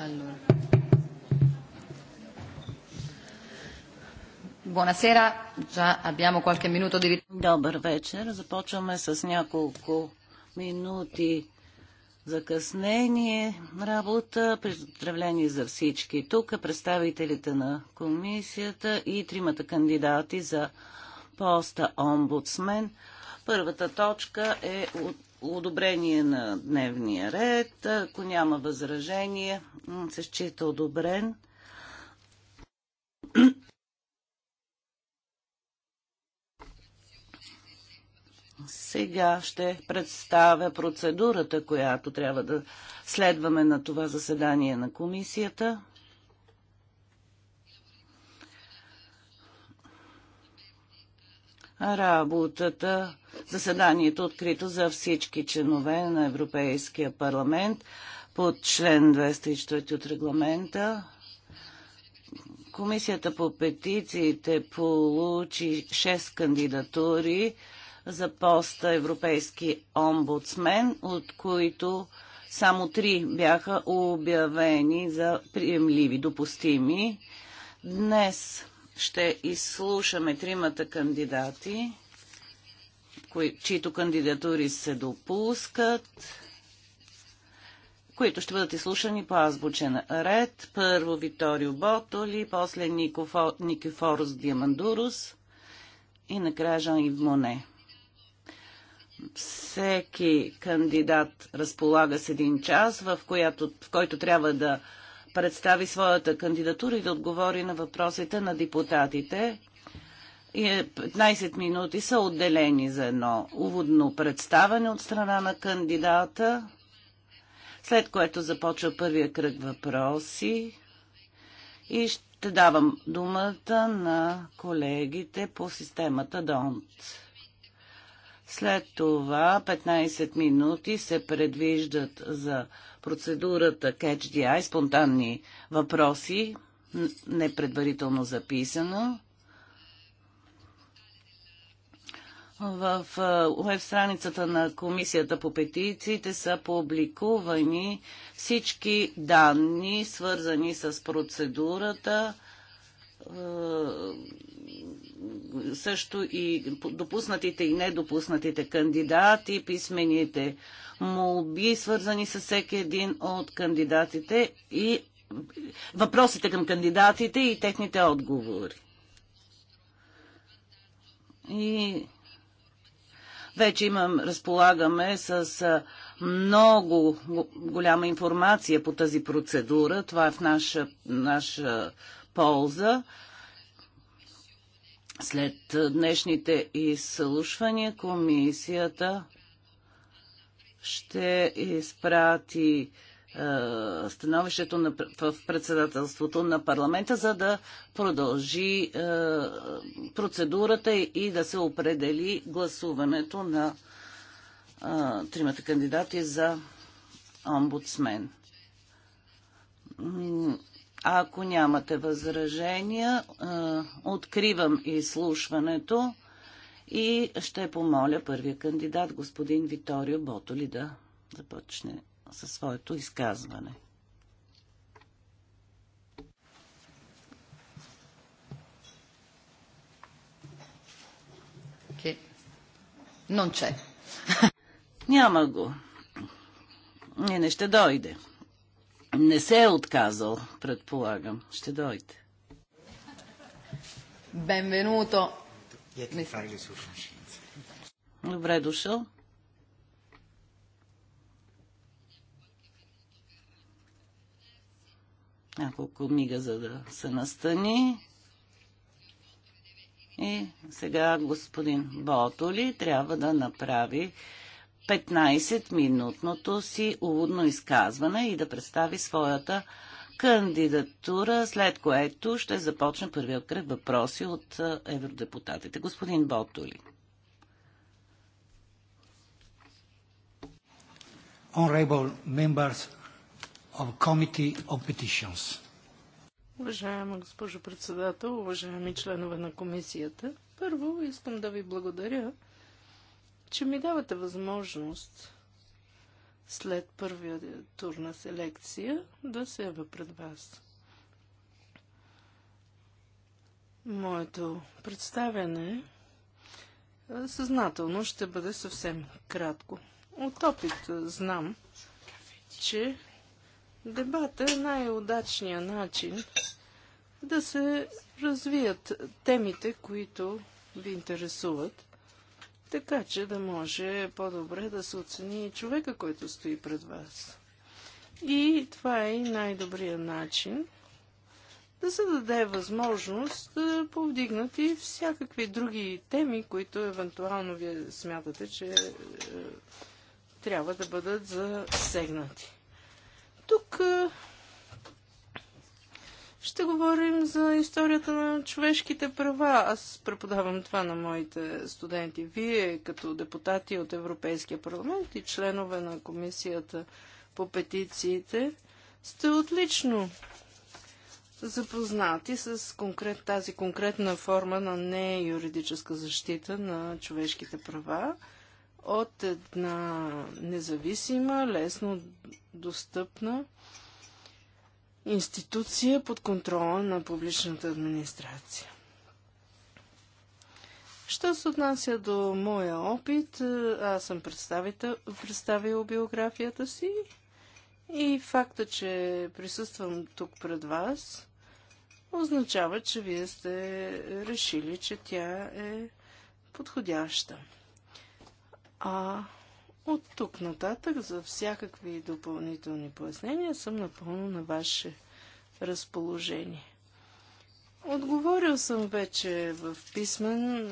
Allora. Buonasera, già abbiamo qualche minuto di... Добър вечер. Започваме с няколко минути закъснение работа. Поздравление за всички. Тук представителите на комисията и тримата кандидати за поста омбудсмен. Първата точка е от одобрение на дневния ред. Ако няма възражение, се счита одобрен. Сега ще представя процедурата, която трябва да следваме на това заседание на комисията. работата, заседанието открито за всички членове на Европейския парламент под член 204 от регламента. Комисията по петициите получи 6 кандидатури за поста Европейски омбудсмен, от които само три бяха обявени за приемливи, допустими. Днес ще изслушаме тримата кандидати, чието кандидатури се допускат, които ще бъдат изслушани по азбучен ред. Първо Викторио Ботоли, после Никифорус Диамандурус и накрая Жан Ив Моне. Всеки кандидат разполага с един час, в, която, в който трябва да представи своята кандидатура и да отговори на въпросите на депутатите. 15 е, минути са отделени за едно уводно представане от страна на кандидата, след което започва първия кръг въпроси и ще давам думата на колегите по системата ДОНТ. След това 15 минути се предвиждат за процедурата Catch the Eye, спонтанни въпроси, непредварително записано. В веб страницата на Комисията по петициите са публикувани всички данни, свързани с процедурата също и допуснатите и недопуснатите кандидати, писмените молби, свързани с всеки един от кандидатите и въпросите към кандидатите и техните отговори. И вече имам, разполагаме с много голяма информация по тази процедура. Това е в наша, наша полза. След днешните изслушвания комисията ще изпрати становището на, в председателството на парламента, за да продължи е, процедурата и да се определи гласуването на е, тримата кандидати за омбудсмен. Ако нямате възражения, откривам изслушването и ще помоля първия кандидат, господин Виторио Ботоли, да започне със своето изказване. Okay. Няма го. Не, не ще дойде. Не се е отказал, предполагам. Ще дойде. Бенвенуто. Добре дошъл. Няколко мига, за да се настани. И сега господин Ботоли трябва да направи 15-минутното си уводно изказване и да представи своята кандидатура, след което ще започне първият кръг въпроси от е, евродепутатите. Господин Ботули. Honorable members of Committee of Petitions. Уважаема госпожо председател, уважаеми членове на комисията, първо искам да ви благодаря че ми давате възможност след първия тур на селекция да се ява пред вас. Моето представяне е, съзнателно ще бъде съвсем кратко. От опит е, знам, че дебата е най-удачният начин да се развият темите, които ви интересуват така че да може по-добре да се оцени човека, който стои пред вас. И това е най-добрият начин да се даде възможност да повдигнат и всякакви други теми, които евентуално вие смятате, че е, трябва да бъдат засегнати. Тук е, ще говорим за историята на човешките права. Аз преподавам това на моите студенти. Вие, като депутати от Европейския парламент и членове на комисията по петициите, сте отлично запознати с конкрет, тази конкретна форма на не юридическа защита на човешките права от една независима, лесно достъпна институция под контрола на публичната администрация. Що се отнася до моя опит, е, аз съм представил биографията си и факта, че присъствам тук пред вас, означава, че вие сте решили, че тя е подходяща. А от тук нататък за всякакви допълнителни пояснения съм напълно на ваше разположение. Отговорил съм вече в писмен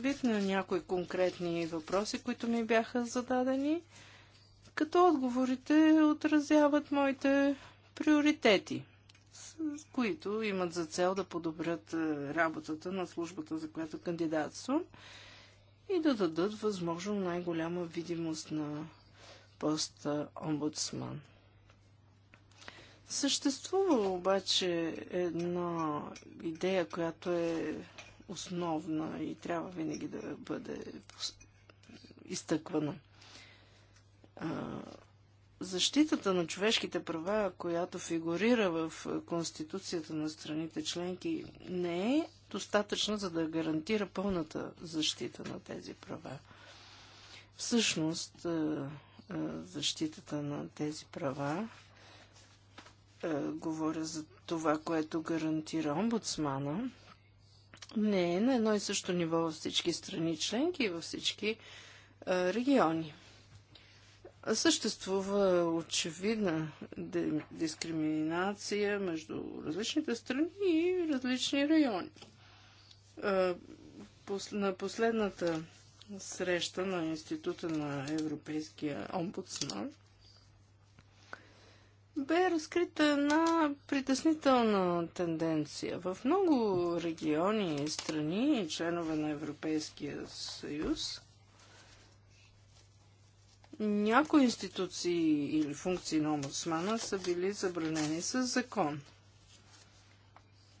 вид на някои конкретни въпроси, които ми бяха зададени, като отговорите отразяват моите приоритети, които имат за цел да подобрят работата на службата, за която кандидатствам и да дадат възможно най-голяма видимост на поста омбудсман. Съществува обаче една идея, която е основна и трябва винаги да бъде изтъквана. Защитата на човешките права, която фигурира в Конституцията на страните членки, не е достатъчна, за да гарантира пълната защита на тези права. Всъщност, е, е, защитата на тези права, е, говоря за това, което гарантира омбудсмана, не е на едно и също ниво във всички страни членки и във всички региони. Съществува очевидна дискриминация между различните страни и различни райони. Е, на последната среща на Института на Европейския омбудсман бе разкрита една притеснителна тенденция. В много региони и страни и членове на Европейския съюз някои институции или функции на омбудсмана са били забранени с закон.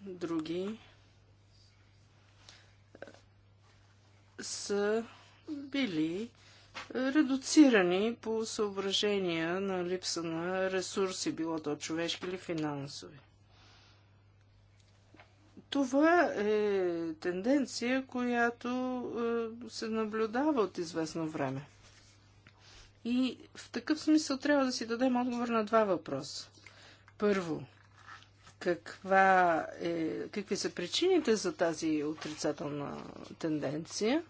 Други са били редуцирани по съображения на липса на ресурси, било то човешки или финансови. Това е тенденция, която е, се наблюдава от известно време. И в такъв смисъл трябва да си дадем отговор на два въпроса. Първо, каква е, какви са причините за тази отрицателна тенденция?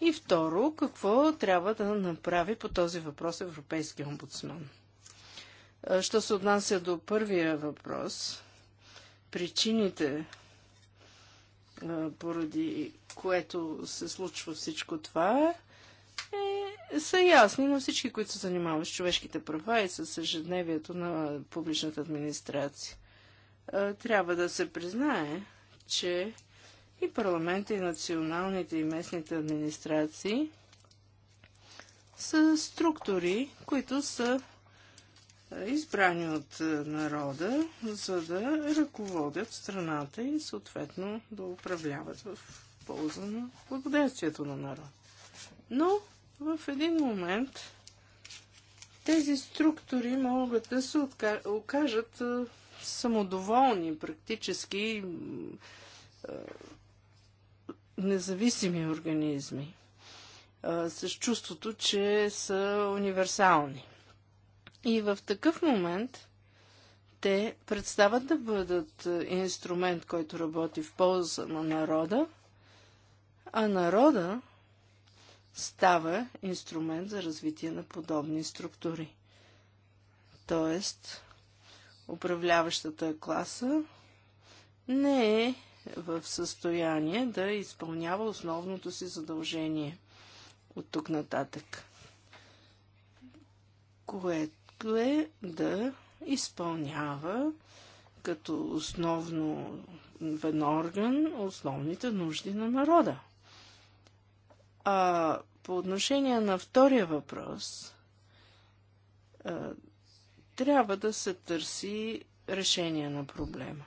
И второ, какво трябва да направи по този въпрос Европейския омбудсман? Що се отнася до първия въпрос, причините, поради което се случва всичко това, е, са ясни на всички, които се занимават с човешките права и с ежедневието на публичната администрация. Трябва да се признае, че и парламента и националните и местните администрации са структури, които са е, избрани от е, народа, за да ръководят страната и съответно да управляват в полза на благодействието на народа. Но в един момент тези структури могат да се окажат е, самодоволни, практически независими организми с чувството, че са универсални. И в такъв момент те представят да бъдат инструмент, който работи в полза на народа, а народа става инструмент за развитие на подобни структури. Тоест, управляващата класа не е в състояние да изпълнява основното си задължение от тук нататък, което е да изпълнява като основно вен орган основните нужди на народа. А по отношение на втория въпрос, трябва да се търси решение на проблема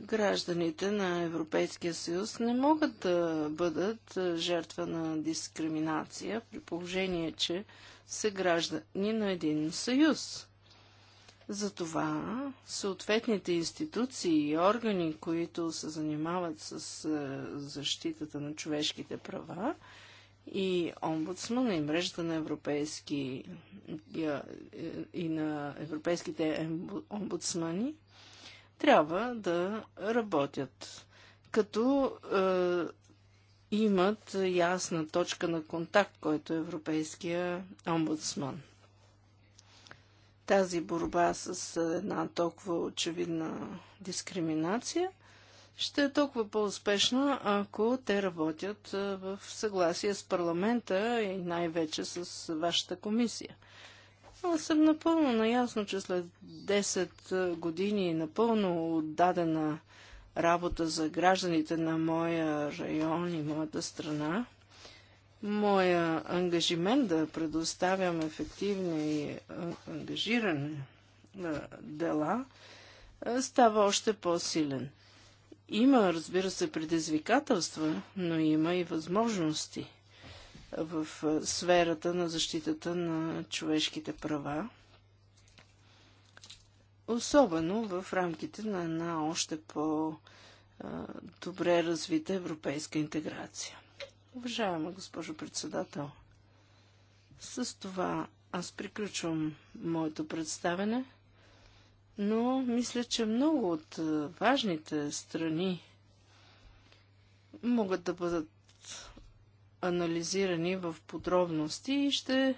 гражданите на Европейския съюз не могат да бъдат жертва на дискриминация при положение, че са граждани на един съюз. Затова съответните институции и органи, които се занимават с защитата на човешките права, и омбудсмана и мрежата на европейски и на европейските омбудсмани – трябва да работят, като е, имат ясна точка на контакт, който е Европейския омбудсман. Тази борба с една толкова очевидна дискриминация ще е толкова по-успешна, ако те работят е, в съгласие с парламента и най-вече с вашата комисия. Аз съм напълно наясно, че след 10 години напълно отдадена работа за гражданите на моя район и моята страна, моя ангажимент да предоставям ефективни и ангажирани дела става още по-силен. Има, разбира се, предизвикателства, но има и възможности – в сферата на защитата на човешките права. Особено в рамките на една още по-добре развита европейска интеграция. Уважаема госпожо председател, с това аз приключвам моето представене, но мисля, че много от важните страни могат да бъдат анализирани в подробности и ще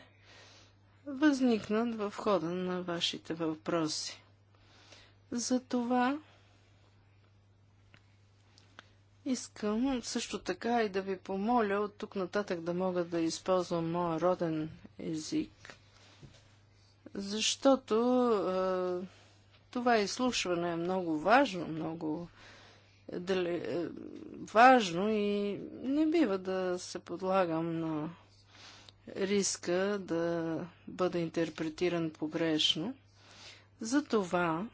възникнат в хода на вашите въпроси. Затова искам също така и да ви помоля от тук нататък да мога да използвам моя роден език, защото е, това изслушване е много важно, много дали, е, важно и не бива да се подлагам на риска да бъда интерпретиран погрешно. Затова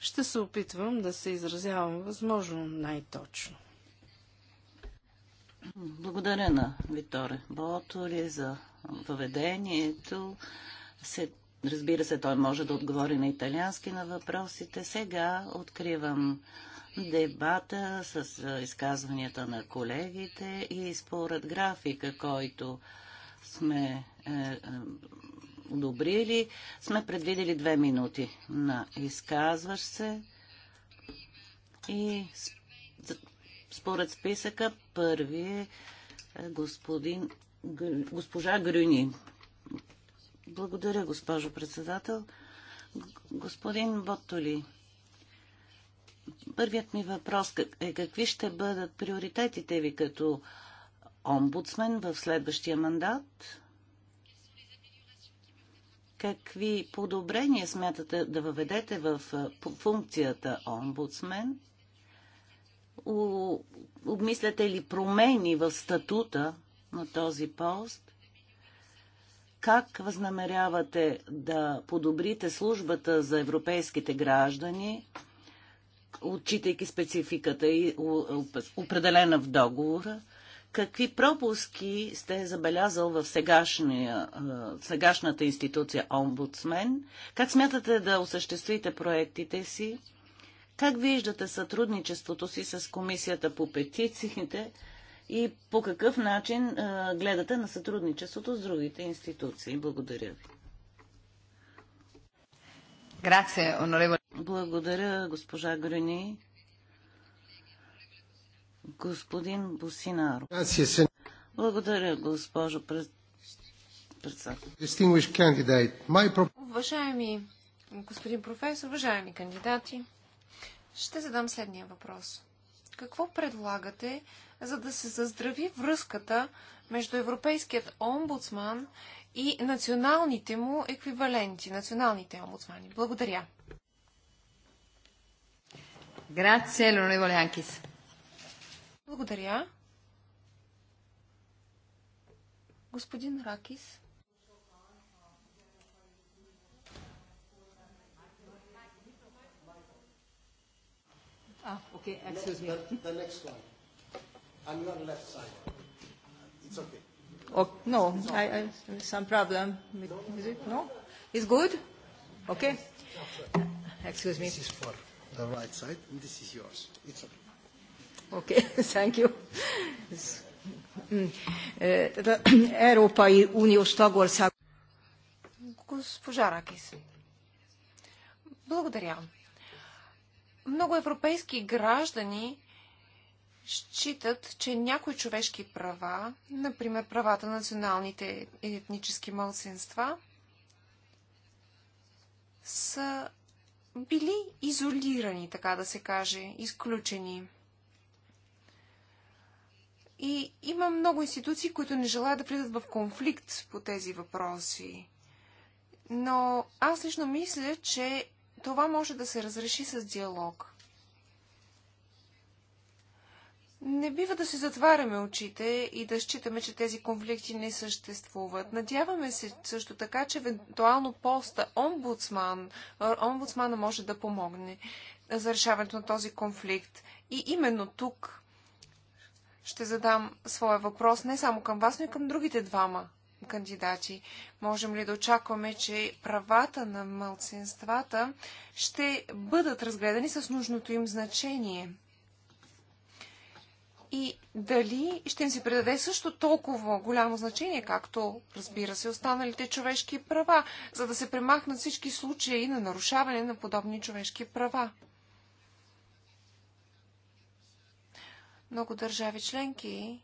ще се опитвам да се изразявам възможно най-точно. Благодаря на Виторе Ботори за поведението. Се, разбира се, той може да отговори на италиански на въпросите. Сега откривам дебата с изказванията на колегите и според графика, който сме е, е, одобрили, е, сме предвидели две минути на изказващ се и според списъка първи е, е господин, госпожа Грюни. Благодаря, госпожо председател. Господин Боттоли, Първият ми въпрос е какви ще бъдат приоритетите ви като омбудсмен в следващия мандат? Какви подобрения смятате да въведете в функцията омбудсмен? Обмисляте ли промени в статута на този пост? Как възнамерявате да подобрите службата за европейските граждани? отчитайки спецификата и определена в договора, какви пропуски сте забелязал в сегашния, сегашната институция Омбудсмен? Как смятате да осъществите проектите си? Как виждате сътрудничеството си с Комисията по петициите и по какъв начин гледате на сътрудничеството с другите институции? Благодаря ви. Благодаря, госпожа Грюни. Господин Босинаро. Благодаря, госпожо председател. Уважаеми господин професор, уважаеми кандидати, ще задам следния въпрос. Какво предлагате, за да се заздрави връзката между Европейският омбудсман и националните му еквиваленти, националните омбудсмани. Благодаря. Grazie, l'onorevole Анкис. Благодаря. Господин Ракис. Ah, okay, excuse me. The, the next one. On your left side. It's okay. Oh, no, I, I, some problem. Is it? No? It's good? Okay. Excuse me. This is for the right side, and this is yours. It's okay. Okay, thank you. Európai Uniós tagország. Госпожа Ракис. Благодаря. Много европейски граждани считат, че някои човешки права, например правата на националните етнически мълсенства, са били изолирани, така да се каже, изключени. И има много институции, които не желаят да влизат в конфликт по тези въпроси. Но аз лично мисля, че това може да се разреши с диалог. Не бива да се затваряме очите и да считаме, че тези конфликти не съществуват. Надяваме се също така, че евентуално поста омбудсман, омбудсмана може да помогне за решаването на този конфликт. И именно тук ще задам своя въпрос не само към вас, но и към другите двама кандидати. Можем ли да очакваме, че правата на малцинствата ще бъдат разгледани с нужното им значение? и дали ще им се предаде също толкова голямо значение, както, разбира се, останалите човешки права, за да се премахнат всички случаи на нарушаване на подобни човешки права. Много държави членки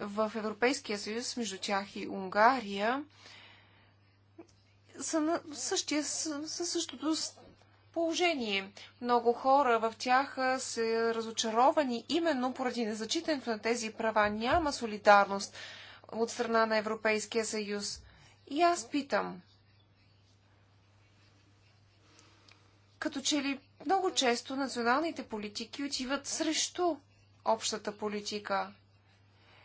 в Европейския съюз, между тях и Унгария, са на същия, са същото положение. Много хора в тях са разочаровани именно поради незачитането на тези права. Няма солидарност от страна на Европейския съюз. И аз питам. Като че ли много често националните политики отиват срещу общата политика.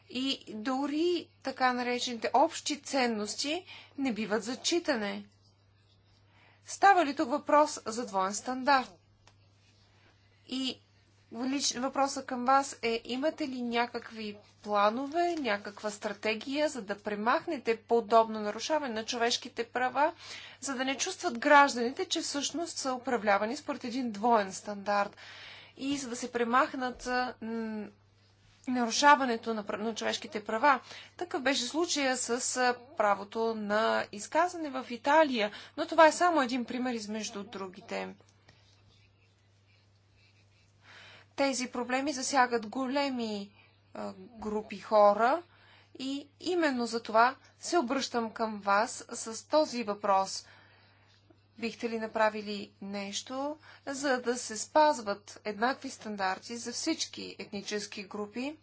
И дори така наречените общи ценности не биват зачитане. Става ли тук въпрос за двоен стандарт? И въпроса към вас е, имате ли някакви планове, някаква стратегия, за да премахнете подобно нарушаване на човешките права, за да не чувстват гражданите, че всъщност са управлявани според един двоен стандарт и за да се премахнат нарушаването на, на човешките права. Такъв беше случая с правото на изказване в Италия, но това е само един пример измежду другите. Тези проблеми засягат големи а, групи хора и именно за това се обръщам към вас с този въпрос – Бихте ли направили нещо, за да се спазват еднакви стандарти за всички етнически групи?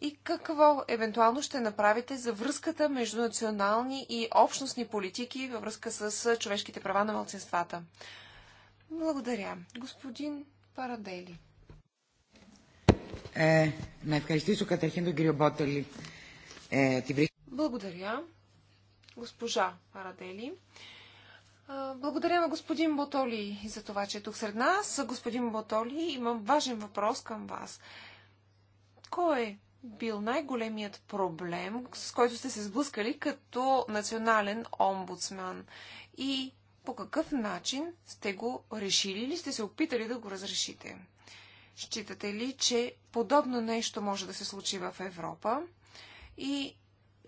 И какво евентуално ще направите за връзката между национални и общностни политики във връзка с човешките права на мълцинствата? Благодаря. Господин Парадели. Е, е, Благодаря, госпожа Парадели. Благодаря на господин Ботоли за това, че е тук сред нас. Господин Ботоли, имам важен въпрос към вас. Кой е бил най-големият проблем, с който сте се сблъскали като национален омбудсман? И по какъв начин сте го решили или сте се опитали да го разрешите? Считате ли, че подобно нещо може да се случи в Европа? И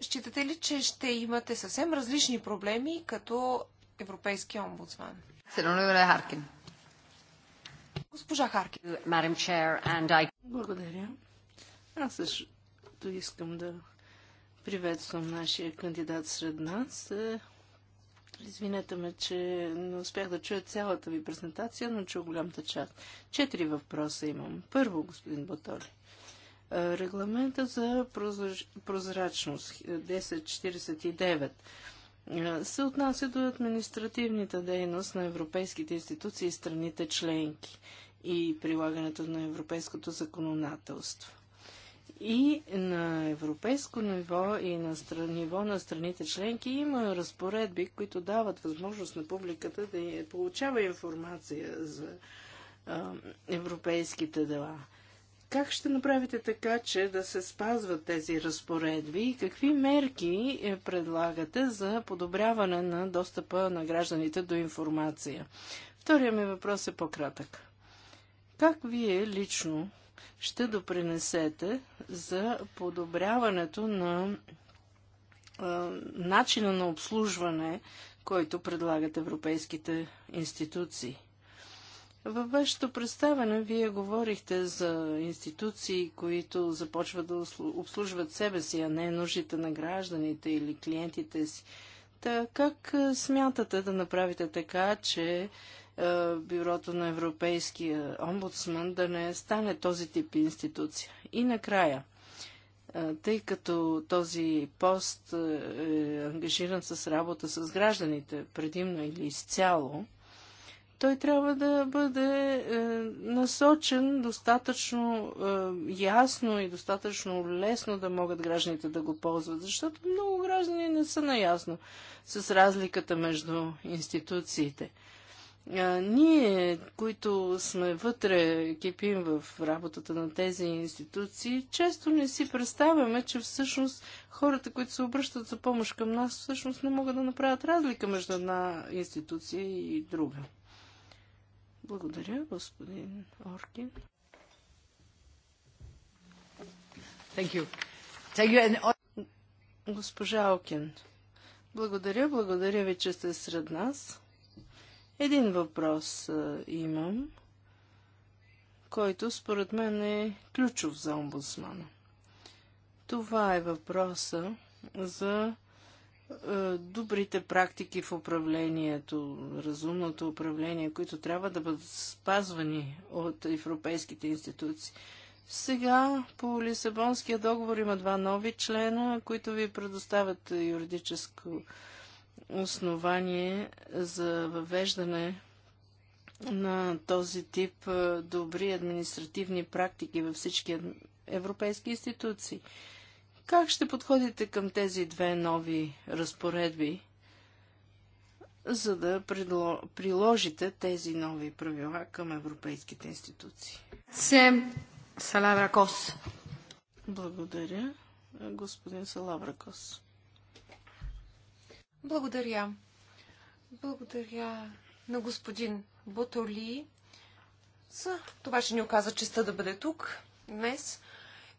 считате ли, че ще имате съвсем различни проблеми като Европейския омбудсман. Е Харкин. Госпожа Харкин. Благодаря. Аз също искам да приветствам нашия кандидат сред нас. Е, извинете ме, че не успях да чуя цялата ви презентация, но чух голямата част. Четири въпроса имам. Първо, господин Батоли. Е, регламента за прозрачност 1049 се отнася до административната дейност на европейските институции и страните членки и прилагането на европейското законодателство. И на европейско ниво и на ниво на страните членки има разпоредби, които дават възможност на публиката да получава информация за а, европейските дела. Как ще направите така, че да се спазват тези разпоредби и какви мерки е, предлагате за подобряване на достъпа на гражданите до информация? Втория ми въпрос е по-кратък. Как вие лично ще допринесете за подобряването на а, начина на обслужване, който предлагат европейските институции? Във вашето представене, вие говорихте за институции, които започват да обслужват себе си, а не нуждите на гражданите или клиентите си. Та как смятате да направите така, че бюрото на Европейския омбудсман да не стане този тип институция. И накрая, тъй като този пост е ангажиран с работа с гражданите, предимно или изцяло, той трябва да бъде е, насочен достатъчно е, ясно и достатъчно лесно да могат гражданите да го ползват, защото много граждани не са наясно с разликата между институциите. Е, ние, които сме вътре, кипим в работата на тези институции, често не си представяме, че всъщност хората, които се обръщат за помощ към нас, всъщност не могат да направят разлика между една институция и друга. Благодаря, господин Оркин. Thank you. Thank you and... Госпожа Окин, благодаря, благодаря ви, че сте сред нас. Един въпрос имам, който според мен е ключов за омбудсмана. Това е въпроса за е, добрите практики в управлението, разумното управление, които трябва да бъдат спазвани от европейските институции. Сега по Лисабонския договор има два нови члена, които ви предоставят юридическо основание за въвеждане на този тип е, добри административни практики във всички европейски институции. Как ще подходите към тези две нови разпоредби, за да предло... приложите тези нови правила към европейските институции? Сем Салавракос. Благодаря, господин Салавракос. Благодаря. Благодаря на господин Ботоли за това, че ни оказа честа да бъде тук днес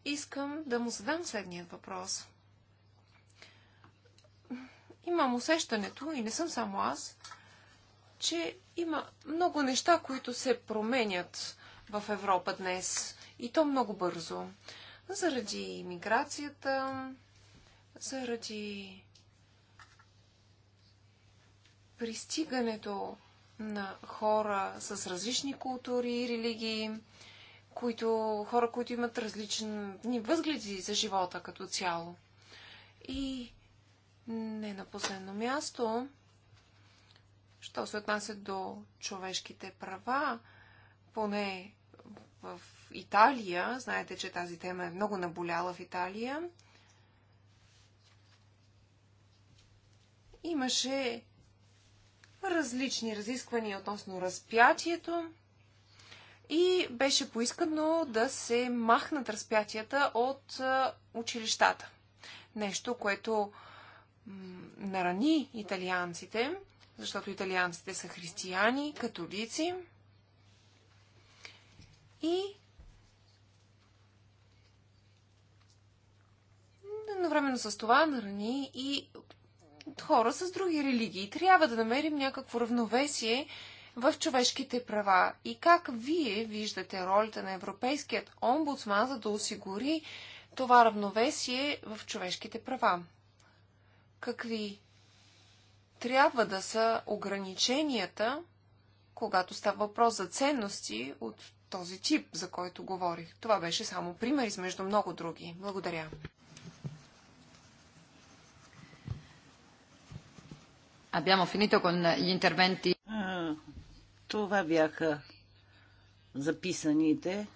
искам да му задам следният въпрос. Имам усещането, и не съм само аз, че има много неща, които се променят в Европа днес. И то много бързо. Заради иммиграцията, заради пристигането на хора с различни култури и религии, които, хора, които имат различни възгледи за живота като цяло. И не на последно място, що се отнася до човешките права, поне в Италия, знаете, че тази тема е много наболяла в Италия, имаше различни разисквания относно разпятието, и беше поискано да се махнат разпятията от училищата. Нещо, което нарани италианците, защото италианците са християни, католици. И едновременно с това нарани и хора с други религии. Трябва да намерим някакво равновесие в човешките права и как вие виждате ролята на Европейският омбудсман, за да осигури това равновесие в човешките права? Какви трябва да са ограниченията, когато става въпрос за ценности от този тип, за който говорих. Това беше само пример измежду много други. Благодаря. Abbiamo finito con gli interventi. Това бяха записаните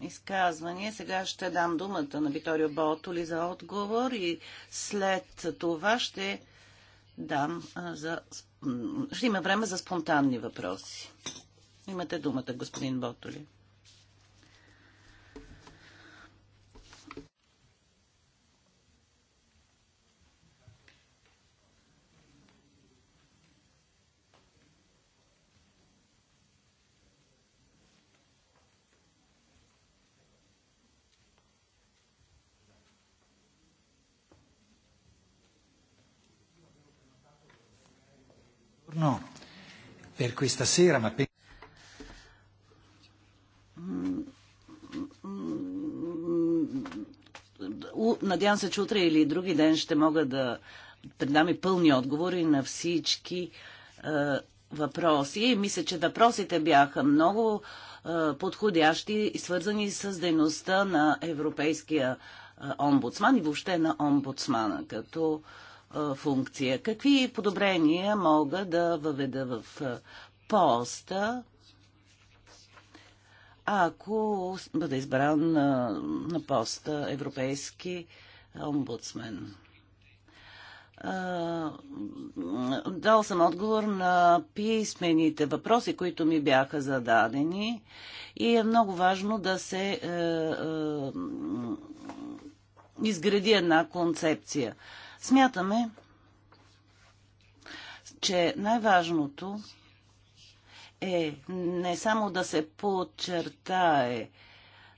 изказвания. Сега ще дам думата на Виторио Ботоли за отговор и след това ще дам за... Ще има време за спонтанни въпроси. Имате думата, господин Ботоли. per questa sera, ma Надявам се, че утре или други ден ще мога да предам и пълни отговори на всички е, въпроси. И мисля, че въпросите бяха много е, подходящи и свързани с дейността на Европейския е, омбудсман и въобще на омбудсмана като е, функция. Какви подобрения мога да въведа в поста, ако бъда избран на, на поста европейски омбудсмен? дал съм отговор на писмените въпроси, които ми бяха зададени и е много важно да се е, е, изгради една концепция. Смятаме, че най-важното е не само да се подчертае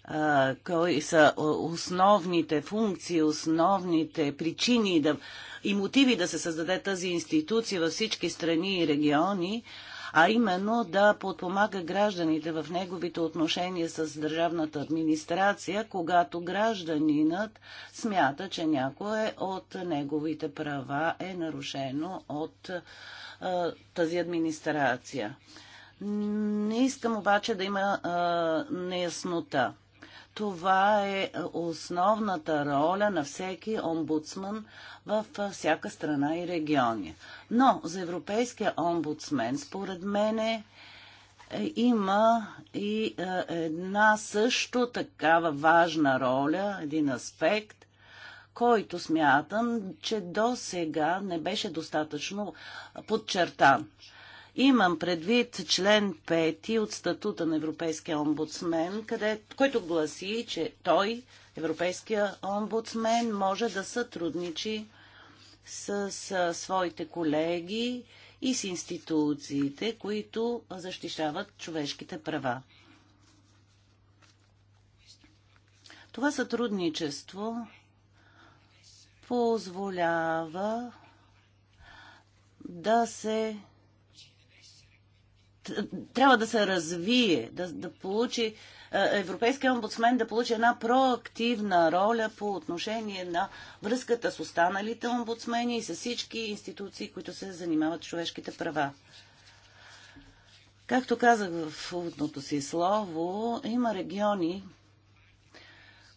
а, кои са основните функции, основните причини да, и мотиви да се създаде тази институция във всички страни и региони, а именно да подпомага гражданите в неговите отношения с държавната администрация, когато гражданинът смята, че някое от неговите права е нарушено от а, тази администрация. Не искам обаче да има а, неяснота. Това е основната роля на всеки омбудсман в всяка страна и региони. Но за европейския омбудсмен, според мен, е, има и е, една също такава важна роля, един аспект, който смятам, че до сега не беше достатъчно подчертан. Имам предвид член 5 от статута на Европейския омбудсмен, къде, който гласи, че той, Европейския омбудсмен, може да сътрудничи с, с своите колеги и с институциите, които защищават човешките права. Това сътрудничество позволява да се трябва да се развие, да, да получи е, Европейския омбудсмен да получи една проактивна роля по отношение на връзката с останалите омбудсмени и с всички институции, които се занимават с човешките права. Както казах в уводното си слово, има региони,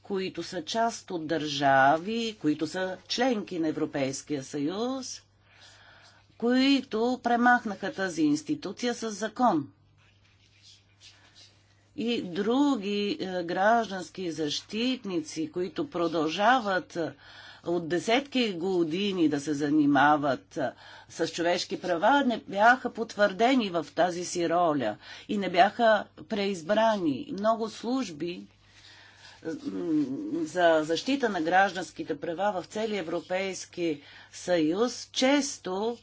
които са част от държави, които са членки на Европейския съюз, които премахнаха тази институция с закон. И други е, граждански защитници, които продължават е, от десетки години да се занимават е, с човешки права, не бяха потвърдени в тази си роля и не бяха преизбрани. Много служби за защита на гражданските права в целия Европейски съюз често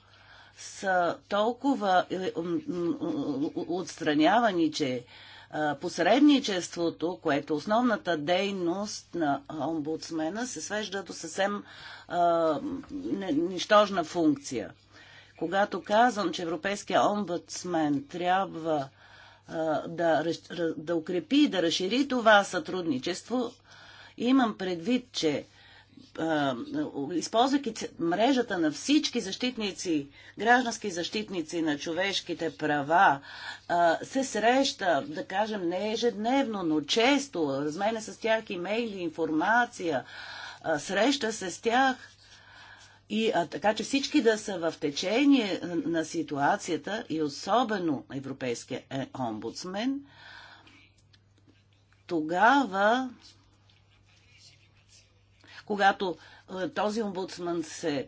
са толкова е, отстранявани, че е, посредничеството, което е основната дейност на омбудсмена се свежда до съвсем нищожна функция. Когато казвам, че Европейския омбудсмен трябва да, да укрепи и да разшири това сътрудничество, имам предвид, че използвайки мрежата на всички защитници, граждански защитници на човешките права, се среща, да кажем, не ежедневно, но често, разменя с тях имейли, информация, среща се с тях. И а, така, че всички да са в течение на ситуацията и особено Европейския е, омбудсмен, тогава когато е, този омбудсман се е,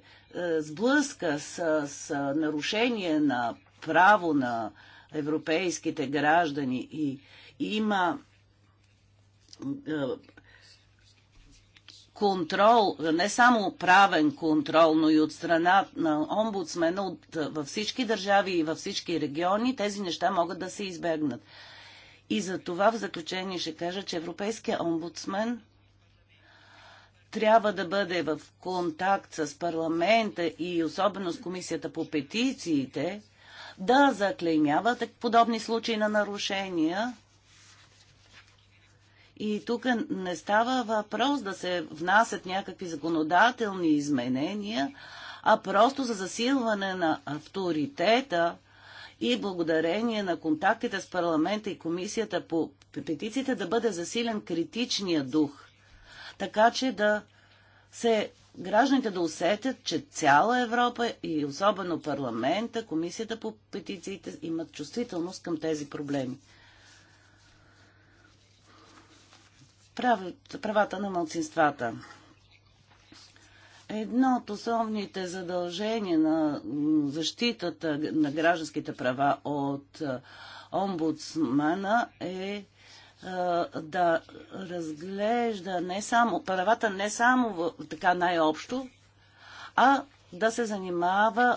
сблъска с, с нарушение на право на европейските граждани и, и има е, контрол, не само правен контрол, но и от страна на омбудсмена от, във всички държави и във всички региони, тези неща могат да се избегнат. И за това в заключение ще кажа, че Европейския омбудсмен трябва да бъде в контакт с парламента и особено с комисията по петициите, да заклеймяват подобни случаи на нарушения. И тук не става въпрос да се внасят някакви законодателни изменения, а просто за засилване на авторитета и благодарение на контактите с парламента и комисията по петициите да бъде засилен критичния дух – така че да се гражданите да усетят, че цяла Европа и особено парламента, комисията по петициите имат чувствителност към тези проблеми. Правата на мълцинствата. Едно от основните задължения на защитата на гражданските права от омбудсмана е да разглежда не само, правата не само така най-общо, а да се занимава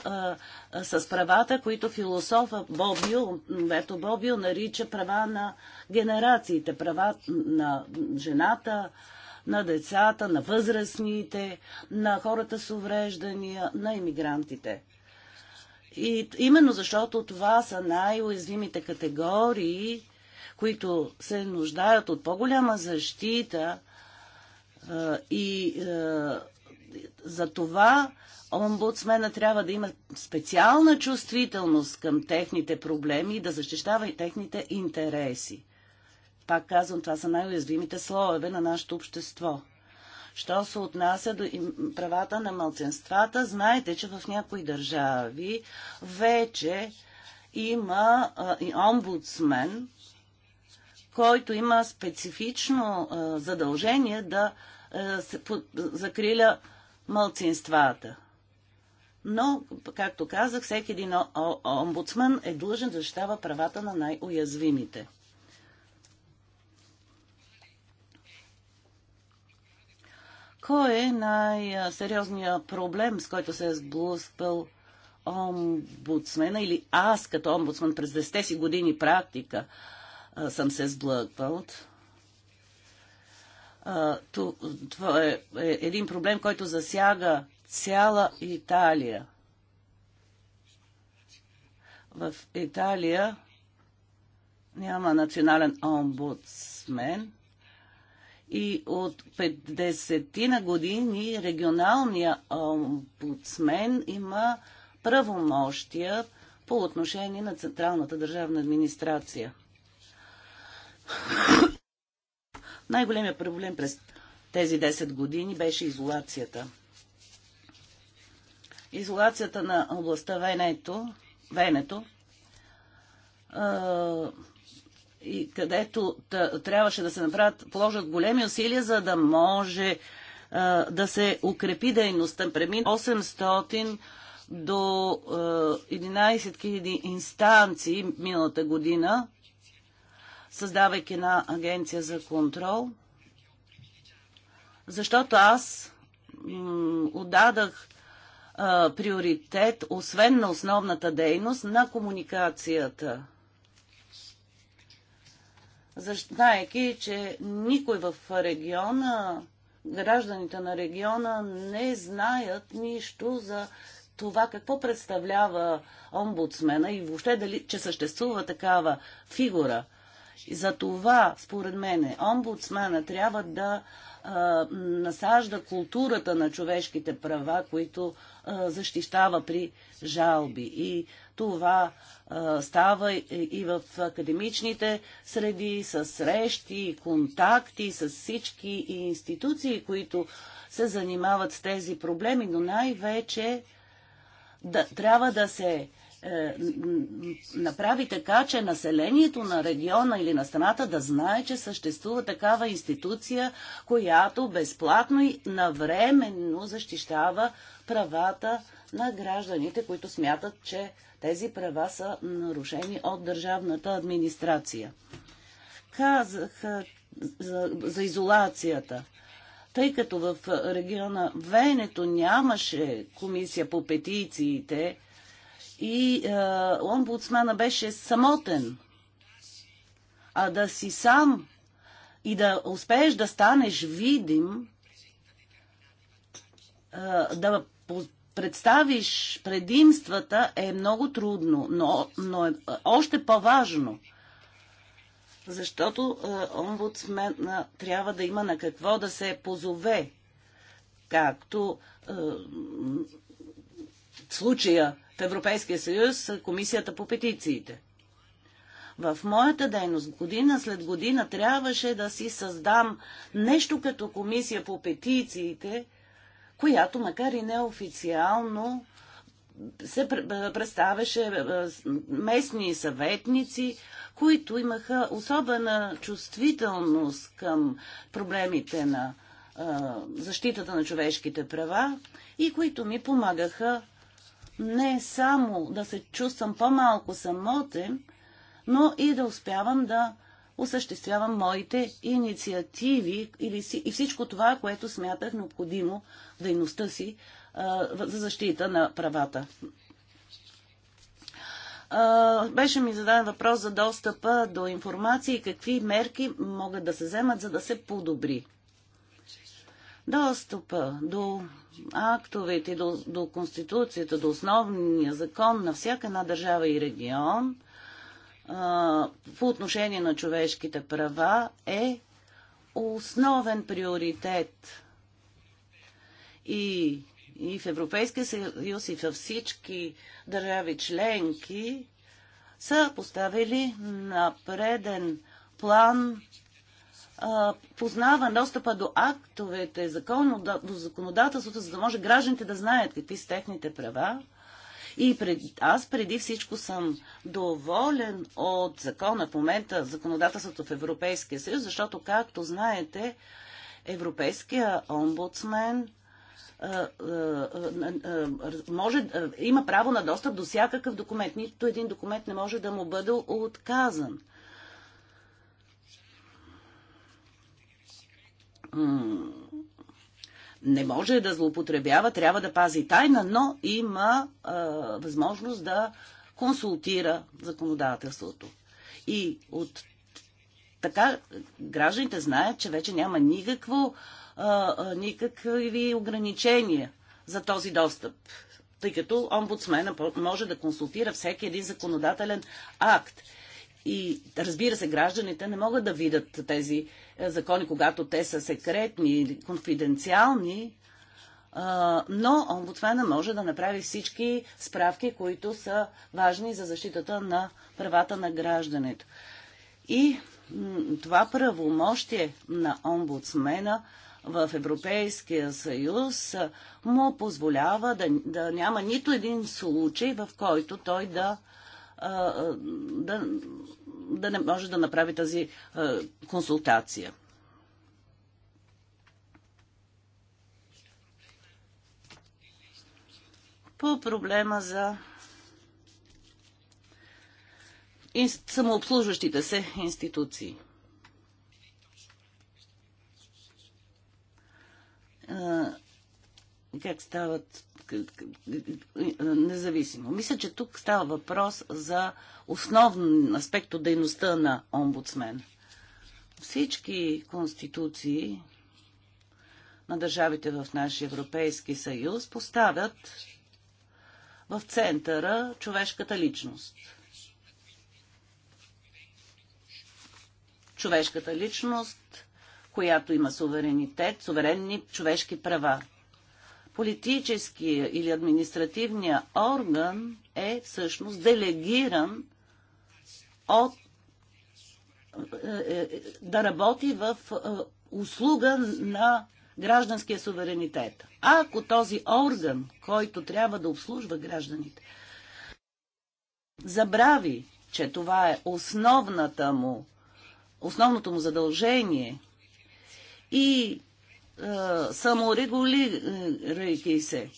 а, с правата, които философа Бобио, ето Бобио нарича права на генерациите, права на жената, на децата, на възрастните, на хората с увреждания, на иммигрантите. И именно защото това са най-уязвимите категории, които се нуждаят от по-голяма защита а, е, и а, е, за това омбудсмена трябва да има специална чувствителност към техните проблеми и да защищава и техните интереси. Пак казвам, това са най-уязвимите слоеве на нашето общество. Що се отнася до правата на мълценствата, знаете, че в някои държави вече има а, и омбудсмен, който има специфично задължение да се закриля мълцинствата. Но, както казах, всеки един омбудсман е длъжен да защитава правата на най-уязвимите. Кой е най-сериозният проблем, с който се е сблъсквал омбудсмена или аз като омбудсман през 10 си години практика? съм се сблъквал Това е, е един проблем, който засяга цяла Италия. В Италия няма национален омбудсмен и от 50 ти на години регионалния омбудсмен има правомощия по отношение на Централната държавна администрация. Най-големият проблем през тези 10 години беше изолацията. Изолацията на областта Венето, Венето и където трябваше да се направят, положат големи усилия, за да може да се укрепи дейността. Премина 800 до 11 000 инстанции миналата година създавайки една агенция за контрол, защото аз отдадах а, приоритет, освен на основната дейност, на комуникацията. Знаеки, че никой в региона, гражданите на региона не знаят нищо за това какво представлява омбудсмена и въобще дали, че съществува такава фигура – и за това, според мене, омбудсмана трябва да а, насажда културата на човешките права, които а, защищава при жалби. И това а, става и, в академичните среди, с срещи, контакти, с всички институции, които се занимават с тези проблеми, но най-вече да, трябва да се е, направи така, че населението на региона или на страната да знае, че съществува такава институция, която безплатно и навременно защищава правата на гражданите, които смятат, че тези права са нарушени от държавната администрация. Казах е, за, за изолацията тъй като в региона Венето нямаше комисия по петициите, и а, е, омбудсмана беше самотен. А да си сам и да успееш да станеш видим, а, е, да представиш предимствата е много трудно, но, но е още по-важно – защото е, омбудсмен трябва да има на какво да се позове, както е, случая в Европейския съюз Комисията по петициите. В моята дейност година след година трябваше да си създам нещо като комисия по петициите, която макар и неофициално се представяше местни съветници, които имаха особена чувствителност към проблемите на защитата на човешките права и които ми помагаха не само да се чувствам по-малко самотен, но и да успявам да осъществявам моите инициативи или, и всичко това, което смятах необходимо в дейността си а, за защита на правата. А, беше ми зададен въпрос за достъпа до информация и какви мерки могат да се вземат, за да се подобри. Достъпа до актовете до, до Конституцията, до основния закон на всяка една държава и регион а, по отношение на човешките права е основен приоритет. И, и в Европейския съюз, и във всички държави членки са поставили на преден план познава достъпа до актовете, законно, до законодателството, за да може гражданите да знаят какви са техните права. И пред, аз преди всичко съм доволен от закона в момента, законодателството в Европейския съюз, защото, както знаете, Европейския омбудсмен може, има право на достъп до всякакъв документ. Нито един документ не може да му бъде отказан. не може да злоупотребява, трябва да пази тайна, но има а, възможност да консултира законодателството. И от така гражданите знаят, че вече няма никакво, а, никакви ограничения за този достъп, тъй като омбудсмена може да консултира всеки един законодателен акт. И разбира се, гражданите не могат да видят тези е, закони, когато те са секретни или конфиденциални, но омбудсмена може да направи всички справки, които са важни за защитата на правата на гражданите. И това правомощие на омбудсмена в Европейския съюз му позволява да, да няма нито един случай, в който той да да, да не може да направи тази консултация. По проблема за самообслужващите се институции как стават независимо. Мисля, че тук става въпрос за основен аспект от дейността на омбудсмен. Всички конституции на държавите в нашия Европейски съюз поставят в центъра човешката личност. Човешката личност, която има суверенитет, суверенни човешки права политическия или административния орган е всъщност делегиран от е, е, да работи в е, услуга на гражданския суверенитет. ако този орган, който трябва да обслужва гражданите, забрави, че това е основната му, основното му задължение и саморегулирайки се.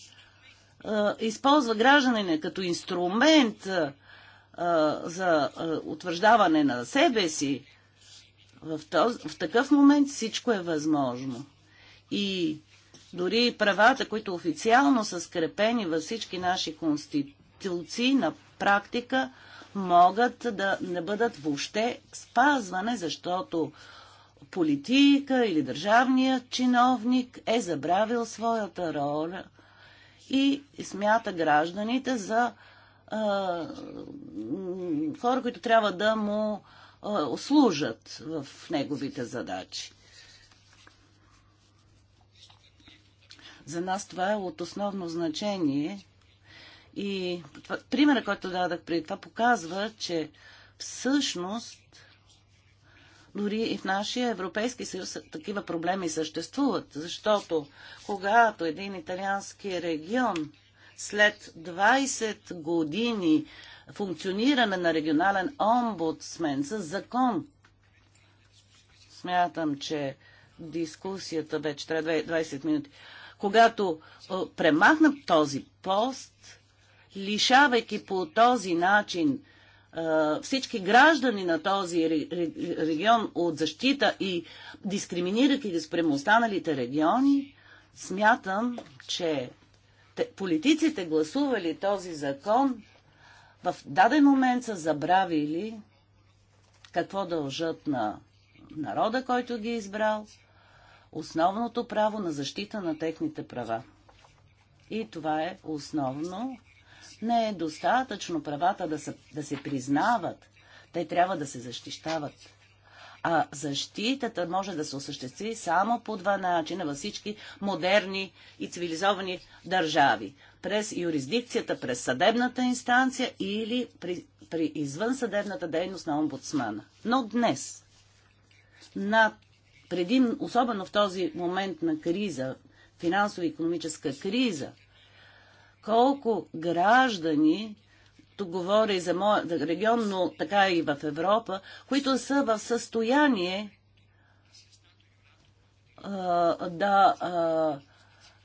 Използва гражданина като инструмент за утвърждаване на себе си. В, този, в такъв момент всичко е възможно. И дори правата, които официално са скрепени във всички наши конституции, на практика могат да не бъдат въобще спазване, защото политика или държавният чиновник е забравил своята роля и смята гражданите за а, хора, които трябва да му а, служат в неговите задачи. За нас това е от основно значение и това, примера, който дадах преди това, показва, че всъщност дори и в нашия Европейски съюз такива проблеми съществуват, защото когато един италиански регион след 20 години функциониране на регионален омбудсмен с закон, смятам, че дискусията вече трябва 20 минути, когато премахна този пост, лишавайки по този начин всички граждани на този регион от защита и дискриминирайки ги спрямо останалите региони, смятам, че политиците гласували този закон в даден момент са забравили какво дължат на народа, който ги е избрал, основното право на защита на техните права. И това е основно не е достатъчно правата да, са, да се признават. Те трябва да се защищават. А защитата може да се осъществи само по два начина във всички модерни и цивилизовани държави. През юрисдикцията, през съдебната инстанция или при, при извънсъдебната дейност на омбудсмана. Но днес, на, преди, особено в този момент на криза, финансово-економическа криза – колко граждани, тук говоря и за моят регион, но така и в Европа, които са в състояние а, да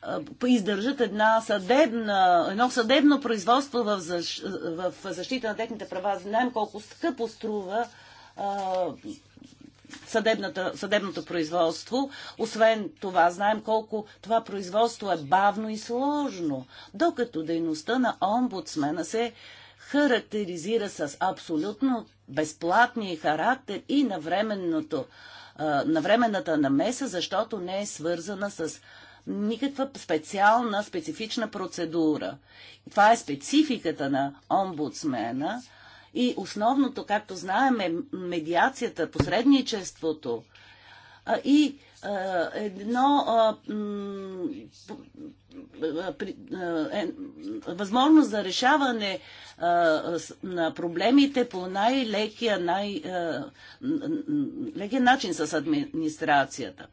а, издържат една съдебна, едно съдебно производство в, защ, в защита на техните права. Знаем колко скъпо струва а, съдебната, съдебното производство. Освен това, знаем колко това производство е бавно и сложно, докато дейността на омбудсмена се характеризира с абсолютно безплатния характер и навременното, навременната намеса, защото не е свързана с никаква специална, специфична процедура. Това е спецификата на омбудсмена – и основното, както знаем, е медиацията, посредничеството и едно е, възможност за решаване на проблемите по най-лекия, най- лекия начин с администрацията.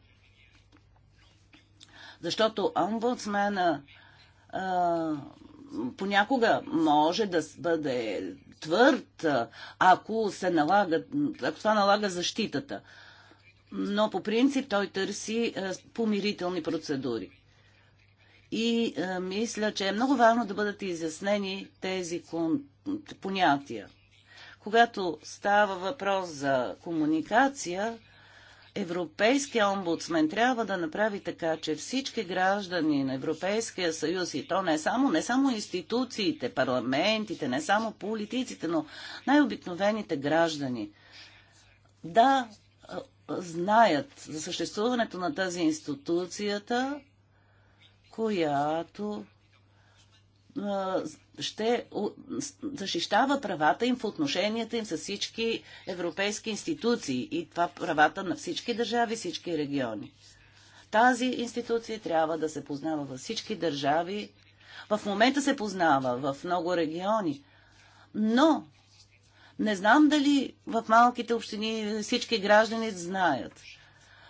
Защото омбудсмена понякога може да бъде твърд, ако се налага, ако това налага защитата. Но по принцип той търси помирителни процедури. И а, мисля, че е много важно да бъдат изяснени тези кон... понятия. Когато става въпрос за комуникация, Европейския омбудсмен трябва да направи така, че всички граждани на Европейския съюз и то не само, не само институциите, парламентите, не само политиците, но най-обикновените граждани да знаят за съществуването на тази институцията, която ще защищава правата им в отношенията им с всички европейски институции и това правата на всички държави, всички региони. Тази институция трябва да се познава във всички държави. В момента се познава в много региони, но не знам дали в малките общини всички граждани знаят.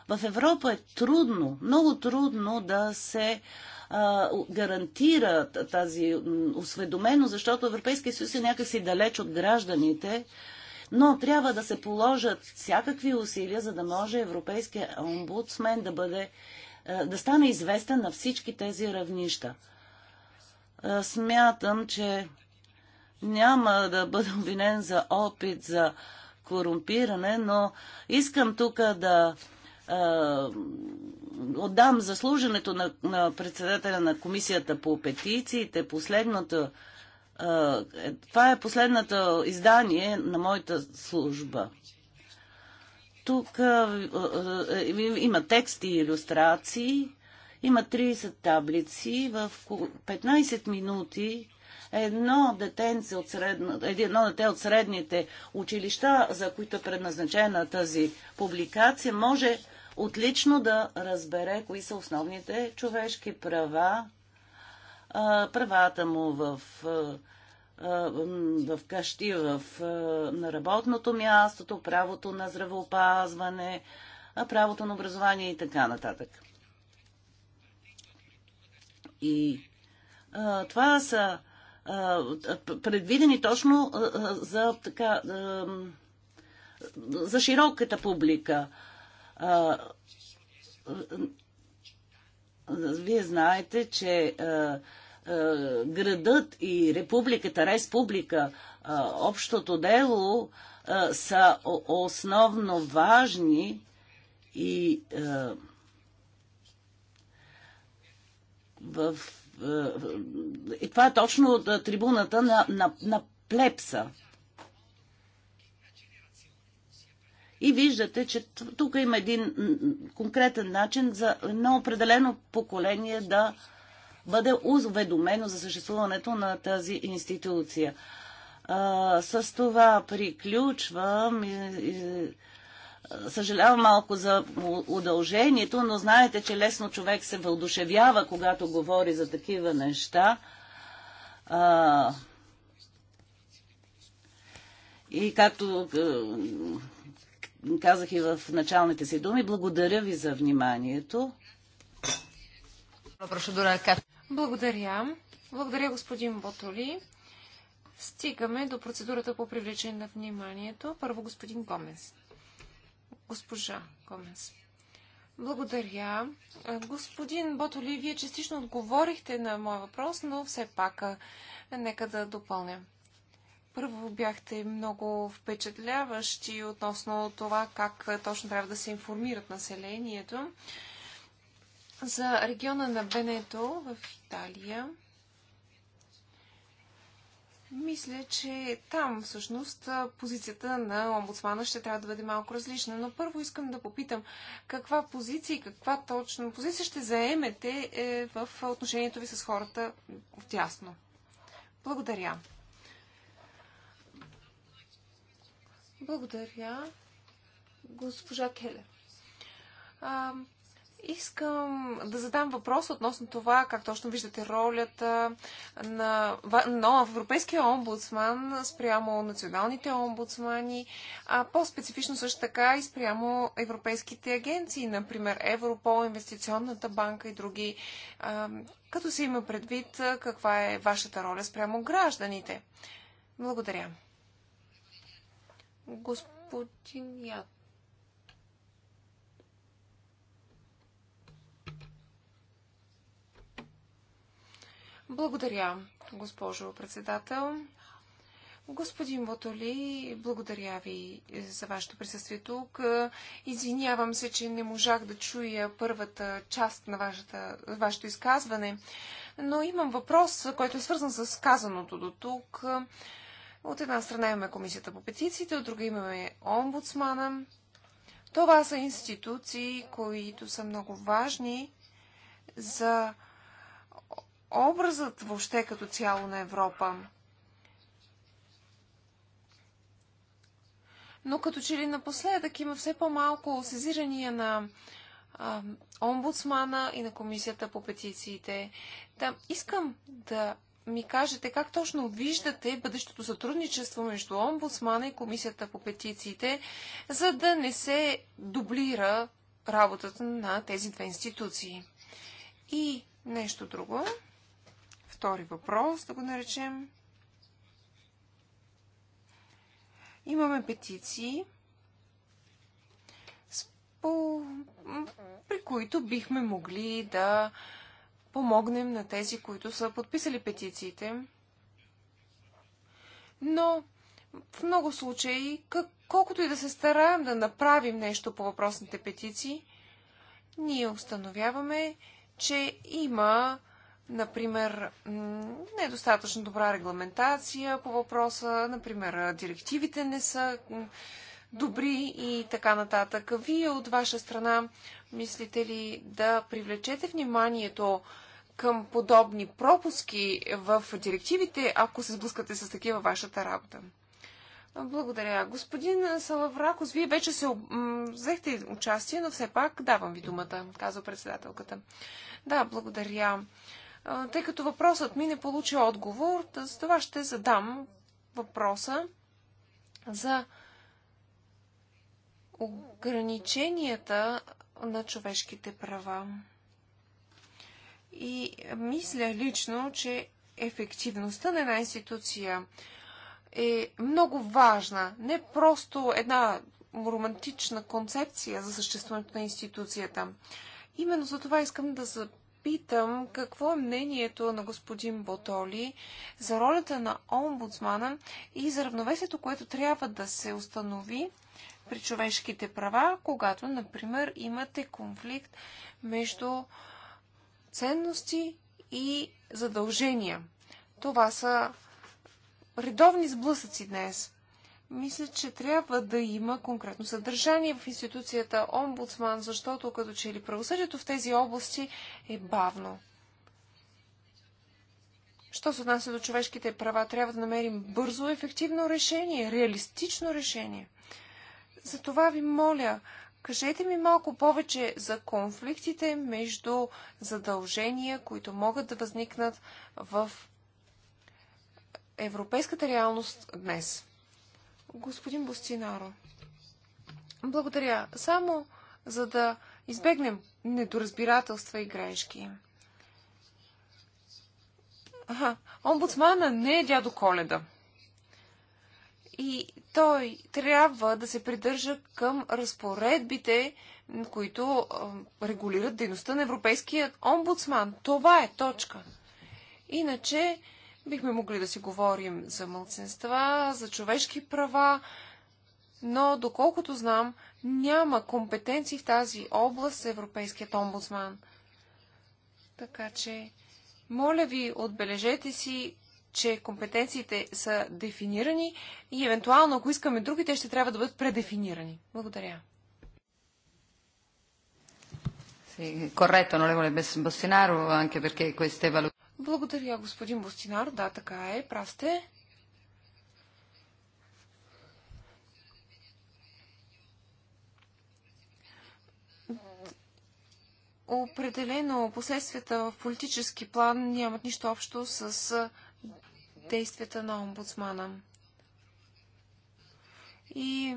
В Европа е трудно, много трудно да се а, гарантира тази осведоменост, защото Европейския съюз е някакси далеч от гражданите, но трябва да се положат всякакви усилия, за да може Европейския омбудсмен да бъде да стане известен на всички тези равнища. Смятам, че няма да бъда обвинен за опит за корумпиране, но искам тук да отдам заслуженето на, на председателя на комисията по петициите, последното е, това е последното издание на моята служба. Тук е, е, има тексти и иллюстрации, има 30 таблици, в 15 минути едно, детенце от средно, едно дете от средните училища, за които е предназначена тази публикация, може отлично да разбере кои са основните човешки права, правата му в, в къщи, в, на работното място, правото на здравеопазване, правото на образование и така нататък. И това са предвидени точно за така. за широката публика вие знаете, че градът и републиката, республика, общото дело са основно важни и в, и това е точно трибуната на, на, на плепса. И виждате, че тук има един конкретен начин за едно определено поколение да бъде уведомено за съществуването на тази институция. А, с това приключвам. И, и, съжалявам малко за удължението, но знаете, че лесно човек се вълдушевява, когато говори за такива неща. А, и както казах и в началните си думи. Благодаря ви за вниманието. Е благодаря. Благодаря, господин Ботоли. Стигаме до процедурата по привлечение на вниманието. Първо господин Гомес. Госпожа Гомес. Благодаря. Господин Ботоли, вие частично отговорихте на моя въпрос, но все пак нека да допълня. Първо бяхте много впечатляващи относно това как е, точно трябва да се информират населението. За региона на Бенето в Италия, мисля, че там всъщност позицията на омбудсмана ще трябва да бъде малко различна. Но първо искам да попитам каква позиция и каква точно позиция ще заемете е, в отношението ви с хората в Благодаря. Благодаря, госпожа Келе. А, искам да задам въпрос относно това, как точно виждате ролята на, на Европейския омбудсман спрямо националните омбудсмани, а по-специфично също така и спрямо европейските агенции, например Европол, Инвестиционната банка и други, а, като се има предвид каква е вашата роля спрямо гражданите. Благодаря. Господин Яд. Благодаря, госпожо председател. Господин Ботоли, благодаря ви за вашето присъствие тук. Извинявам се, че не можах да чуя първата част на вашата, вашето изказване, но имам въпрос, който е свързан с казаното до тук. От една страна имаме комисията по петициите, от друга имаме омбудсмана. Това са институции, които са много важни за образът въобще като цяло на Европа. Но като че ли напоследък има все по-малко сезирания на а, омбудсмана и на комисията по петициите. Там искам да ми кажете как точно виждате бъдещото сътрудничество между омбудсмана и комисията по петициите, за да не се дублира работата на тези две институции. И нещо друго. Втори въпрос, да го наречем. Имаме петиции, по... при които бихме могли да помогнем на тези, които са подписали петициите. Но в много случаи, колкото и да се стараем да направим нещо по въпросните петиции, ние установяваме, че има, например, недостатъчно добра регламентация по въпроса, например, директивите не са добри и така нататък. Вие от ваша страна мислите ли да привлечете вниманието към подобни пропуски в директивите, ако се сблъскате с такива вашата работа? Благодаря. Господин Салавракос, вие вече се взехте участие, но все пак давам ви думата, казва председателката. Да, благодаря. Тъй като въпросът ми не получи отговор, с това ще задам въпроса за ограниченията на човешките права. И мисля лично, че ефективността на една институция е много важна. Не просто една романтична концепция за съществуването на институцията. Именно за това искам да запитам какво е мнението на господин Ботоли за ролята на омбудсмана и за равновесието, което трябва да се установи при човешките права, когато, например, имате конфликт между ценности и задължения. Това са редовни сблъсъци днес. Мисля, че трябва да има конкретно съдържание в институцията омбудсман, защото като че ли правосъдието в тези области е бавно. Що се отнася до човешките права, трябва да намерим бързо, ефективно решение, реалистично решение – затова ви моля, кажете ми малко повече за конфликтите между задължения, които могат да възникнат в европейската реалност днес. Господин Бостинаро, благодаря. Само за да избегнем недоразбирателства и грешки. Ага, омбудсмана не е дядо Коледа и той трябва да се придържа към разпоредбите, които регулират дейността на Европейския омбудсман. Това е точка. Иначе бихме могли да си говорим за мълценства, за човешки права, но доколкото знам, няма компетенции в тази област Европейският омбудсман. Така че, моля ви, отбележете си че компетенциите са дефинирани и евентуално, ако искаме други, те ще трябва да бъдат предефинирани. Благодаря. Благодаря, господин Бостинар. Да, така е. Прав сте. Определено последствията в политически план нямат нищо общо с действията на омбудсмана. И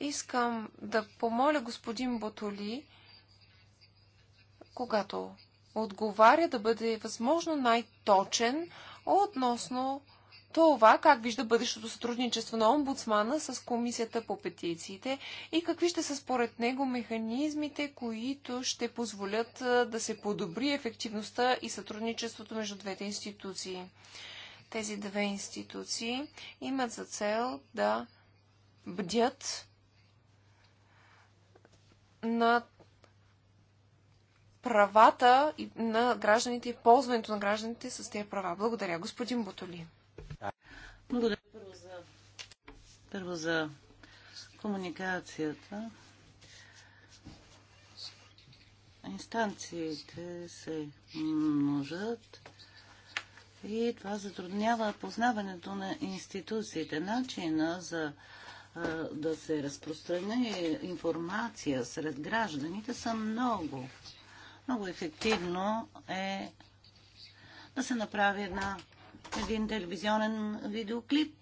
искам да помоля господин Ботоли, когато отговаря, да бъде възможно най-точен относно това как вижда бъдещото сътрудничество на омбудсмана с комисията по петициите и какви ще са според него механизмите, които ще позволят да се подобри ефективността и сътрудничеството между двете институции. Тези две институции имат за цел да бдят на правата на гражданите и ползването на гражданите с тези права. Благодаря, господин Бутоли. Благодаря първо за, първо за комуникацията. Инстанциите се множат. И това затруднява познаването на институциите. Начина за да се разпространи информация сред гражданите са много. Много ефективно е да се направи една, един телевизионен видеоклип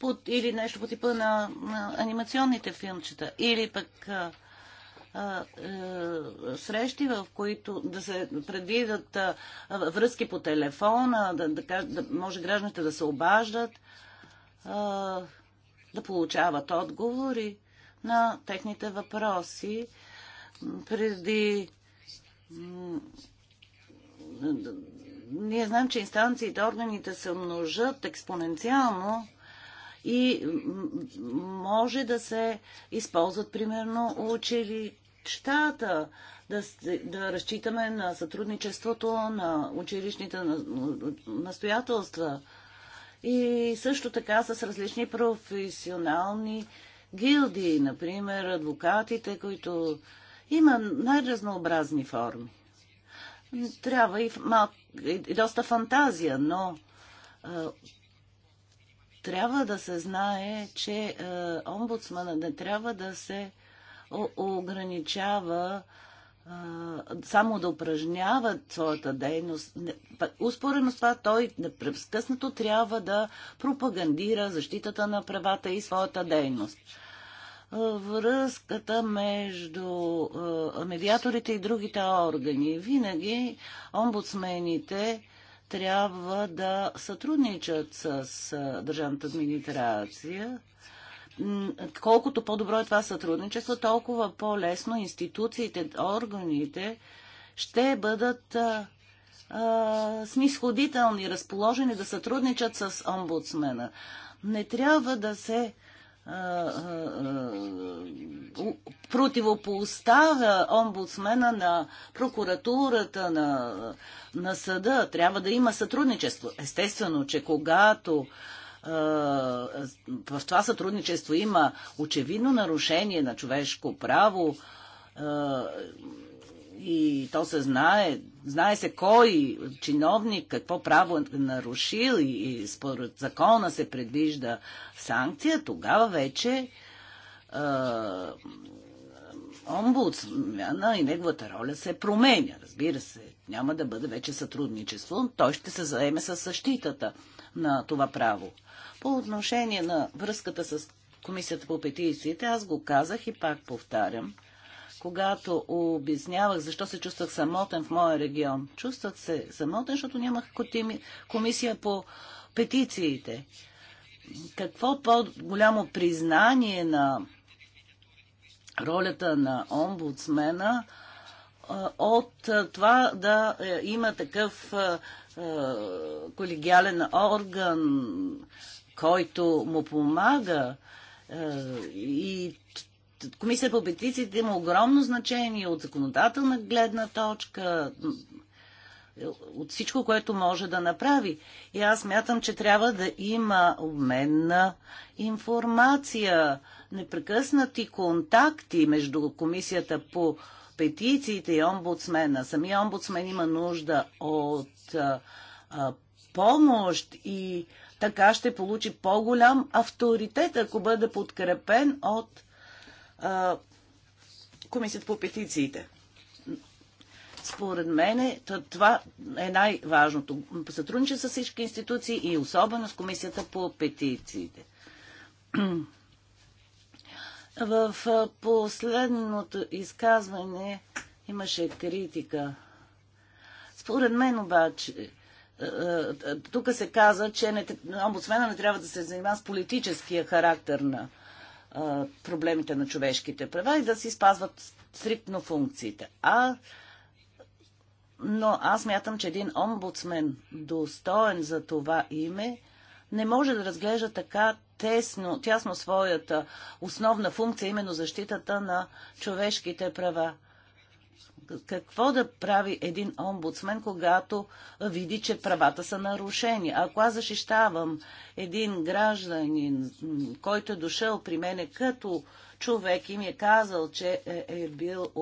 под, или нещо по типа на, на анимационните филмчета, или пък а, е, срещи, в които да се предвидат връзки по телефона, да, да, да може гражданите да се обаждат, да получават отговори на техните въпроси. Преди ние знаем, че инстанциите, органите се множат експоненциално и може да се използват, примерно, учили, мечтата да, да разчитаме на сътрудничеството на училищните настоятелства и също така с различни професионални гилдии, например адвокатите, които има най-разнообразни форми. Трябва и, мал... и доста фантазия, но а, трябва да се знае, че а, омбудсмана не трябва да се ограничава само да упражняват своята дейност. Успорено с това той непрекъснато трябва да пропагандира защитата на правата и своята дейност. Връзката между медиаторите и другите органи. Винаги омбудсмените трябва да сътрудничат с държавната администрация колкото по-добро е това сътрудничество, толкова по-лесно институциите, органите ще бъдат а, а, снисходителни, разположени да сътрудничат с омбудсмена. Не трябва да се противопоставя омбудсмена на прокуратурата, на, на съда. Трябва да има сътрудничество. Естествено, че когато в това сътрудничество има очевидно нарушение на човешко право и то се знае. Знае се кой чиновник какво право е нарушил и според закона се предвижда санкция, тогава вече омбудсмяна и неговата роля се променя. Разбира се, няма да бъде вече сътрудничество, той ще се заеме с защитата на това право. По отношение на връзката с Комисията по петициите, аз го казах и пак повтарям. Когато обяснявах защо се чувствах самотен в моя регион, чувствах се самотен, защото нямах комисия по петициите. Какво по-голямо признание на ролята на омбудсмена – от това да е, има такъв колегиален орган, който му помага и Комисия по петициите има огромно значение от законодателна гледна точка, от всичко, което може да направи. И аз мятам, че трябва да има обменна информация, непрекъснати контакти между Комисията по петициите и омбудсмена. Самия омбудсмен има нужда от а, а, помощ и така ще получи по-голям авторитет, ако бъде подкрепен от а, Комисията по петициите. Според мен това е най-важното. Сътрудничество с всички институции и особено с Комисията по петициите. В последното изказване имаше критика. Според мен обаче, тук се каза, че омбудсмена не трябва да се занимава с политическия характер на проблемите на човешките права и да си спазват стриктно функциите. А, но аз мятам, че един омбудсмен достоен за това име – не може да разглежда така тесно, тясно своята основна функция, именно защитата на човешките права. Какво да прави един омбудсмен, когато види, че правата са нарушени? Ако аз защищавам един гражданин, който е дошъл при мене като човек и ми е казал, че е, е бил е,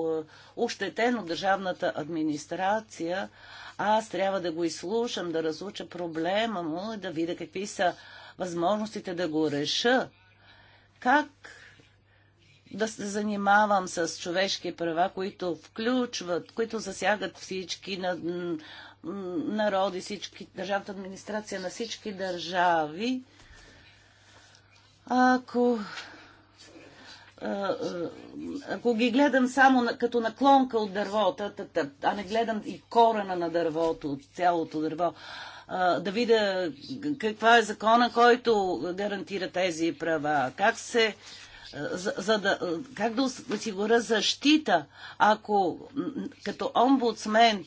ощетен от държавната администрация, аз трябва да го изслушам, да разуча проблема му, да видя какви са възможностите да го реша. Как да се занимавам с човешки права, които включват, които засягат всички народи, всички, държавната администрация на всички държави. Ако ако ги гледам само като наклонка от дървото, а не гледам и корена на дървото, цялото дърво, да видя каква е закона, който гарантира тези права, как се за, за да, как да осигуря защита, ако като омбудсмен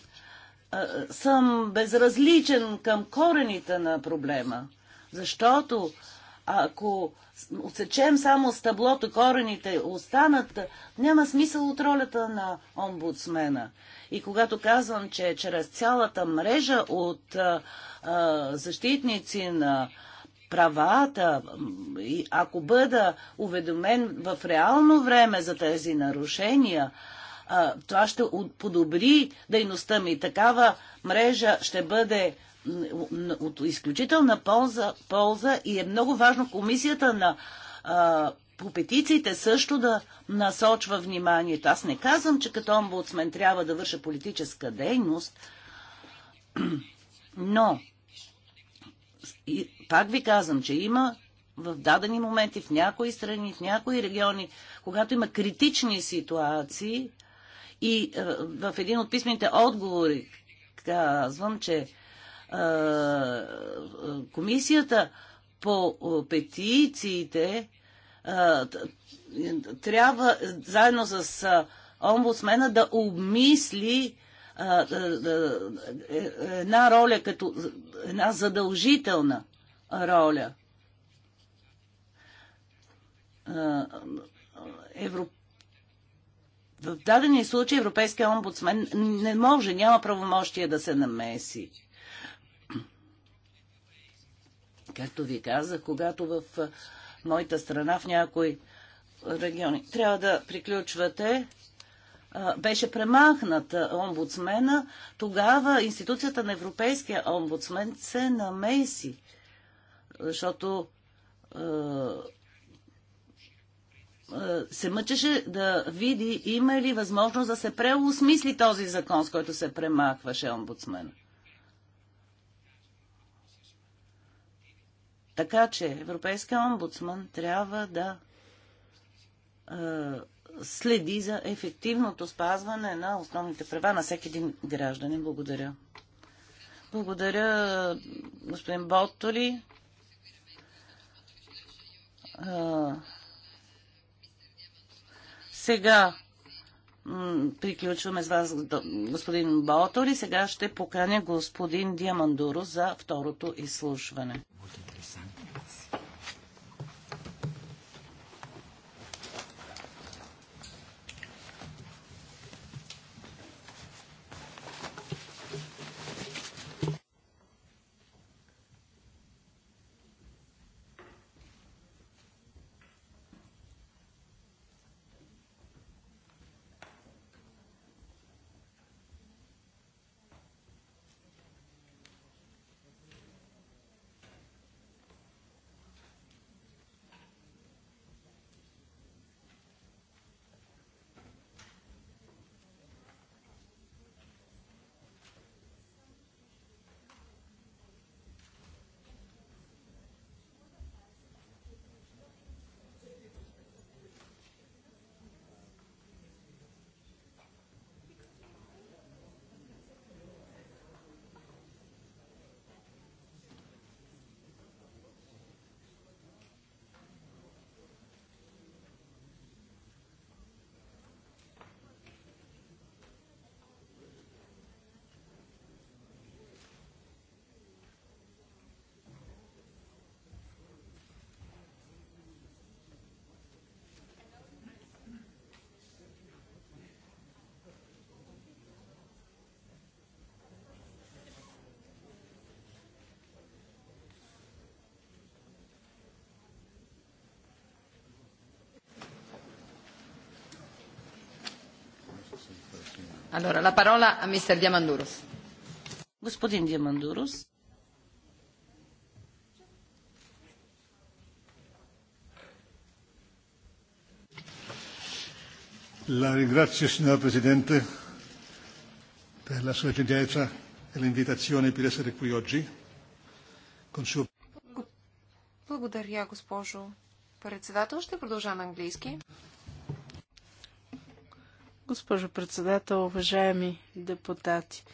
съм безразличен към корените на проблема. Защото ако отсечем само с таблото корените останат, няма смисъл от ролята на омбудсмена. И когато казвам, че чрез цялата мрежа от а, а, защитници на правата, ако бъда уведомен в реално време за тези нарушения, това ще подобри дейността ми. Такава мрежа ще бъде от изключителна полза, полза и е много важно комисията на а, по петициите също да насочва вниманието. Аз не казвам, че като омбудсмен трябва да върша политическа дейност, но и, пак ви казвам, че има в дадени моменти, в някои страни, в някои региони, когато има критични ситуации и в един от писмените отговори казвам, че комисията по петициите трябва заедно с омбудсмена да обмисли е, една роля като една задължителна роля. В дадени случаи Европейския омбудсмен не може, няма правомощие да се намеси. както ви казах, когато в моята страна, в някои региони, трябва да приключвате, беше премахната омбудсмена, тогава институцията на Европейския омбудсмен се намеси, защото се мъчеше да види има ли възможност да се преосмисли този закон, с който се премахваше омбудсмена. Така че Европейския омбудсман трябва да е, следи за ефективното спазване на основните права на всеки един гражданин. Благодаря. Благодаря, господин Ботори. Е, сега приключваме с вас, господин Ботори. Сега ще поканя господин Диамандуро за второто изслушване. la Господин Диамандурус. ringrazio, signora Presidente, per la sua gentilezza e l'invitazione per essere qui oggi. Con il suo... Благодаря, Ще продължа на английски. Госпожо председател, уважаеми депутати,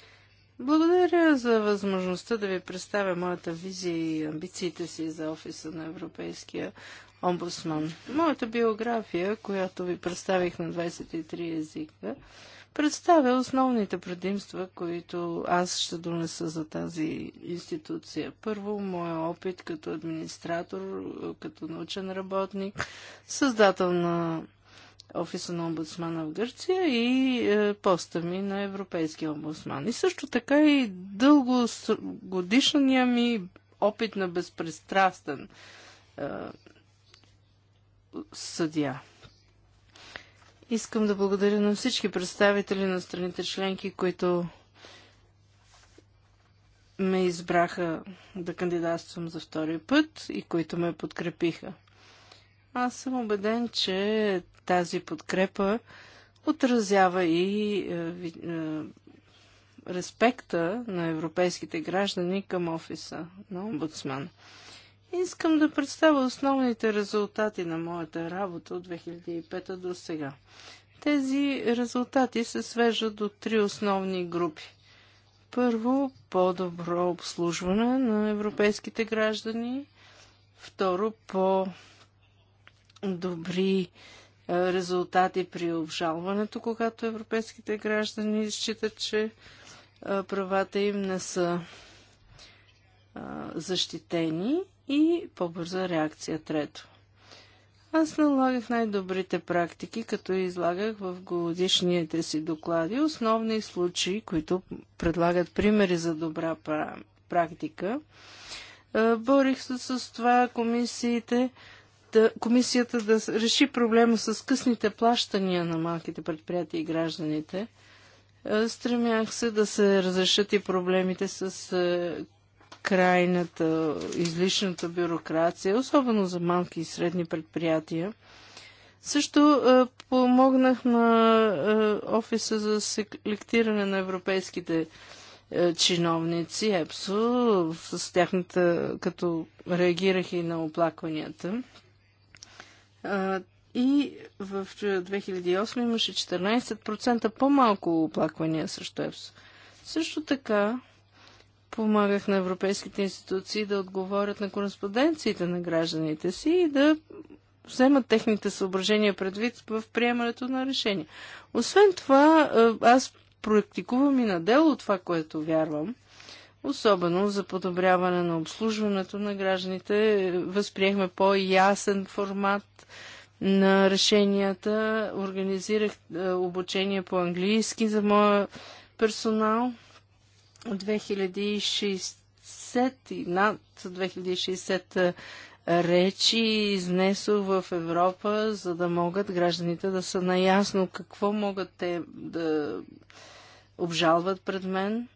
благодаря за възможността да ви представя моята визия и амбициите си за офиса на Европейския омбудсман. Моята биография, която ви представих на 23 езика, представя основните предимства, които аз ще донеса за тази институция. Първо, моя опит като администратор, като научен работник, създател на офиса на омбудсмана в Гърция и е, поста ми на европейския омбудсман. И също така и дълго годишния ми опит на безпристрастен е, съдия. Искам да благодаря на всички представители на страните членки, които ме избраха да кандидатствам за втори път и които ме подкрепиха. Аз съм убеден, че тази подкрепа отразява и е, е, респекта на европейските граждани към офиса на омбудсмана. Искам да представя основните резултати на моята работа от 2005 до сега. Тези резултати се свежат до три основни групи. Първо, по-добро обслужване на европейските граждани. Второ, по добри резултати при обжалването, когато европейските граждани считат, че правата им не са защитени и по-бърза реакция. Трето. Аз налагах най-добрите практики, като излагах в годишните си доклади основни случаи, които предлагат примери за добра практика. Борих се с това комисиите да, комисията да реши проблема с късните плащания на малките предприятия и гражданите. Е, стремях се да се разрешат и проблемите с е, крайната, излишната бюрокрация, особено за малки и средни предприятия. Също е, помогнах на е, офиса за селектиране на европейските е, чиновници, ЕПСО, с тяхната, като реагирах и на оплакванията. И в 2008 имаше 14% по-малко оплаквания срещу ЕПС. Също така помагах на европейските институции да отговорят на кореспонденциите на гражданите си и да вземат техните съображения предвид в приемането на решения. Освен това, аз практикувам и на дело това, което вярвам особено за подобряване на обслужването на гражданите. Възприехме по-ясен формат на решенията, организирах е, обучение по английски за моя персонал. 2060 и над 2060 е, речи изнесох в Европа, за да могат гражданите да са наясно какво могат те да обжалват пред мен.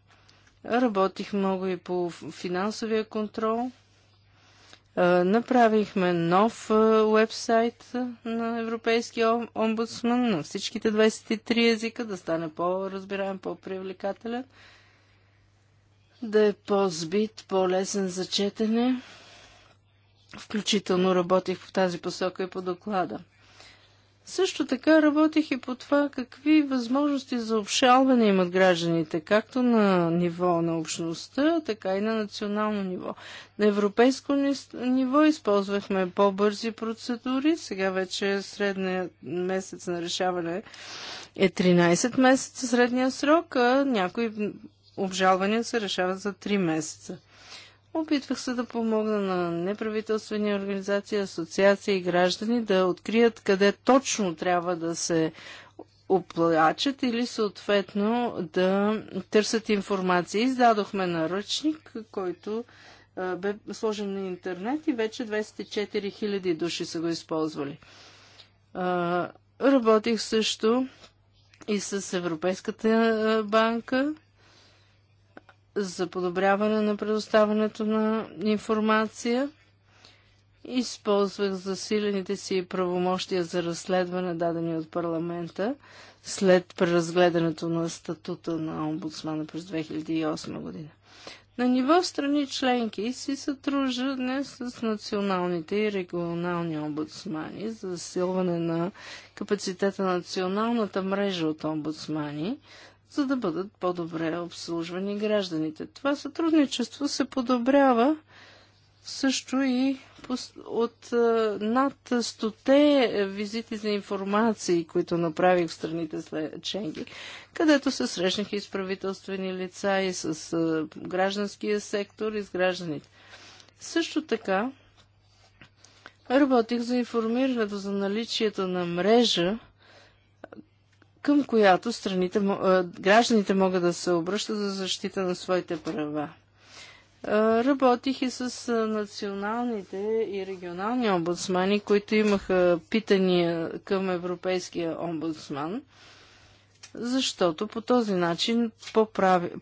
Работих много и по финансовия контрол. Направихме нов вебсайт на Европейския омбудсман на всичките 23 езика, да стане по-разбираем, по-привлекателен, да е по-збит, по-лесен за четене. Включително работих в тази посока и по доклада. Също така работих и по това какви възможности за обшалване имат гражданите, както на ниво на общността, така и на национално ниво. На европейско ниво използвахме по-бързи процедури, сега вече е средния месец на решаване е 13 месеца средния срок, а някои обжалвания се решават за 3 месеца. Опитвах се да помогна на неправителствени организации, асоциации и граждани да открият къде точно трябва да се оплачат или съответно да търсят информация. Издадохме наръчник, който бе сложен на интернет и вече 24 000 души са го използвали. работих също и с Европейската банка за подобряване на предоставянето на информация. Използвах засилените си правомощия за разследване, дадени от парламента, след преразгледането на статута на омбудсмана през 2008 година. На ниво страни членки си сътрудня с националните и регионални омбудсмани за засилване на капацитета на националната мрежа от омбудсмани – за да бъдат по-добре обслужвани гражданите. Това сътрудничество се подобрява също и от е, над стоте визити за информации, които направих в страните след Ченги, където се срещнах и с правителствени лица, и с е, гражданския сектор, и с гражданите. Също така работих за информирането за наличието на мрежа към която страните, гражданите могат да се обръщат за защита на своите права. Работих и с националните и регионални омбудсмани, които имаха питания към Европейския омбудсман, защото по този начин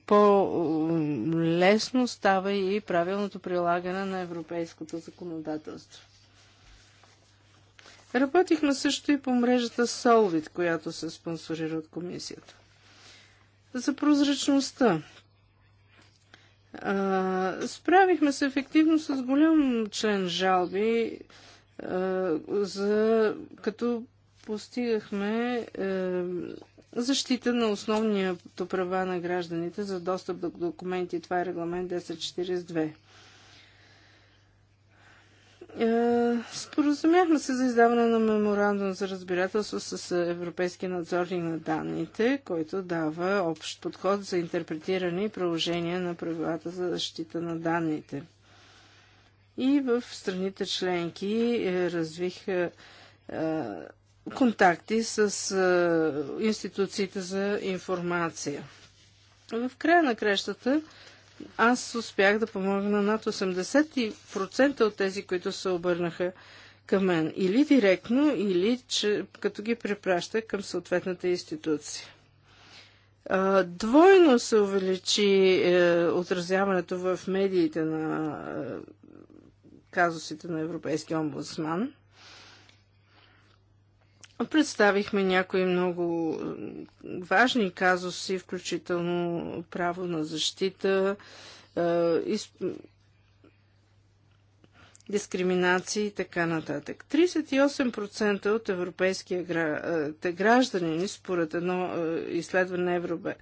по-лесно по става и правилното прилагане на европейското законодателство. Работихме също и по мрежата Solvit, която се спонсорира от комисията. За прозрачността. А, справихме се ефективно с голям член жалби, а, за, като постигахме а, е, защита на основния права на гражданите за достъп до документи. Това е регламент 1042. Е, споразумяхме се за издаване на меморандум за разбирателство с Европейския надзорник на данните, който дава общ подход за интерпретиране и приложение на правилата за защита на данните. И в страните членки е, развих е, контакти с институциите за информация. В края на крещата аз успях да помогна над 80% от тези, които се обърнаха към мен. Или директно, или че, като ги препраща към съответната институция. Двойно се увеличи е, отразяването в медиите на е, казусите на Европейския омбудсман. Представихме някои много важни казуси, включително право на защита, дискриминации и така нататък. 38% от европейските граждани, според едно изследване на Европе...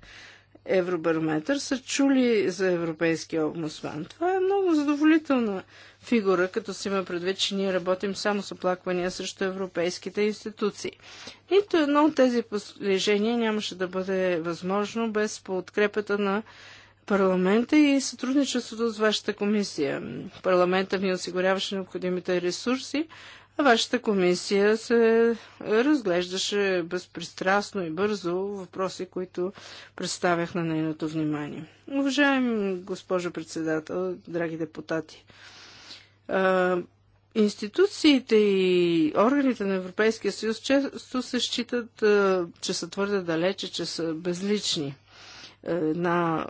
Евробарометър са чули за Европейския омбудсман. Това е много задоволителна фигура, като си има предвид, че ние работим само с оплаквания срещу европейските институции. Нито едно от тези постижения нямаше да бъде възможно без подкрепата на парламента и сътрудничеството с вашата комисия. Парламента ми осигуряваше необходимите ресурси, Вашата комисия се разглеждаше безпристрастно и бързо въпроси, които представях на нейното внимание. Уважаем госпожо председател, драги депутати, институциите и органите на Европейския съюз често се считат, че са твърде далече, че са безлични на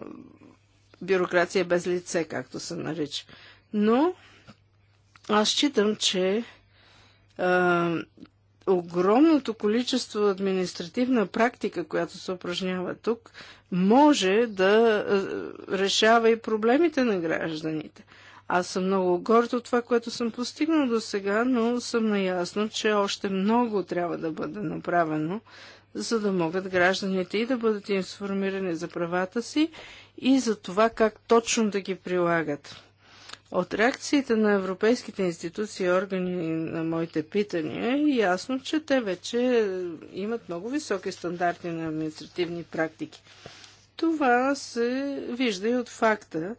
бюрокрация е без лице, както се нарича. Но аз считам, че огромното количество административна практика, която се упражнява тук, може да решава и проблемите на гражданите. Аз съм много горд от това, което съм постигнал до сега, но съм наясно, че още много трябва да бъде направено, за да могат гражданите и да бъдат информирани за правата си и за това как точно да ги прилагат. От реакциите на европейските институции и органи на моите питания е ясно, че те вече имат много високи стандарти на административни практики. Това се вижда и от факта,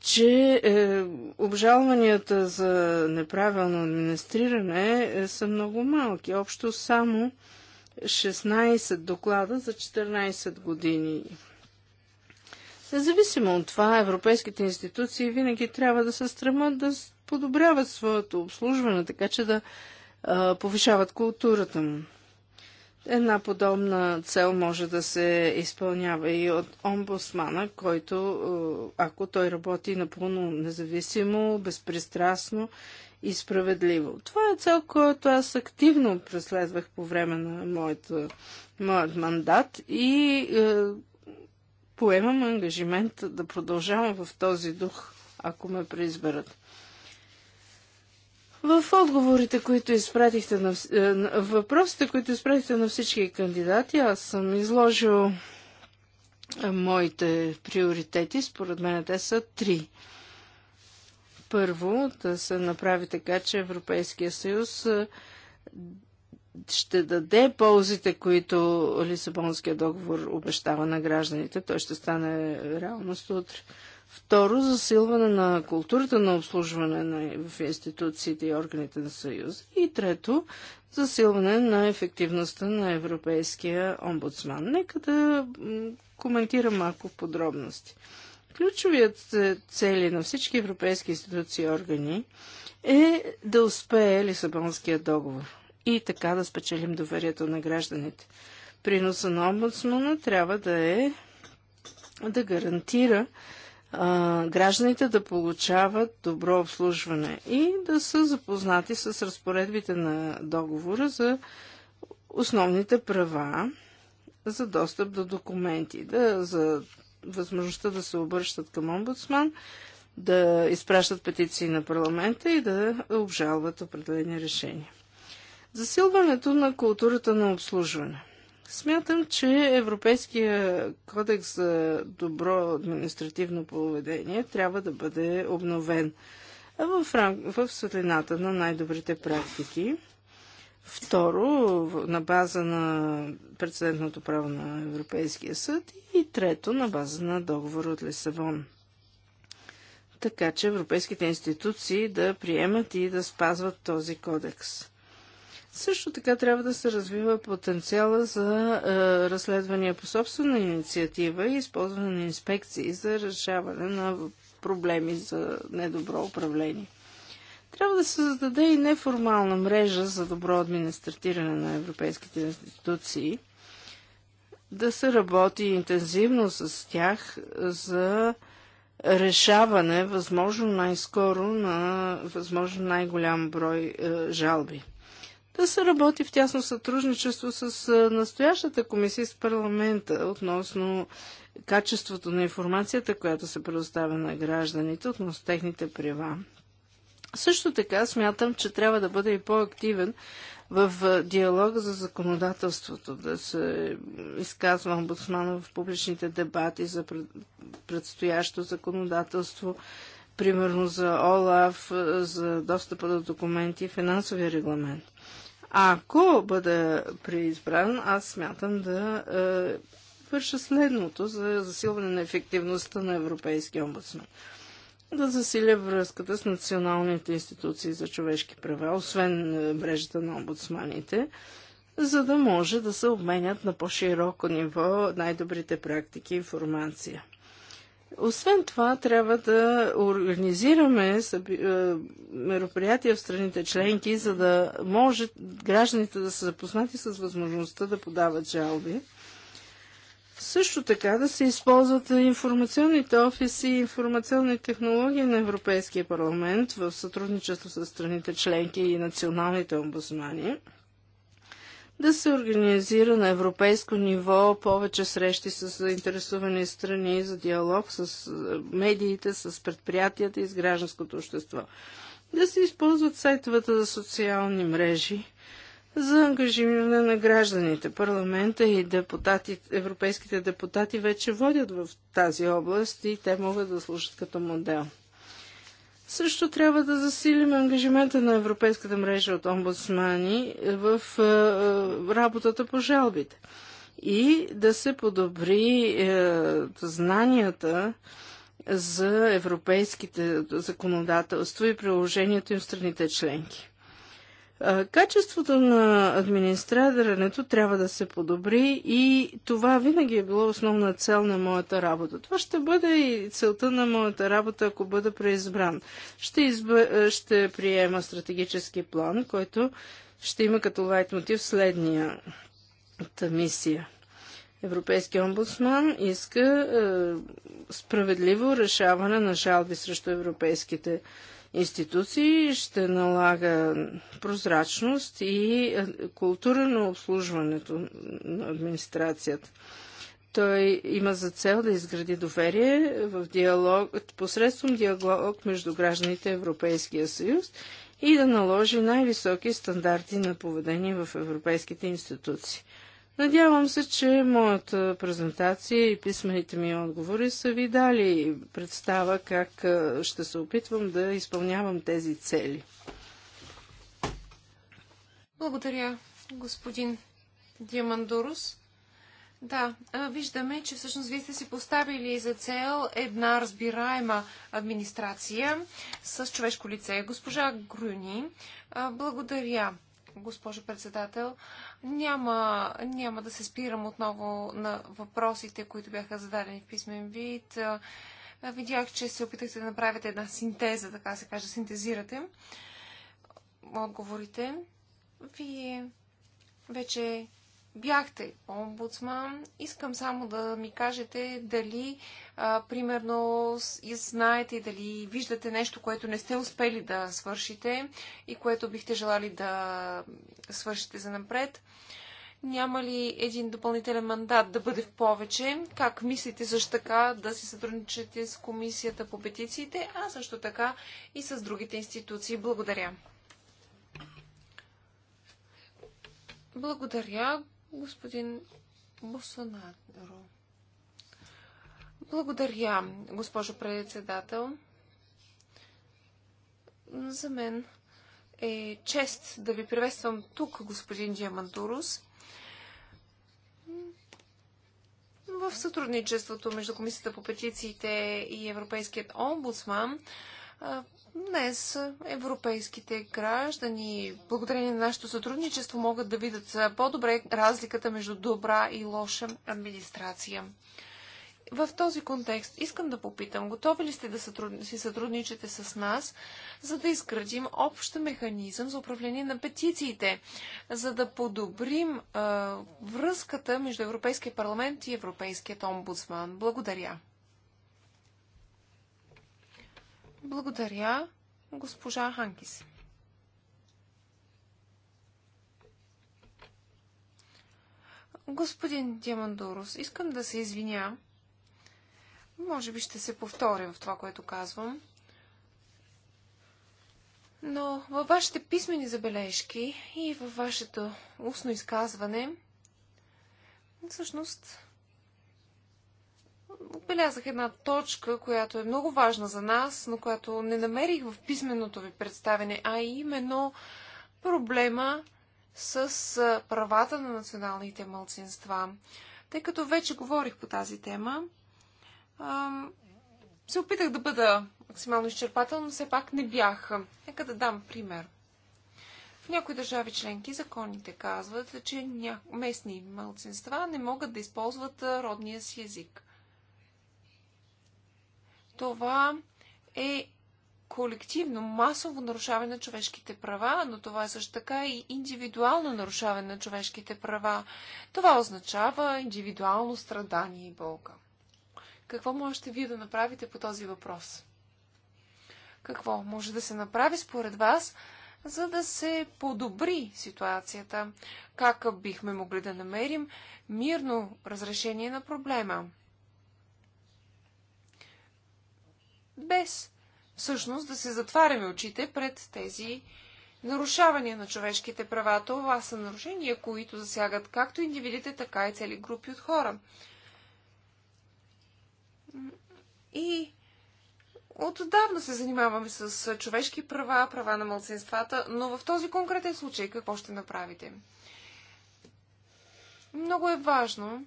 че е, обжалванията за неправилно администриране е, са много малки. Общо само 16 доклада за 14 години Независимо от това, европейските институции винаги трябва да се стремат да подобряват своето обслужване, така че да а, повишават културата му. Една подобна цел може да се изпълнява и от омбусмана, който, ако той работи напълно независимо, безпристрастно и справедливо. Това е цел, която аз активно преследвах по време на моят, моят мандат и е, поемам ангажимент да продължавам в този дух, ако ме преизберат. В отговорите, които изпратихте на, е, въпросите, които изпратихте на всички кандидати, аз съм изложил е, моите приоритети. Според мен те са три. Първо, да се направи така, че Европейския съюз е, ще даде ползите, които Лисабонския договор обещава на гражданите. Той ще стане реалност утре. Второ, засилване на културата на обслужване на, в институциите и органите на Съюз. И трето, засилване на ефективността на Европейския омбудсман. Нека да коментирам малко подробности. Ключовият е, цели на всички европейски институции и органи е да успее Лисабонския договор и така да спечелим доверието на гражданите. Приноса на омбудсмана трябва да е да гарантира а, гражданите да получават добро обслужване и да са запознати с разпоредбите на договора за основните права за достъп до документи, да, за възможността да се обръщат към омбудсман, да изпращат петиции на парламента и да обжалват определени решения. Засилването на културата на обслужване. Смятам, че Европейския кодекс за добро административно поведение трябва да бъде обновен в, рам... в светлината на най-добрите практики. Второ, на база на прецедентното право на Европейския съд и трето, на база на договора от Лисабон. Така че европейските институции да приемат и да спазват този кодекс. Също така трябва да се развива потенциала за е, разследвания по собствена инициатива и използване на инспекции за решаване на проблеми за недобро управление. Трябва да се зададе и неформална мрежа за добро администратиране на европейските институции, да се работи интензивно с тях за решаване възможно най-скоро на възможно най-голям брой е, жалби да се работи в тясно сътрудничество с настоящата комисия с парламента относно качеството на информацията, която се предоставя на гражданите, относно техните права. Също така смятам, че трябва да бъде и по-активен в диалога за законодателството, да се изказва омбудсмана в публичните дебати за предстоящо законодателство, примерно за ОЛАФ, за достъпа до документи и финансовия регламент. Ако бъда преизбран, аз смятам да е, върша следното за засилване на ефективността на Европейския омбудсман. Да засиля връзката с националните институции за човешки права, освен е, мрежата на омбудсманите, за да може да се обменят на по-широко ниво най-добрите практики и информация. Освен това, трябва да организираме е, мероприятия в страните членки, за да може гражданите да са запознати с възможността да подават жалби. Също така да се използват информационните офиси и информационни технологии на Европейския парламент в сътрудничество с страните членки и националните омбудсмани – да се организира на европейско ниво повече срещи с заинтересувани страни за диалог с е, медиите, с предприятията и с гражданското общество. Да се използват сайтовете за социални мрежи за ангажиране на гражданите. Парламента и депутати, европейските депутати вече водят в тази област и те могат да служат като модел. Също трябва да засилим ангажимента на Европейската мрежа от омбудсмани в е, е работата по жалбите и да се подобри е, знанията за европейските законодателства и приложението им в страните членки. Качеството на администрирането трябва да се подобри и това винаги е било основна цел на моята работа. Това ще бъде и целта на моята работа, ако бъда преизбран. Ще, изб... ще приема стратегически план, който ще има като лайт мотив следния мисия. Европейския омбудсман иска е, справедливо решаване на жалби срещу европейските институции ще налага прозрачност и е, култура на обслужването на администрацията. Той има за цел да изгради доверие в диалог, посредством диалог между гражданите Европейския съюз и да наложи най-високи стандарти на поведение в европейските институции. Надявам се, че моята презентация и писмените ми отговори са ви дали представа как ще се опитвам да изпълнявам тези цели. Благодаря, господин Диамандорус. Да, виждаме, че всъщност вие сте си поставили за цел една разбираема администрация с човешко лице. Госпожа Груни, благодаря госпожо председател. Няма, няма да се спирам отново на въпросите, които бяха зададени в писмен вид. Видях, че се опитахте да направите една синтеза, така се каже, синтезирате отговорите. Вие вече бяхте омбудсман. Искам само да ми кажете дали, а, примерно, знаете дали виждате нещо, което не сте успели да свършите и което бихте желали да свършите за напред. Няма ли един допълнителен мандат да бъде в повече? Как мислите също така да се сътрудничате с комисията по петициите, а също така и с другите институции? Благодаря. Благодаря господин Босонаро. Благодаря, госпожо председател. За мен е чест да ви приветствам тук, господин Диамантурус. В сътрудничеството между Комисията по петициите и Европейският омбудсман Днес европейските граждани, благодарение на нашето сътрудничество, могат да видят по-добре разликата между добра и лоша администрация. В този контекст искам да попитам, готови ли сте да си сътрудничите с нас, за да изградим общ механизъм за управление на петициите, за да подобрим връзката между Европейския парламент и Европейският омбудсман? Благодаря. Благодаря, госпожа Ханкис. Господин Диамандорос, искам да се извиня. Може би ще се повторя в това, което казвам. Но във вашите писмени забележки и във вашето устно изказване, всъщност, отбелязах една точка, която е много важна за нас, но която не намерих в писменото ви представене, а именно проблема с правата на националните мълцинства. Тъй като вече говорих по тази тема, се опитах да бъда максимално изчерпателна, но все пак не бях. Нека да дам пример. В някои държави членки законите казват, че местни мълцинства не могат да използват родния си език. Това е колективно, масово нарушаване на човешките права, но това е също така и индивидуално нарушаване на човешките права. Това означава индивидуално страдание и болка. Какво можете вие да направите по този въпрос? Какво може да се направи според вас, за да се подобри ситуацията? Как бихме могли да намерим мирно разрешение на проблема? без всъщност да се затваряме очите пред тези нарушавания на човешките права. Това са нарушения, които засягат както индивидите, така и цели групи от хора. И отдавна се занимаваме с човешки права, права на младсинствата, но в този конкретен случай какво ще направите? Много е важно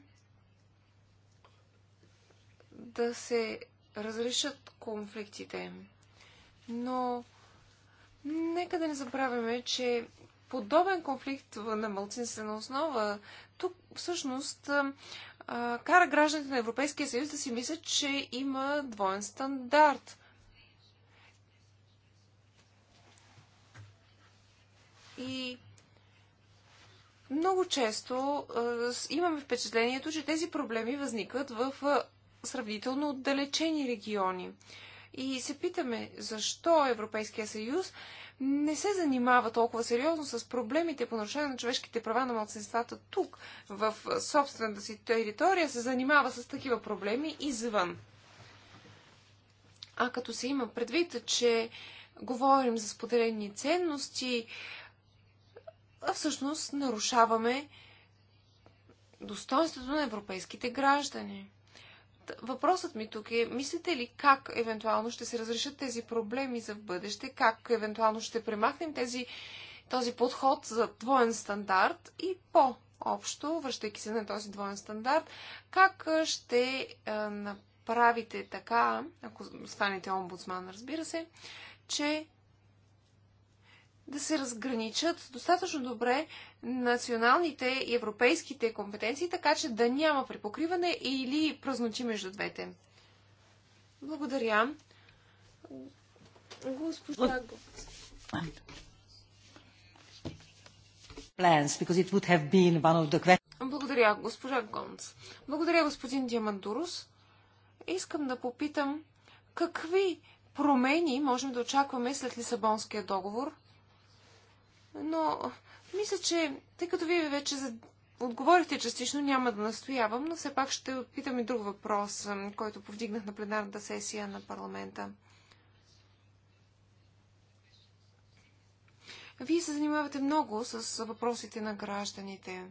да се разрешат конфликтите. Но нека да не забравяме, че подобен конфликт на мълцинствена основа тук всъщност кара гражданите на Европейския съюз да си мислят, че има двоен стандарт. И много често а, имаме впечатлението, че тези проблеми възникват в сравнително отдалечени региони. И се питаме, защо Европейския съюз не се занимава толкова сериозно с проблемите по нарушение на човешките права на младсенствата тук, в собствената си територия, се занимава с такива проблеми извън. А като се има предвид, че говорим за споделени ценности, а всъщност нарушаваме достоинството на европейските граждани въпросът ми тук е, мислите ли как евентуално ще се разрешат тези проблеми за в бъдеще, как евентуално ще премахнем тези, този подход за двоен стандарт и по-общо, връщайки се на този двоен стандарт, как ще направите така, ако станете омбудсман, разбира се, че да се разграничат достатъчно добре националните и европейските компетенции, така че да няма препокриване или празноти между двете. Благодаря. Госпожа Гонц, Благодаря, госпожа Гонц. Благодаря, господин Диамандурус. Искам да попитам какви промени можем да очакваме след Лисабонския договор но мисля, че тъй като вие вече отговорихте частично, няма да настоявам, но все пак ще питам и друг въпрос, който повдигнах на пленарната сесия на парламента. Вие се занимавате много с въпросите на гражданите.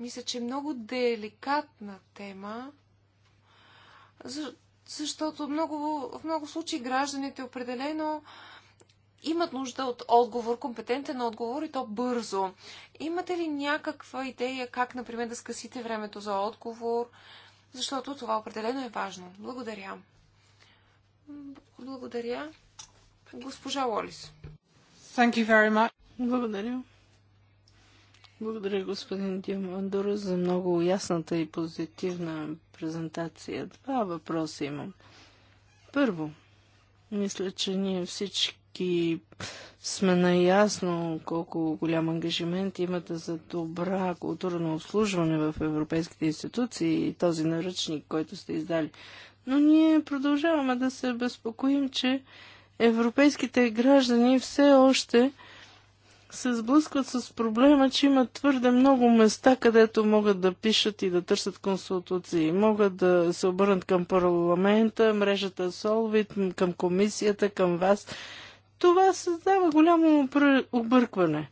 Мисля, че е много деликатна тема, защото много, в много случаи гражданите определено имат нужда от отговор, компетентен отговор и то бързо. Имате ли някаква идея как, например, да скъсите времето за отговор? Защото това определено е важно. Благодаря. Благодаря. Госпожа Лолис. Thank you very much. Благодаря. Благодаря, господин Диамандура, за много ясната и позитивна презентация. Два въпроса имам. Първо, мисля, че ние всички всички сме наясно колко голям ангажимент имате за добра културно обслужване в европейските институции и този наръчник, който сте издали. Но ние продължаваме да се безпокоим, че европейските граждани все още се сблъскват с проблема, че имат твърде много места, където могат да пишат и да търсят консултации. Могат да се обърнат към парламента, мрежата Солвит, към комисията, към вас това създава голямо объркване.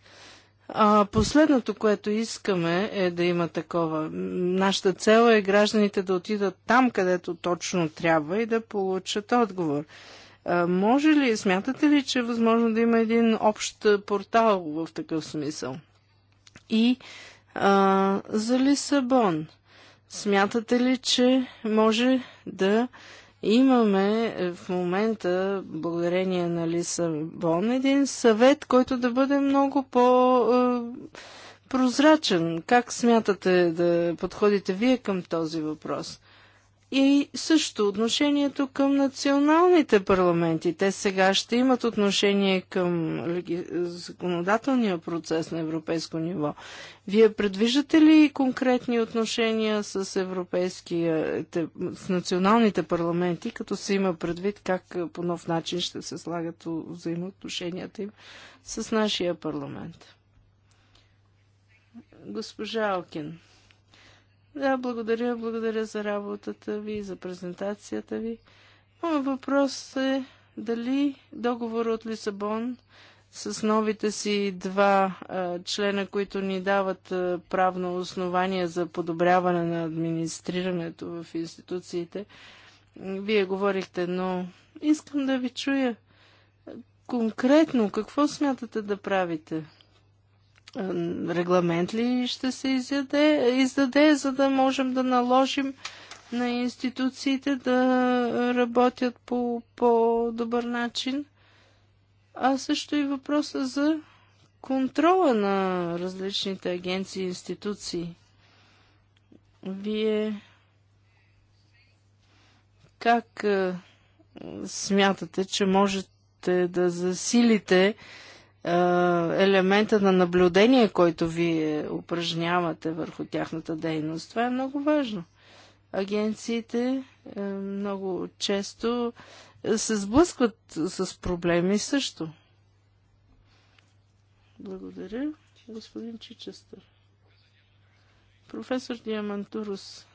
А последното, което искаме е да има такова. Нашата цел е гражданите да отидат там, където точно трябва и да получат отговор. А, може ли, смятате ли, че е възможно да има един общ портал в такъв смисъл? И а, за Лисабон, смятате ли, че може да Имаме е, в момента, благодарение на Лисабон, един съвет, който да бъде много по- е, прозрачен. Как смятате да подходите вие към този въпрос? и също отношението към националните парламенти. Те сега ще имат отношение към законодателния процес на европейско ниво. Вие предвиждате ли конкретни отношения с, с националните парламенти, като се има предвид как по нов начин ще се слагат взаимоотношенията им с нашия парламент? Госпожа Алкин. Да, благодаря, благодаря за работата ви, за презентацията ви. Моят въпрос е дали договор от Лисабон с новите си два а, члена, които ни дават а, правно основание за подобряване на администрирането в институциите. Вие говорихте, но искам да ви чуя конкретно какво смятате да правите регламент ли ще се изяде, издаде, за да можем да наложим на институциите да работят по по-добър начин, а също и въпроса за контрола на различните агенции и институции. Вие как смятате, че можете да засилите е, елемента на наблюдение, който вие упражнявате върху тяхната дейност. Това е много важно. Агенциите е, много често е, се сблъскват с проблеми също. Благодаря, господин Чичестър. Професор Диамантурус,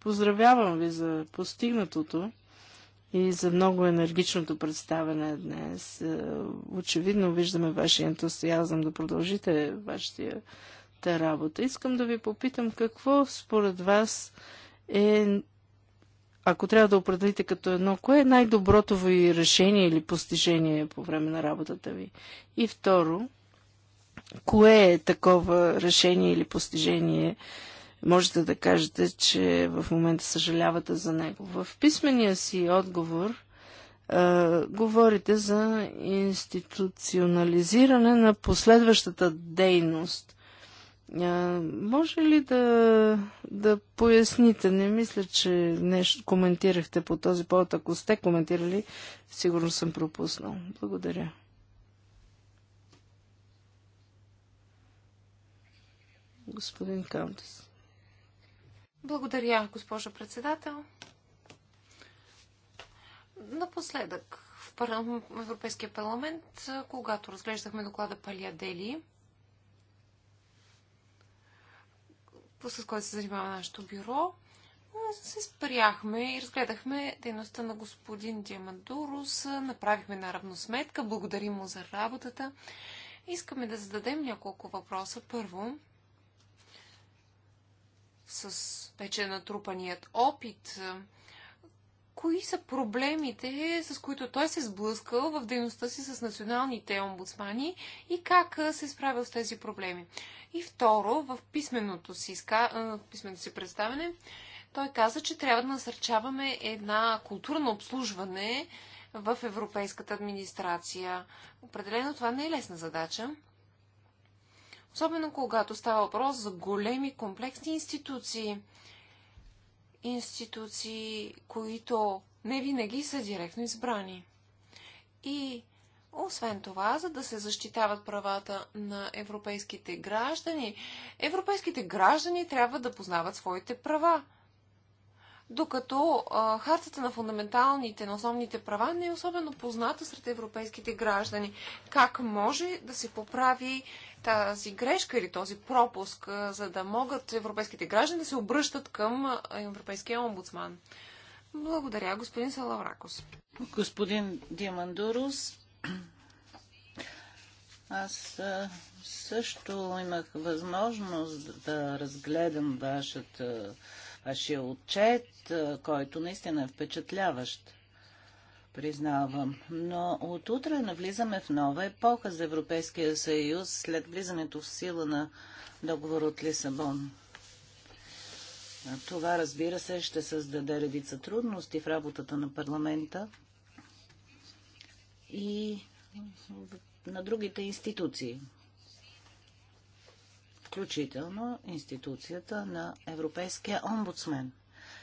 поздравявам ви за постигнатото и за много енергичното представяне днес. Е, очевидно виждаме вашия ентусиазъм да продължите вашата работа. Искам да ви попитам какво според вас е, ако трябва да определите като едно, кое е най-доброто ви решение или постижение по време на работата ви? И второ, кое е такова решение или постижение, можете да кажете, че в момента съжалявате за него. В писмения си отговор Uh, говорите за институционализиране на последващата дейност. Uh, може ли да, да поясните? Не мисля, че нещо коментирахте по този повод. Ако сте коментирали, сигурно съм пропуснал. Благодаря. Господин Каунтес. Благодаря, госпожо председател. Напоследък в Европейския парламент, когато разглеждахме доклада Палия Дели, с който се занимава нашето бюро, се спряхме и разгледахме дейността на господин Диамандурус, направихме наравно сметка, благодарим му за работата. Искаме да зададем няколко въпроса. Първо, с вече натрупаният опит, кои са проблемите, с които той се сблъскал в дейността си с националните омбудсмани и как се е справил с тези проблеми. И второ, в писменото си, писменото си представене, той каза, че трябва да насърчаваме една култура на обслужване в европейската администрация. Определено това не е лесна задача. Особено когато става въпрос за големи комплексни институции. Институции, които не винаги са директно избрани. И освен това, за да се защитават правата на европейските граждани, европейските граждани трябва да познават своите права докато а, хартата на фундаменталните, на основните права не е особено позната сред европейските граждани. Как може да се поправи тази грешка или този пропуск, а, за да могат европейските граждани да се обръщат към Европейския омбудсман? Благодаря, господин Салавракос. Господин Диамандурус, аз също имах възможност да разгледам вашата ще отчет, който наистина е впечатляващ. Признавам. Но от утре навлизаме в нова епоха за Европейския съюз след влизането в сила на договор от Лисабон. Това, разбира се, ще създаде редица трудности в работата на парламента и на другите институции включително институцията на Европейския омбудсмен.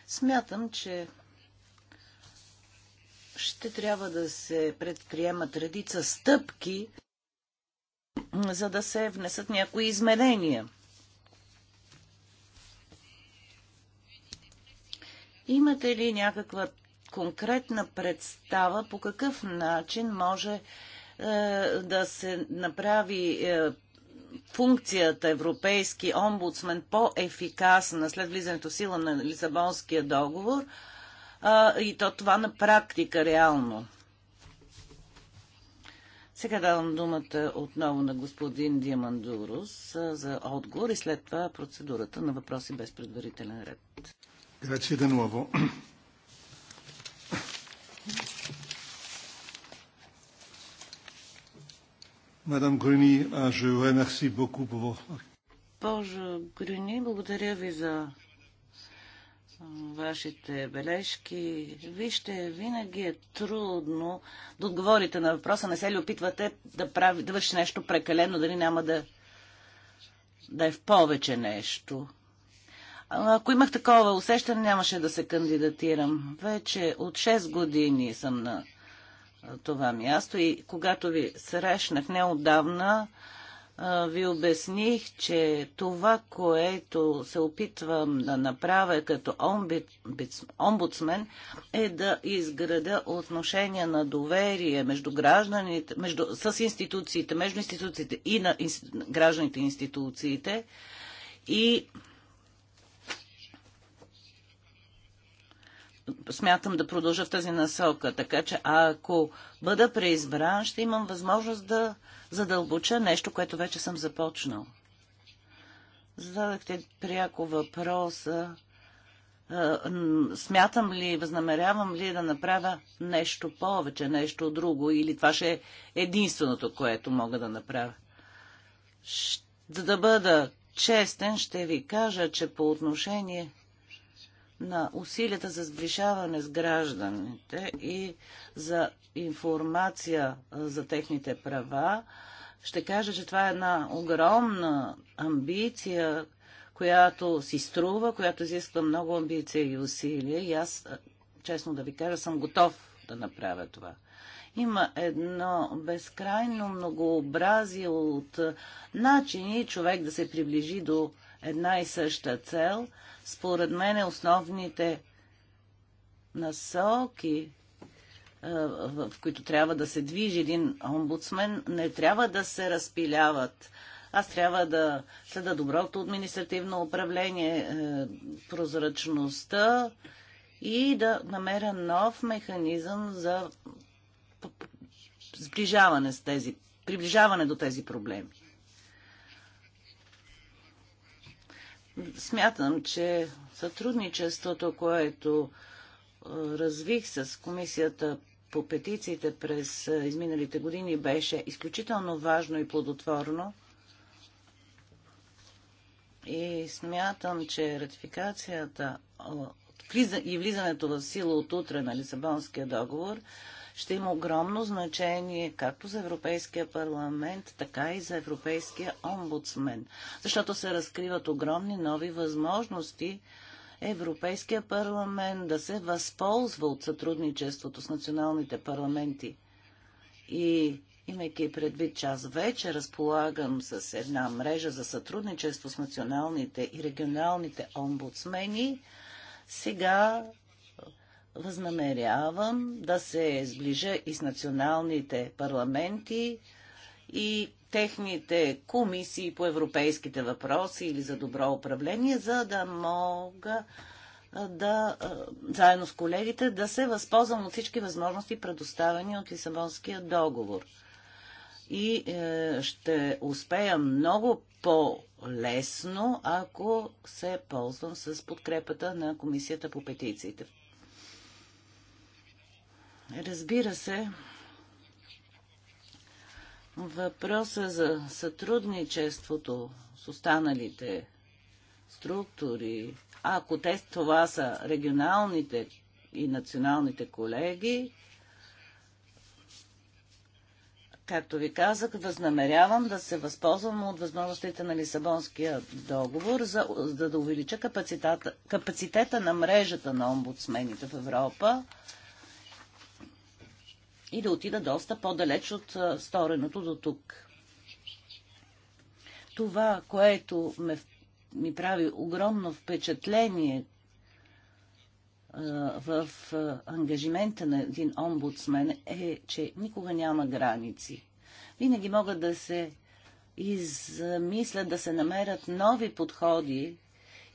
Смятам, че ще трябва да се предприемат редица стъпки, за да се внесат някои изменения. Имате ли някаква конкретна представа по какъв начин може е, да се направи е, функцията Европейски омбудсмен по-ефикасна след влизането в сила на Лисабонския договор а, и то това на практика реално. Сега давам думата отново на господин Диамандурус за отговор и след това процедурата на въпроси без предварителен ред. Grazie de nuovo. Мадам Груни, je vous remercie beaucoup Боже благодаря ви за вашите бележки. Вижте, винаги е трудно да отговорите на въпроса. Не се ли опитвате да, прави, да върши нещо прекалено, дали няма да, да е в повече нещо? Ако имах такова усещане, нямаше да се кандидатирам. Вече от 6 години съм на това място и когато ви срещнах неодавна, ви обясних, че това, което се опитвам да направя като омбудсмен, е да изграда отношения на доверие между гражданите, между, с институциите, между институциите и на инст, гражданите и институциите и смятам да продължа в тази насока. Така че ако бъда преизбран, ще имам възможност да задълбоча нещо, което вече съм започнал. Зададахте пряко въпроса. Смятам ли, възнамерявам ли да направя нещо повече, нещо друго, или това ще е единственото, което мога да направя. За да бъда честен, ще ви кажа, че по отношение на усилията за сближаване с гражданите и за информация за техните права, ще кажа, че това е една огромна амбиция, която си струва, която изисква много амбиция и усилия. И аз, честно да ви кажа, съм готов да направя това. Има едно безкрайно многообразие от начини човек да се приближи до една и съща цел, според мен е основните насоки, в които трябва да се движи един омбудсмен, не трябва да се разпиляват. Аз трябва да следа доброто административно управление, е, прозрачността и да намеря нов механизъм за сближаване с тези, приближаване до тези проблеми. Смятам, че сътрудничеството, което развих с комисията по петициите през изминалите години, беше изключително важно и плодотворно. И смятам, че ратификацията и влизането в сила от утре на Лисабонския договор ще има огромно значение както за Европейския парламент, така и за Европейския омбудсмен, защото се разкриват огромни нови възможности Европейския парламент да се възползва от сътрудничеството с националните парламенти. И имайки предвид, че аз вече разполагам с една мрежа за сътрудничество с националните и регионалните омбудсмени, сега възнамерявам да се сближа и с националните парламенти и техните комисии по европейските въпроси или за добро управление, за да мога да, заедно с колегите, да се възползвам от всички възможности, предоставени от Лисабонския договор. И е, ще успея много по-лесно, ако се ползвам с подкрепата на Комисията по петициите. Разбира се, въпроса за сътрудничеството с останалите структури, ако те това са регионалните и националните колеги, както ви казах, възнамерявам да се възползвам от възможностите на Лисабонския договор, за, за да увелича капацитета, капацитета на мрежата на омбудсмените в Европа и да отида доста по-далеч от стореното до тук. Това, което ме, ми прави огромно впечатление в ангажимента на един омбудсмен е, че никога няма граници. Винаги могат да се измислят, да се намерят нови подходи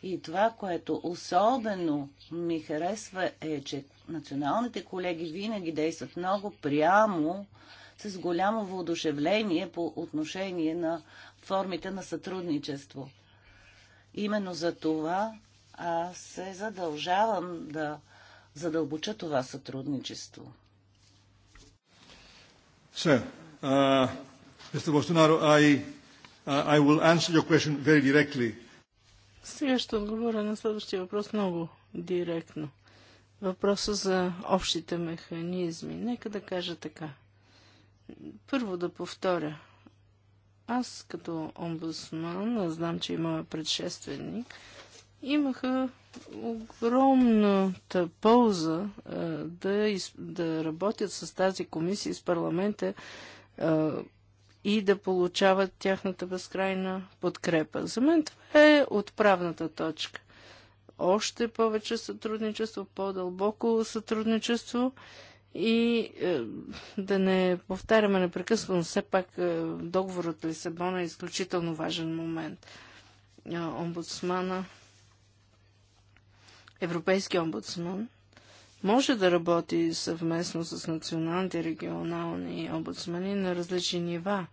и това, което особено ми харесва е, че националните колеги винаги действат много прямо, с голямо воодушевление по отношение на формите на сътрудничество. Именно за това аз се задължавам да задълбоча това сътрудничество. Sir, uh, Mr. Bolsonaro, I, uh, I will answer your question very directly. Сега ще отговоря на следващия въпрос много директно. Въпроса за общите механизми. Нека да кажа така. Първо да повторя. Аз като омбудсман, знам, че има предшественик, имаха огромната полза а, да, из, да работят с тази комисия с парламента а, и да получават тяхната безкрайна подкрепа. За мен това е отправната точка. Още повече сътрудничество, по-дълбоко сътрудничество и е, да не повтаряме непрекъснато, все пак е, договорът Лисабона е изключително важен момент. Е, омбудсмана, Европейски омбудсман, може да работи съвместно с националните регионални омбудсмани на различни нива.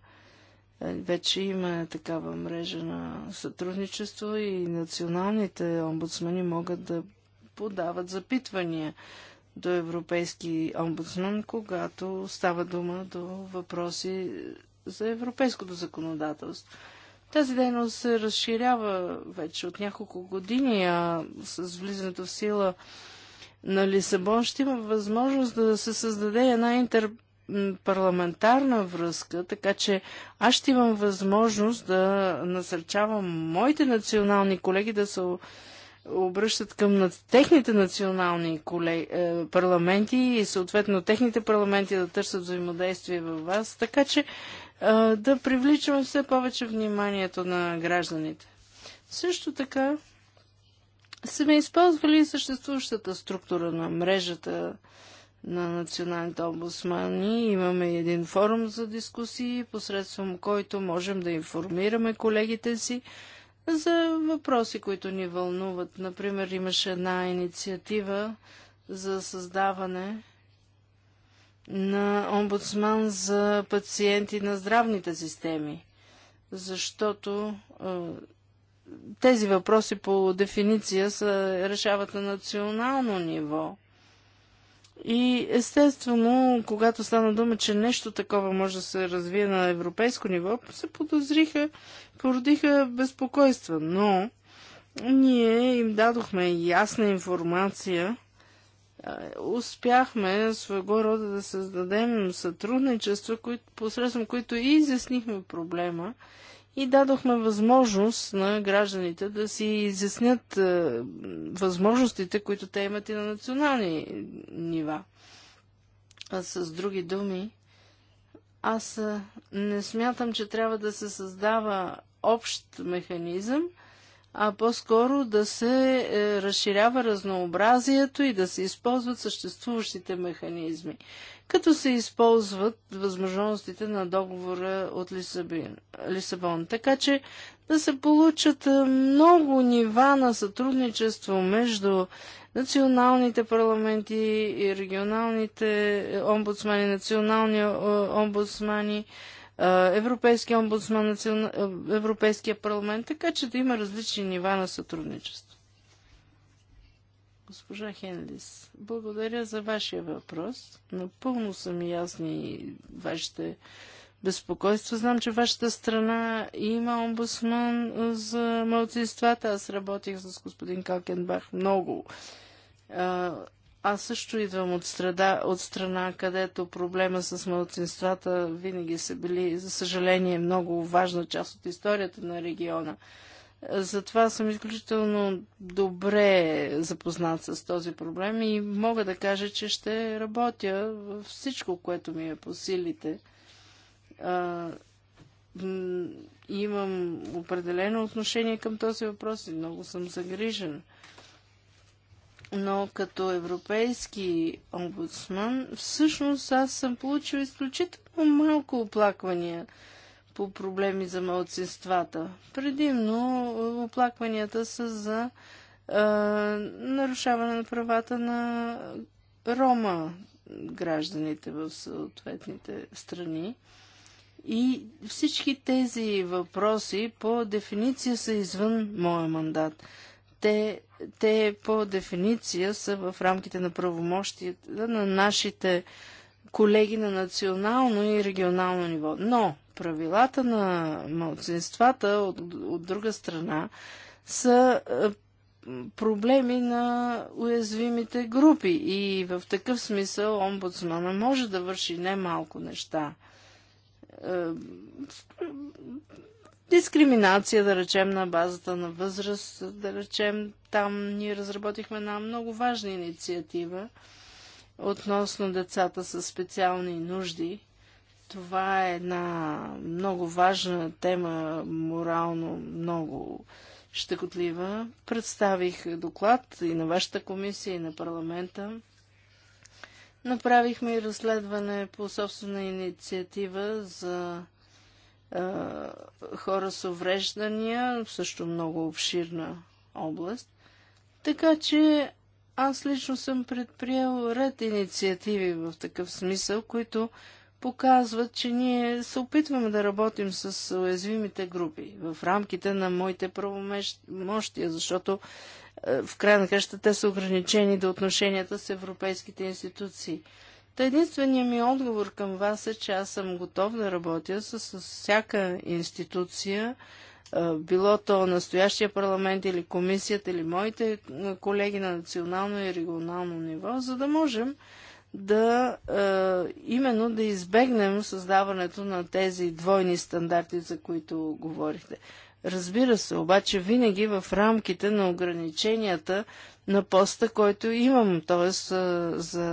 Е, вече има такава мрежа на сътрудничество и националните омбудсмани могат да подават запитвания до Европейски омбудсман, когато става дума до въпроси за европейското законодателство. Тази дейност се разширява вече от няколко години, а с влизането в сила на Лисабон ще има възможност да се създаде една интер парламентарна връзка, така че аз ще имам възможност да насърчавам моите национални колеги да се обръщат към техните национални колеги, е, парламенти и съответно техните парламенти да търсят взаимодействие във вас, така че да привличаме все повече вниманието на гражданите. Също така сме използвали съществуващата структура на мрежата на националните омбудсмани. Имаме един форум за дискусии, посредством който можем да информираме колегите си за въпроси, които ни вълнуват. Например, имаше една инициатива за създаване на омбудсман за пациенти на здравните системи, защото тези въпроси по дефиниция се решават на национално ниво. И естествено, когато стана дума, че нещо такова може да се развие на европейско ниво, се подозриха, породиха безпокойства. Но ние им дадохме ясна информация. Успяхме своего рода да създадем сътрудничества, които, посредством които и изяснихме проблема и дадохме възможност на гражданите да си изяснят е, възможностите, които те имат и на национални нива. А с други думи, аз е, не смятам, че трябва да се създава общ механизъм, а по-скоро да се е, разширява разнообразието и да се използват съществуващите механизми като се използват възможностите на договора от Лисабин, Лисабон. Така че да се получат много нива на сътрудничество между националните парламенти и регионалните е, омбудсмани, национални е, омбудсмани, е, Европейския омбудсман, Европейския парламент, така че да има различни нива на сътрудничество. Госпожа Хенлис, благодаря за вашия въпрос. Напълно са ми ясни вашите безпокойства. Знам, че вашата страна има омбудсман за младсинствата. Аз работих с господин Калкенбах много. Аз също идвам от страна, от страна където проблема с младсинствата винаги са били, за съжаление, много важна част от историята на региона. Затова съм изключително добре запознат с този проблем и мога да кажа, че ще работя във всичко, което ми е по силите. А, имам определено отношение към този въпрос и много съм загрижен. Но като европейски омбудсман, всъщност аз съм получил изключително малко оплаквания по проблеми за малцинствата. Предимно е, оплакванията са за е, нарушаване на правата на рома гражданите в съответните страни. И всички тези въпроси по дефиниция са извън моя мандат. Те, те по дефиниция са в рамките на правомощията на нашите колеги на национално и регионално ниво. Но правилата на мълцинствата от, от друга страна, са е, проблеми на уязвимите групи. И в такъв смисъл омбудсмана може да върши немалко неща. Е, дискриминация, да речем, на базата на възраст, да речем, там ние разработихме една много важна инициатива относно децата с специални нужди. Това е една много важна тема, морално много щекотлива. Представих доклад и на вашата комисия, и на парламента. Направихме и разследване по собствена инициатива за е, хора с увреждания, също много обширна област. Така че аз лично съм предприел ред инициативи в такъв смисъл, които показват, че ние се опитваме да работим с уязвимите групи в рамките на моите правомощия, защото е, в край на къща те са ограничени до отношенията с европейските институции. Та единственият ми отговор към вас е, че аз съм готов да работя с, с всяка институция, е, било то настоящия парламент или комисията или моите е, колеги на национално и регионално ниво, за да можем да е, именно да избегнем създаването на тези двойни стандарти, за които говорихте. Разбира се, обаче винаги в рамките на ограниченията на поста, който имам, т.е. Е, за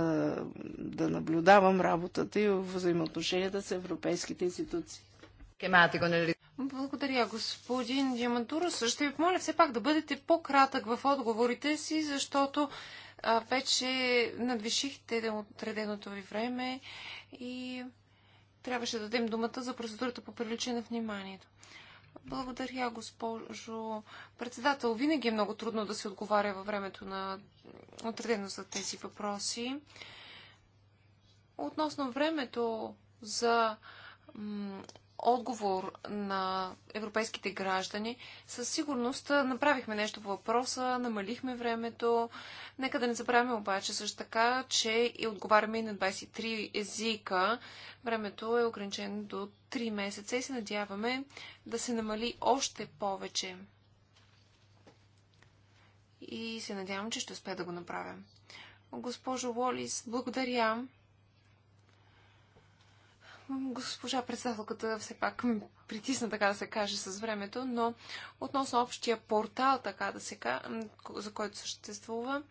да наблюдавам работата и взаимоотношенията с европейските институции. Нали? Благодаря, господин Диамантуро. Ще ви помоля все пак да бъдете по-кратък в отговорите си, защото вече надвишихте отреденото ви време и трябваше да дадем думата за процедурата по привличане на вниманието. Благодаря, госпожо председател. Винаги е много трудно да се отговаря във времето на отредено за тези въпроси. Относно времето за отговор на европейските граждани. Със сигурност направихме нещо по въпроса, намалихме времето. Нека да не забравяме обаче също така, че и отговаряме и на 23 езика. Времето е ограничено до 3 месеца и се надяваме да се намали още повече. И се надявам, че ще успея да го направя. Госпожо Уолис, благодаря. Госпожа председателката все пак ми притисна, така да се каже, с времето, но относно общия портал, така да се каже, за който съществува,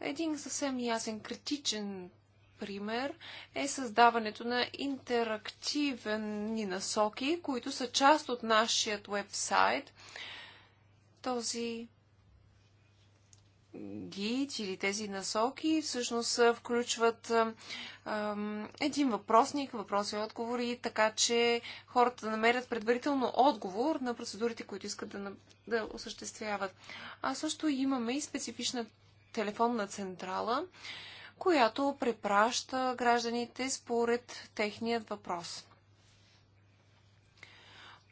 един съвсем ясен критичен пример е създаването на интерактивни насоки, които са част от нашия вебсайт. Този гид или тези насоки всъщност включват един въпросник, въпроси и отговори, така че хората да намерят предварително отговор на процедурите, които искат да, да осъществяват. А също имаме и специфична телефонна централа, която препраща гражданите според техният въпрос.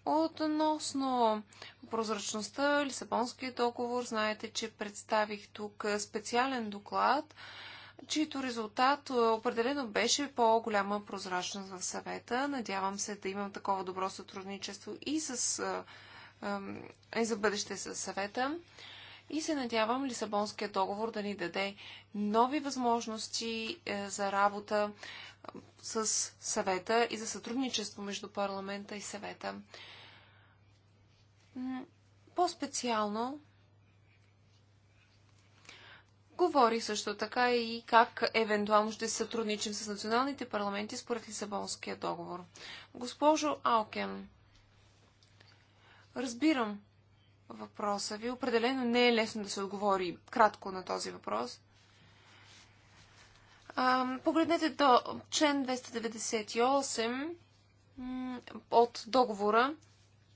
Относно прозрачността, Лисабонският договор, знаете, че представих тук специален доклад, чието резултат определено беше по-голяма прозрачност в съвета. Надявам се да имам такова добро сътрудничество и, с, и за бъдеще с съвета. И се надявам Лисабонския договор да ни даде нови възможности е, за работа с съвета и за сътрудничество между парламента и съвета. По-специално говори също така и как евентуално ще се сътрудничим с националните парламенти според Лисабонския договор. Госпожо Алкен, разбирам въпроса ви. Определено не е лесно да се отговори кратко на този въпрос. погледнете до член 298 от договора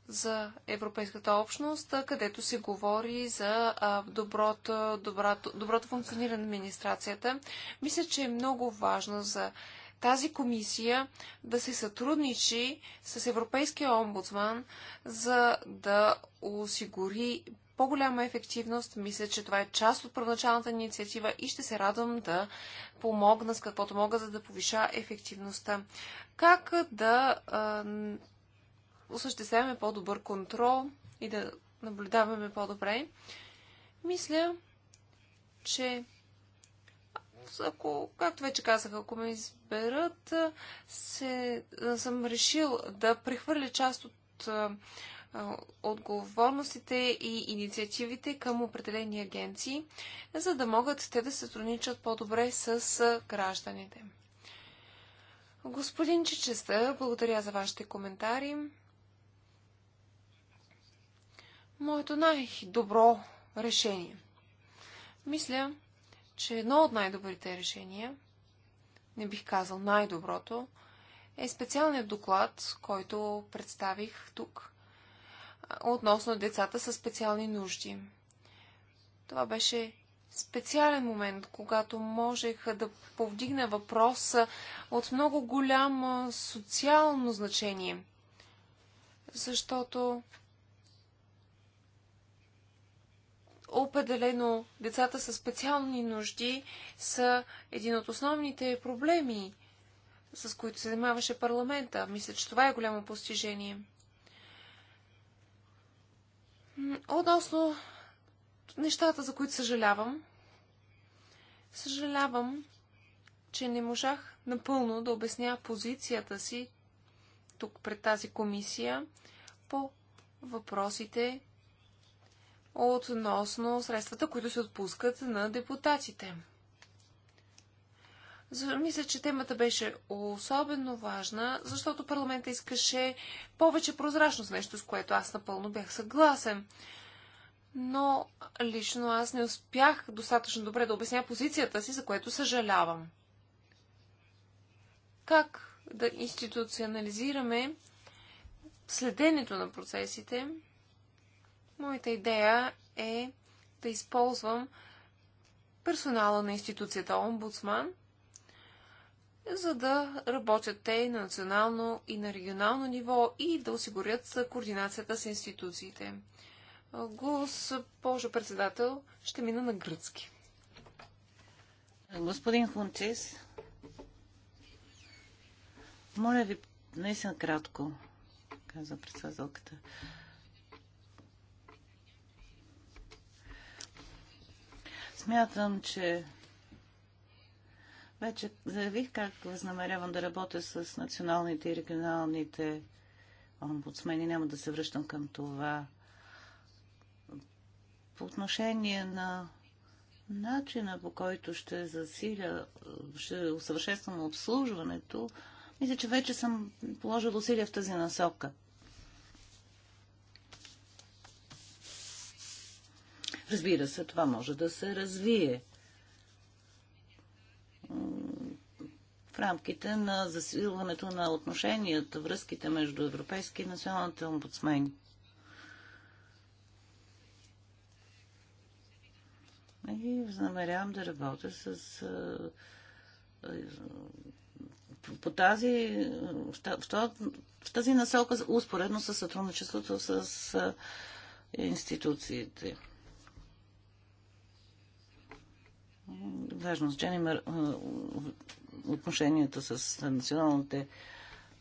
за Европейската общност, където се говори за доброто, доброто, доброто функциониране на администрацията. Мисля, че е много важно за тази комисия да се сътрудничи с Европейския омбудсман, за да осигури по-голяма ефективност. Мисля, че това е част от първоначалната инициатива и ще се радвам да помогна с каквото мога, за да повиша ефективността. Как да а, осъществяваме по-добър контрол и да наблюдаваме по-добре. Мисля, че ако, както вече казах, ако ме изберат, се, съм решил да прехвърля част от а, отговорностите и инициативите към определени агенции, за да могат те да се сътрудничат по-добре с гражданите. Господин Чичеста, благодаря за вашите коментари моето най-добро решение. Мисля, че едно от най-добрите решения, не бих казал най-доброто, е специалният доклад, който представих тук относно децата с специални нужди. Това беше специален момент, когато можех да повдигна въпроса от много голямо социално значение. Защото Определено децата с специални нужди са един от основните проблеми, с които се занимаваше парламента. Мисля, че това е голямо постижение. Относно нещата, за които съжалявам, съжалявам, че не можах напълно да обясня позицията си тук пред тази комисия по въпросите, относно средствата, които се отпускат на депутатите. Мисля, че темата беше особено важна, защото парламента искаше повече прозрачност, нещо с което аз напълно бях съгласен. Но лично аз не успях достатъчно добре да обясня позицията си, за което съжалявам. Как да институционализираме следенето на процесите Моята идея е да използвам персонала на институцията Омбудсман, за да работят те на национално и на регионално ниво и да осигурят координацията с институциите. Госпожо председател, ще мина на гръцки. Господин Хунчес, моля ви, наистина кратко, каза председателката. Смятам, че вече заявих как възнамерявам да работя с националните и регионалните омбудсмени. Няма да се връщам към това. По отношение на начина по който ще засиля, ще усъвършенствам обслужването, мисля, че вече съм положил усилия в тази насока. Разбира се, това може да се развие в рамките на засилването на отношенията, връзките между Европейски и националните омбудсмени. И намерявам да работя с по тази, в тази насока, успоредно с сътрудничеството с институциите. важно значение има отношенията с националните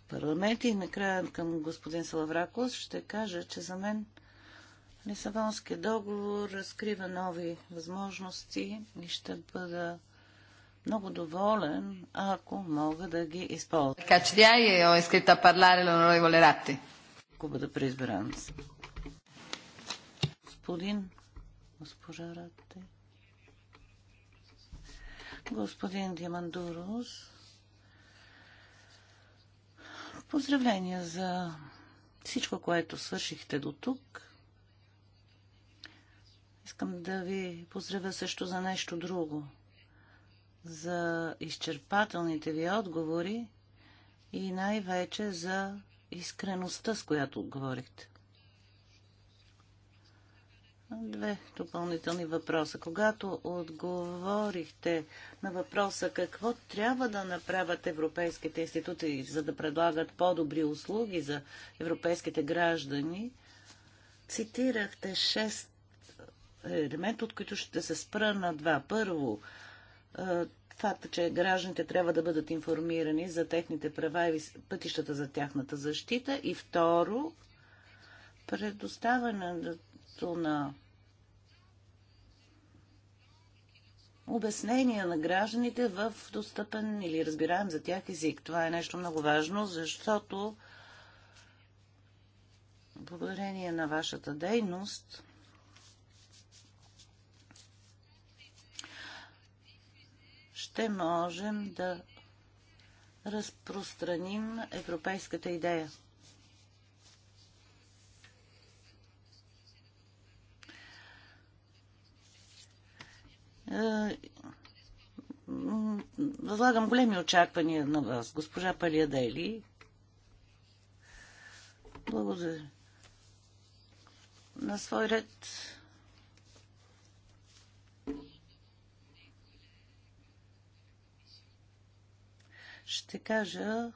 парламенти. И накрая към господин Салавракос ще кажа, че за мен Лисабонския договор разкрива нови възможности и ще бъда много доволен, ако мога да ги използвам. Качдяй е искрит да парларе лонореволе Ратти. Ако бъда преизбран. Господин, госпожа Ратти господин Диамандурус. Поздравления за всичко, което свършихте до тук. Искам да ви поздравя също за нещо друго. За изчерпателните ви отговори и най-вече за искреността, с която отговорихте. Две допълнителни въпроса. Когато отговорихте на въпроса какво трябва да направят европейските институции, за да предлагат по-добри услуги за европейските граждани, цитирахте шест елемента, от които ще се спра на два. Първо, е, факта, че гражданите трябва да бъдат информирани за техните права и пътищата за тяхната защита. И второ, предоставянето правото на обяснения на гражданите в достъпен или разбираем за тях език. Това е нещо много важно, защото благодарение на вашата дейност ще можем да разпространим европейската идея. Е, възлагам големи очаквания на вас, госпожа Палиадели. Благодаря. На свой ред ще кажа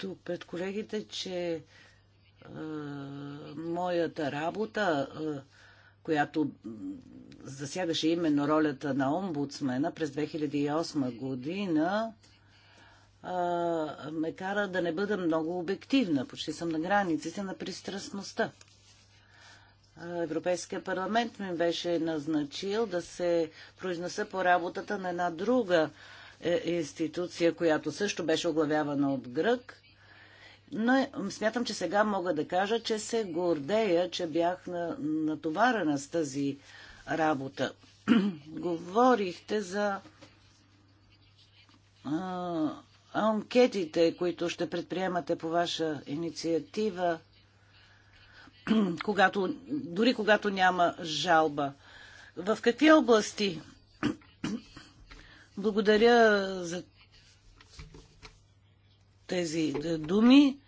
тук пред колегите, че а, моята работа, а, която засягаше именно ролята на омбудсмена през 2008 година, а, ме кара да не бъда много обективна. Почти съм на границите на пристрастността. Европейския парламент ми беше назначил да се произнеса по работата на една друга е, институция, която също беше оглавявана от грък но смятам, че сега мога да кажа, че се гордея, че бях на, натоварена с тази работа. Говорихте за а, анкетите, които ще предприемате по ваша инициатива, когато, дори когато няма жалба. В какви области? Благодаря за тези е, думи.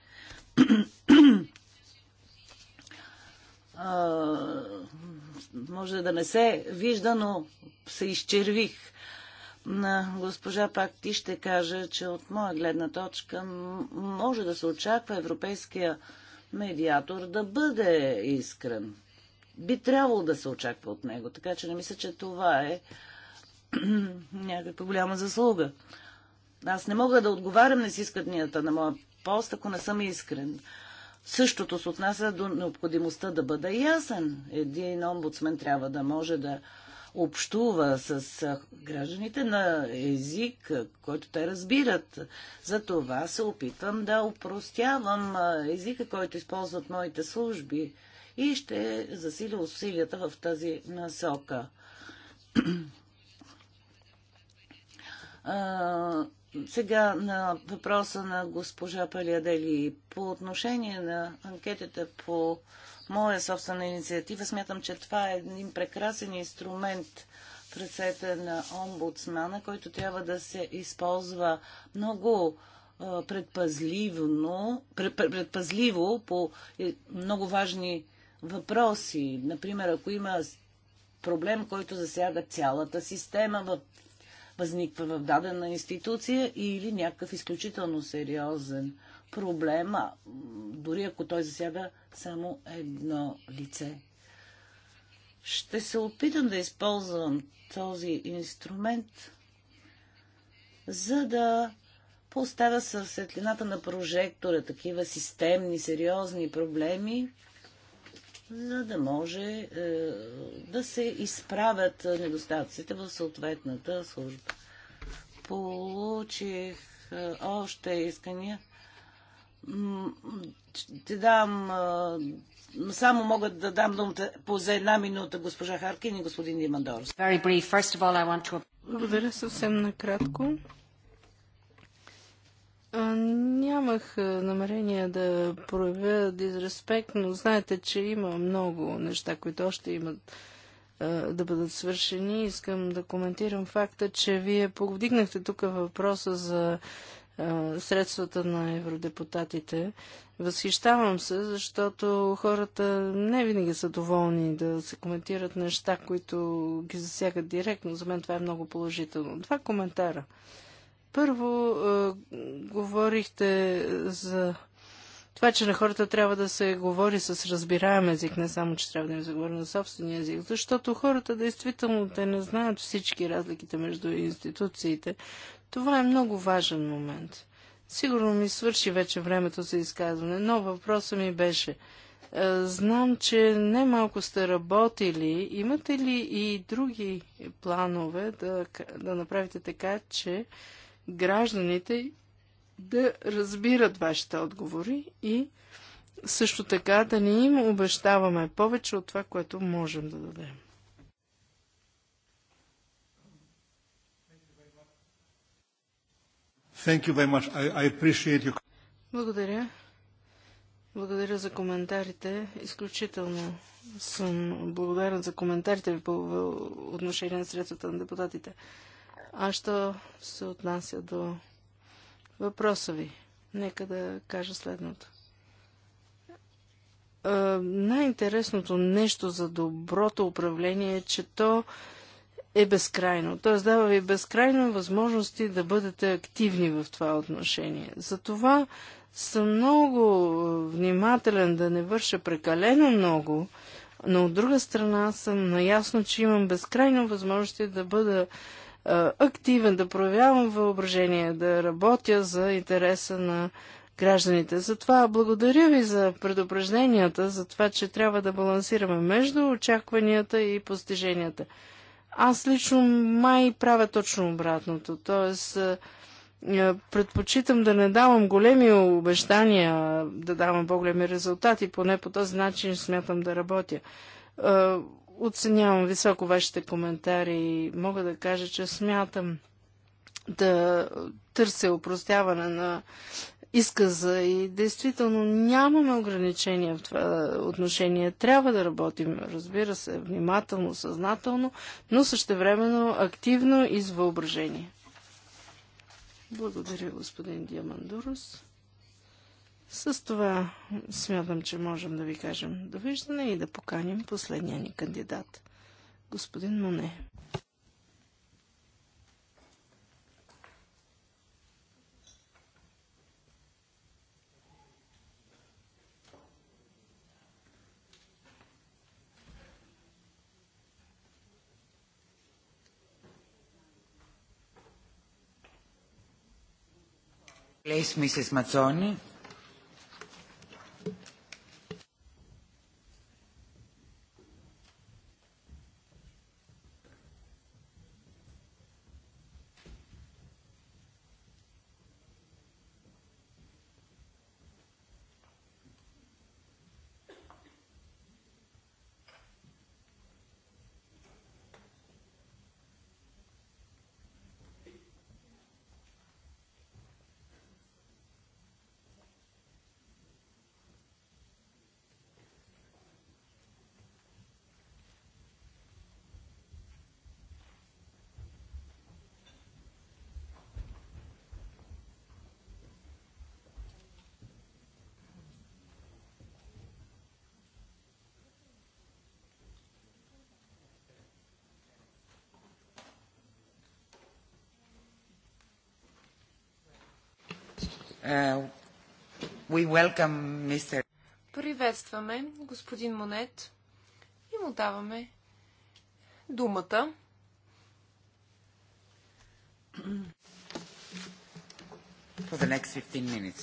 може да не се вижда, но се изчервих. На госпожа пак ти ще кажа, че от моя гледна точка може да се очаква европейския медиатор да бъде искрен. Би трябвало да се очаква от него, така че не мисля, че това е някаква голяма заслуга. Аз не мога да отговарям на изискванията на моя пост, ако не съм искрен. Същото се отнася до необходимостта да бъда ясен. Един омбудсмен трябва да може да общува с гражданите на език, който те разбират. За това се опитвам да упростявам езика, който използват моите служби и ще засиля усилията в тази насока Сега на въпроса на госпожа Палиадели. По отношение на анкетата по моя собствена инициатива, смятам, че това е един прекрасен инструмент в ръцете на омбудсмана, който трябва да се използва много предпазливно, предпазливо по е, много важни въпроси. Например, ако има проблем, който засяга цялата система в възниква в дадена институция или някакъв изключително сериозен проблем, дори ако той засяга само едно лице. Ще се опитам да използвам този инструмент, за да поставя със светлината на прожектора такива системни, сериозни проблеми, за да може е, да се изправят недостатъците в съответната служба. Получих е, още искания. Ти дам. Е, само мога да дам думата по за една минута госпожа Харкин и господин Димандорс. Благодаря съвсем накратко. Нямах намерение да проявя дизреспект, но знаете, че има много неща, които още имат да бъдат свършени. Искам да коментирам факта, че вие повдигнахте тук въпроса за средствата на евродепутатите. Възхищавам се, защото хората не винаги са доволни да се коментират неща, които ги засягат директно. За мен това е много положително. Два коментара. Първо, е, говорихте за това, че на хората трябва да се говори с разбираем език, не само, че трябва да им заговори на собствения език, защото хората действително те не знаят всички разликите между институциите. Това е много важен момент. Сигурно ми свърши вече времето за изказване, но въпросът ми беше. Е, знам, че не малко сте работили. Имате ли и други планове да, да направите така, че гражданите да разбират вашите отговори и също така да ни им обещаваме повече от това, което можем да дадем. Thank you very much. I, I appreciate you. Благодаря. Благодаря за коментарите. Изключително съм благодарен за коментарите ви по отношение на средствата на депутатите. А що се отнася до въпроса ви, нека да кажа следното. Е, най-интересното нещо за доброто управление е, че то е безкрайно. Т.е. дава ви безкрайно възможности да бъдете активни в това отношение. Затова съм много е, внимателен да не върша прекалено много, но от друга страна съм наясно, че имам безкрайно възможности да бъда активен, да проявявам въображение, да работя за интереса на гражданите. Затова благодаря ви за предупрежденията, за това, че трябва да балансираме между очакванията и постиженията. Аз лично май правя точно обратното. Тоест, предпочитам да не давам големи обещания, да давам по-големи резултати, поне по този начин смятам да работя. Оценявам високо вашите коментари и мога да кажа, че смятам да търся упростяване на изказа и действително нямаме ограничения в това отношение. Трябва да работим, разбира се, внимателно, съзнателно, но същевременно активно и с въображение. Благодаря, господин Диамандурус. С това смятам, че можем да ви кажем довиждане и да поканим последния ни кандидат, господин Моне. Лейс Мисис Мацони. Uh, we welcome Mr. Приветстваме господин Монет и му даваме думата. For the next 15 minutes.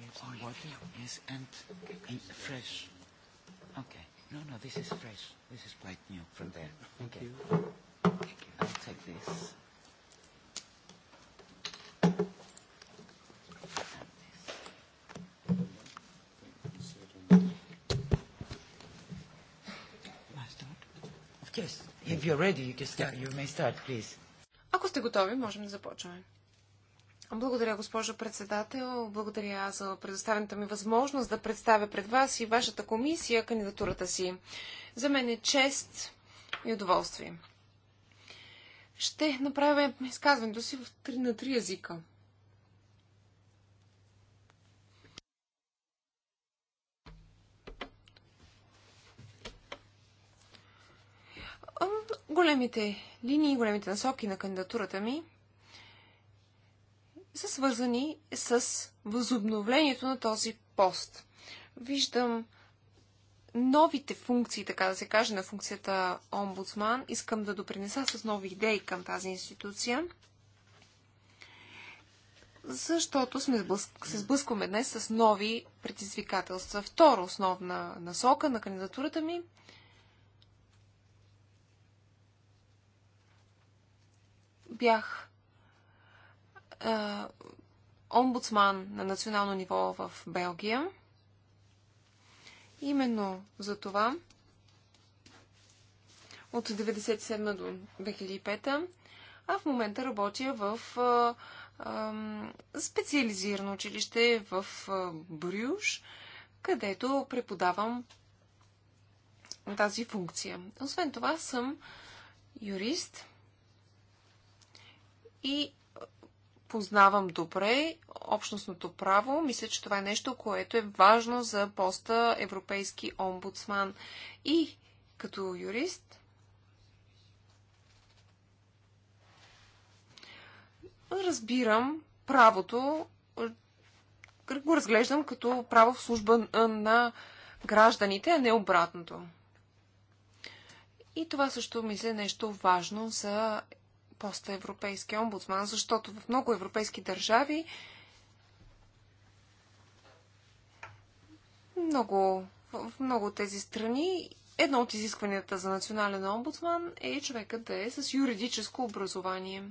You have some water? Yes, and, and fresh. Okay. No, no, this is fresh. This is quite new from there. Thank okay. you. Thank you. I'll take this. Yes, if you're ready, you can start. You may start, please. Ако сте готови, можем да започваме. Благодаря, госпожо председател. Благодаря за предоставената ми възможност да представя пред вас и вашата комисия кандидатурата си. За мен е чест и удоволствие. Ще направя изказването си в три, на три езика. Големите линии, големите насоки на кандидатурата ми – са свързани с възобновлението на този пост. Виждам новите функции, така да се каже, на функцията омбудсман. Искам да допринеса с нови идеи към тази институция, защото сме сблъск... се сблъскваме днес с нови предизвикателства. Втора основна насока на кандидатурата ми бях омбудсман на национално ниво в Белгия. Именно за това от 1997 до 2005, а в момента работя в а, а, специализирано училище в а, Брюш, където преподавам тази функция. Освен това съм юрист и познавам добре общностното право. Мисля, че това е нещо, което е важно за поста европейски омбудсман. И като юрист, разбирам правото, го разглеждам като право в служба на гражданите, а не обратното. И това също мисля е нещо важно за поста европейски омбудсман, защото в много европейски държави много, в много от тези страни едно от изискванията за национален омбудсман е човекът да е с юридическо образование.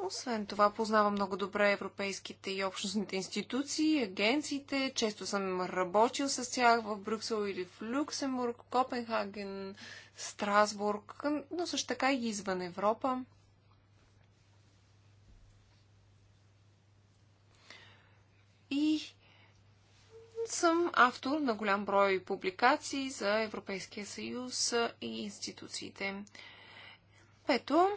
Освен това, познавам много добре европейските и общностните институции, агенциите. Често съм работил с тях в Брюксел или в Люксембург, Копенхаген, Страсбург, но също така и извън Европа. И съм автор на голям брой публикации за Европейския съюз и институциите. Пето,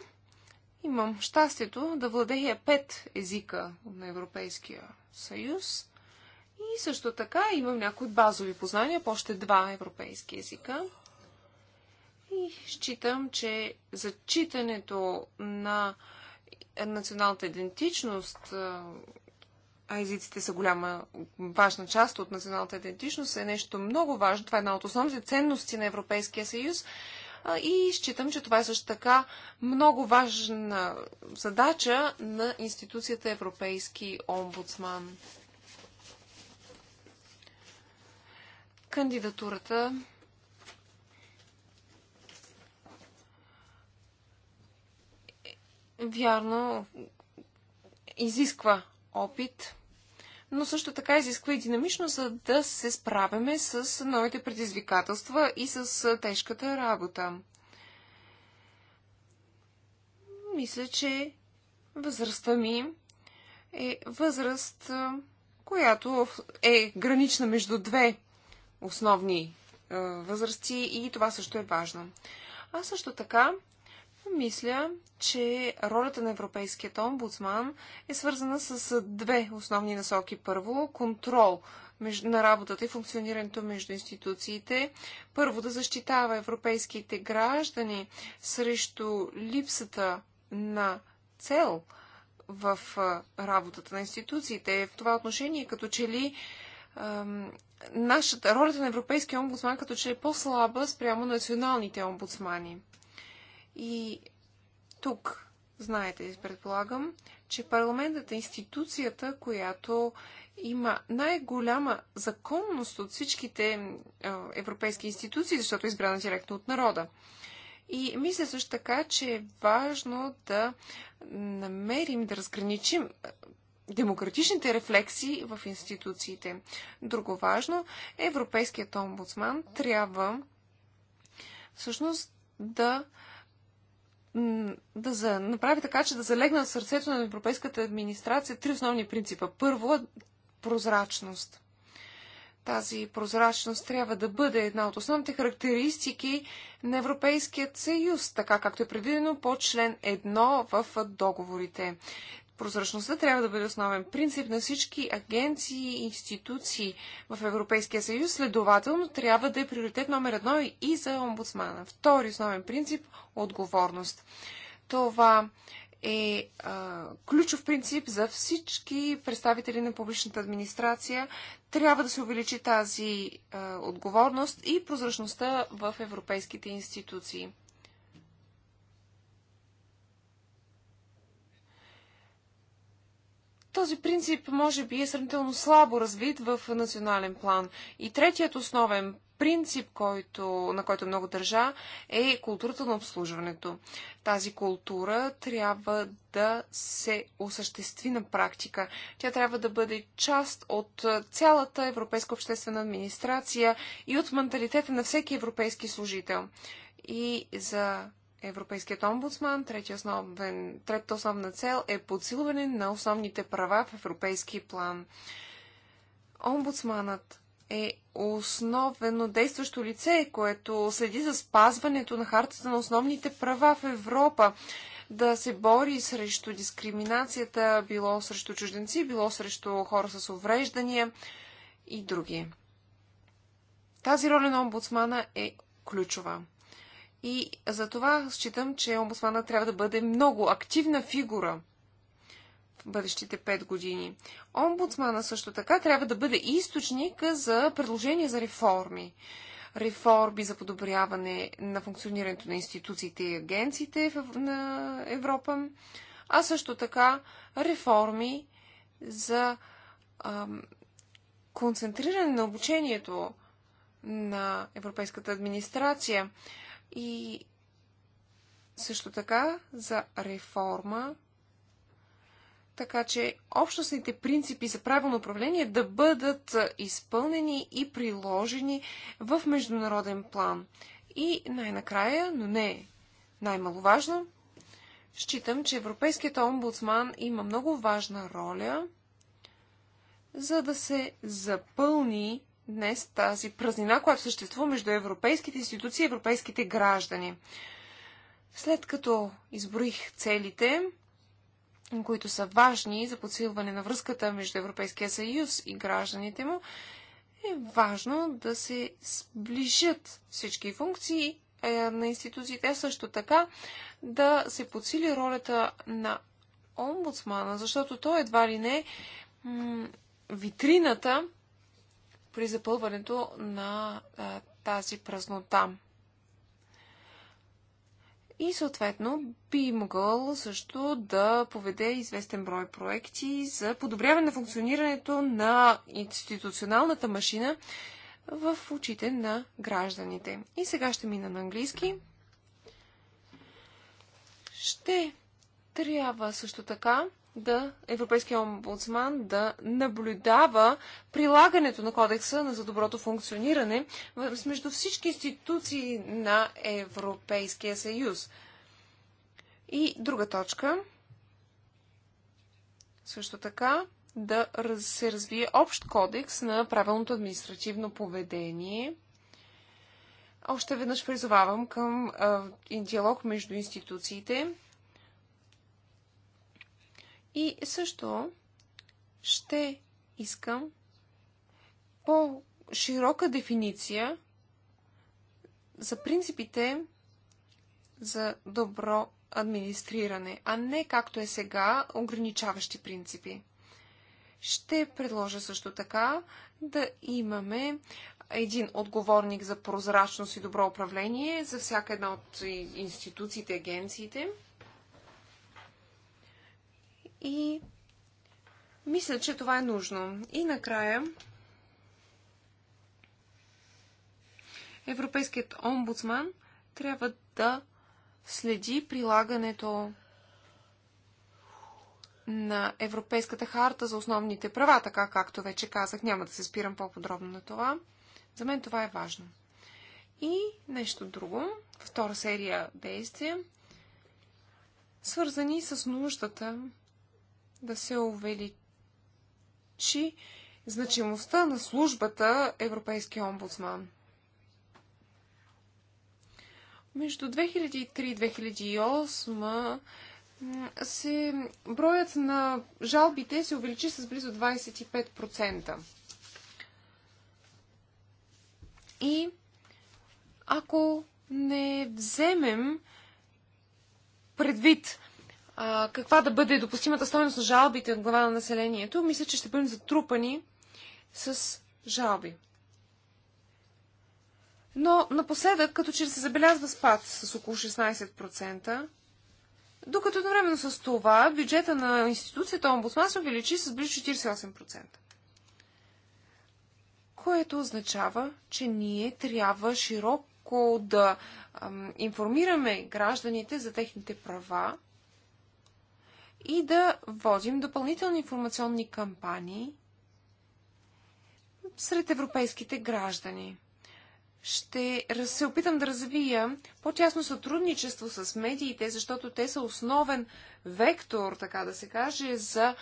Имам щастието да владея пет езика на Европейския съюз и също така имам някои базови познания по още два европейски езика. И считам, че зачитането на националната идентичност, а езиците са голяма важна част от националната идентичност, е нещо много важно. Това е една от основните ценности на Европейския съюз и считам, че това е също така много важна задача на институцията Европейски омбудсман. Кандидатурата е вярно изисква опит но също така изисква и динамично, за да се справяме с новите предизвикателства и с тежката работа. Мисля, че възрастта ми е възраст, която е гранична между две основни възрасти и това също е важно. А също така мисля, че ролята на Европейския омбудсман е свързана с две основни насоки. Първо, контрол на работата и функционирането между институциите. Първо, да защитава европейските граждани срещу липсата на цел в работата на институциите. В това отношение, като че ли нашата, ролята на Европейския омбудсман като че е по-слаба спрямо националните омбудсмани. И тук знаете, предполагам, че парламентът е институцията, която има най-голяма законност от всичките европейски институции, защото е избрана директно от народа. И мисля също така, че е важно да намерим, да разграничим демократичните рефлексии в институциите. Друго важно, Европейският омбудсман трябва всъщност да да за, направи така, че да залегна в сърцето на европейската администрация три основни принципа. Първо, е прозрачност. Тази прозрачност трябва да бъде една от основните характеристики на Европейският съюз, така както е предвидено по член 1 в договорите. Прозрачността трябва да бъде основен принцип на всички агенции и институции в Европейския съюз, следователно трябва да е приоритет номер едно и за омбудсмана. Втори основен принцип – отговорност. Това е а, ключов принцип за всички представители на публичната администрация. Трябва да се увеличи тази а, отговорност и прозрачността в европейските институции. Този принцип може би е сравнително слабо развит в национален план. И третият основен принцип, който, на който много държа, е културата на обслужването. Тази култура трябва да се осъществи на практика. Тя трябва да бъде част от цялата европейска обществена администрация и от менталитета на всеки европейски служител. И за Европейският омбудсман. Третия основен, третата основна цел е подсилване на основните права в европейски план. Омбудсманът е основено действащо лице, което следи за спазването на хартата на основните права в Европа, да се бори срещу дискриминацията, било срещу чужденци, било срещу хора с увреждания и други. Тази роля на омбудсмана е ключова. И за това считам, че омбудсмана трябва да бъде много активна фигура в бъдещите 5 години. Омбудсмана също така трябва да бъде източник за предложения за реформи. Реформи за подобряване на функционирането на институциите и агенциите на Европа, а също така реформи за ам, концентриране на обучението на европейската администрация и също така за реформа, така че общностните принципи за правилно управление да бъдат изпълнени и приложени в международен план. И най-накрая, но не най-маловажно, считам, че Европейският омбудсман има много важна роля, за да се запълни днес тази празнина, която съществува между европейските институции и европейските граждани. След като изброих целите, които са важни за подсилване на връзката между Европейския съюз и гражданите му, е важно да се сближат всички функции е, на институциите, също така да се подсили ролята на омбудсмана, защото той едва ли не витрината при запълването на а, тази празнота. И съответно би могъл също да поведе известен брой проекти за подобряване на функционирането на институционалната машина в очите на гражданите. И сега ще мина на английски. Ще трябва също така да Европейския омбудсман да наблюдава прилагането на кодекса на за доброто функциониране между всички институции на Европейския съюз. И друга точка. Също така да се развие общ кодекс на правилното административно поведение. Още веднъж призовавам към диалог между институциите и също ще искам по-широка дефиниция за принципите за добро администриране, а не както е сега ограничаващи принципи. Ще предложа също така да имаме един отговорник за прозрачност и добро управление за всяка една от институциите, агенциите – и мисля, че това е нужно. И накрая Европейският омбудсман трябва да следи прилагането на Европейската харта за основните права, така както вече казах. Няма да се спирам по-подробно на това. За мен това е важно. И нещо друго, втора серия действия, свързани с нуждата да се увеличи значимостта на службата Европейския омбудсман. Между 2003 и 2008 се, броят на жалбите се увеличи с близо 25%. И ако не вземем предвид а, каква да бъде допустимата стоеност на жалбите от глава на населението, мисля, че ще бъдем затрупани с жалби. Но напоследък, като че се забелязва спад с около 16%, докато едновременно с това бюджета на институцията омбудсман се увеличи с близо 48%. Което означава, че ние трябва широко да ам, информираме гражданите за техните права и да водим допълнителни информационни кампании сред европейските граждани. Ще се опитам да развия по-тясно сътрудничество с медиите, защото те са основен вектор, така да се каже, за е,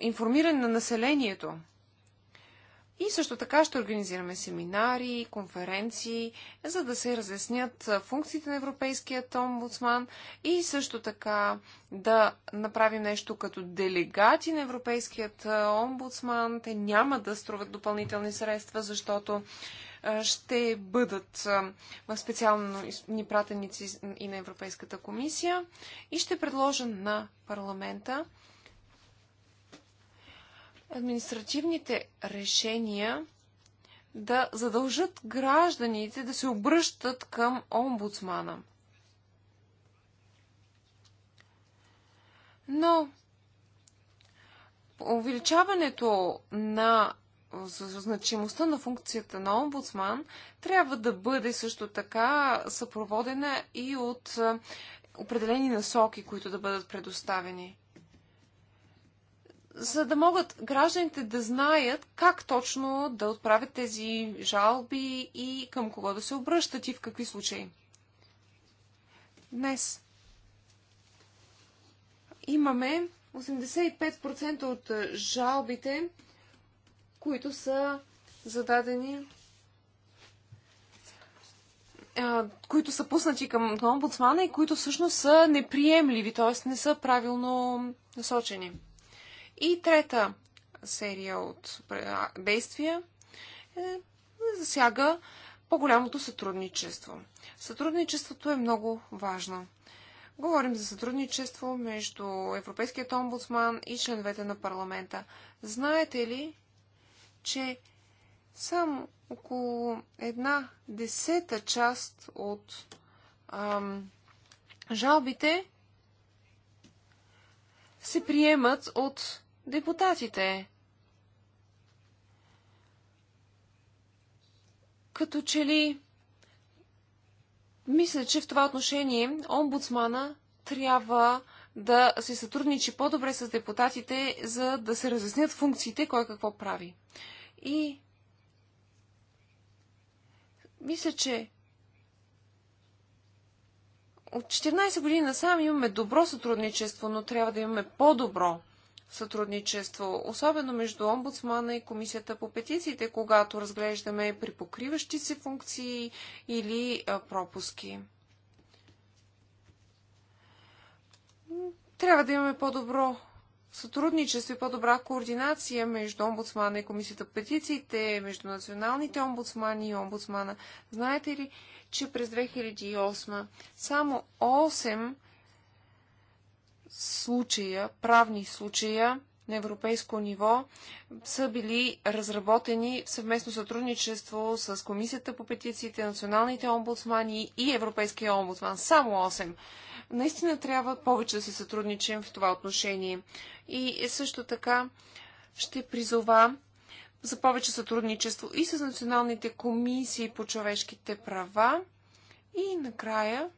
информиране на населението. И също така ще организираме семинари, конференции, за да се разяснят функциите на Европейския омбудсман и също така да направим нещо като делегати на Европейският омбудсман. Те няма да струват допълнителни средства, защото ще бъдат в специално ни пратеници и на Европейската комисия и ще предложа на парламента административните решения да задължат гражданите да се обръщат към омбудсмана. Но увеличаването на значимостта на функцията на омбудсман трябва да бъде също така съпроводена и от определени насоки, които да бъдат предоставени за да могат гражданите да знаят как точно да отправят тези жалби и към кого да се обръщат и в какви случаи. Днес имаме 85% от жалбите, които са зададени, които са пуснати към омбудсмана и които всъщност са неприемливи, т.е. не са правилно насочени. И трета серия от действия е, засяга по-голямото сътрудничество. Сътрудничеството е много важно. Говорим за сътрудничество между Европейският омбудсман и членовете на парламента. Знаете ли, че само около една десета част от ам, жалбите се приемат от депутатите. Като че ли мисля, че в това отношение омбудсмана трябва да се сътрудничи по-добре с депутатите, за да се разяснят функциите, кой какво прави. И мисля, че от 14 години насам имаме добро сътрудничество, но трябва да имаме по-добро сътрудничество, особено между омбудсмана и комисията по петициите, когато разглеждаме припокриващи се функции или пропуски. Трябва да имаме по-добро сътрудничество и по-добра координация между омбудсмана и комисията по петициите, между националните омбудсмани и омбудсмана. Знаете ли, че през 2008 само 8 случая, правни случая на европейско ниво са били разработени в съвместно сътрудничество с Комисията по петициите, националните омбудсмани и Европейския омбудсман. Само 8. Наистина трябва повече да се сътрудничим в това отношение. И също така ще призова за повече сътрудничество и с националните комисии по човешките права. И накрая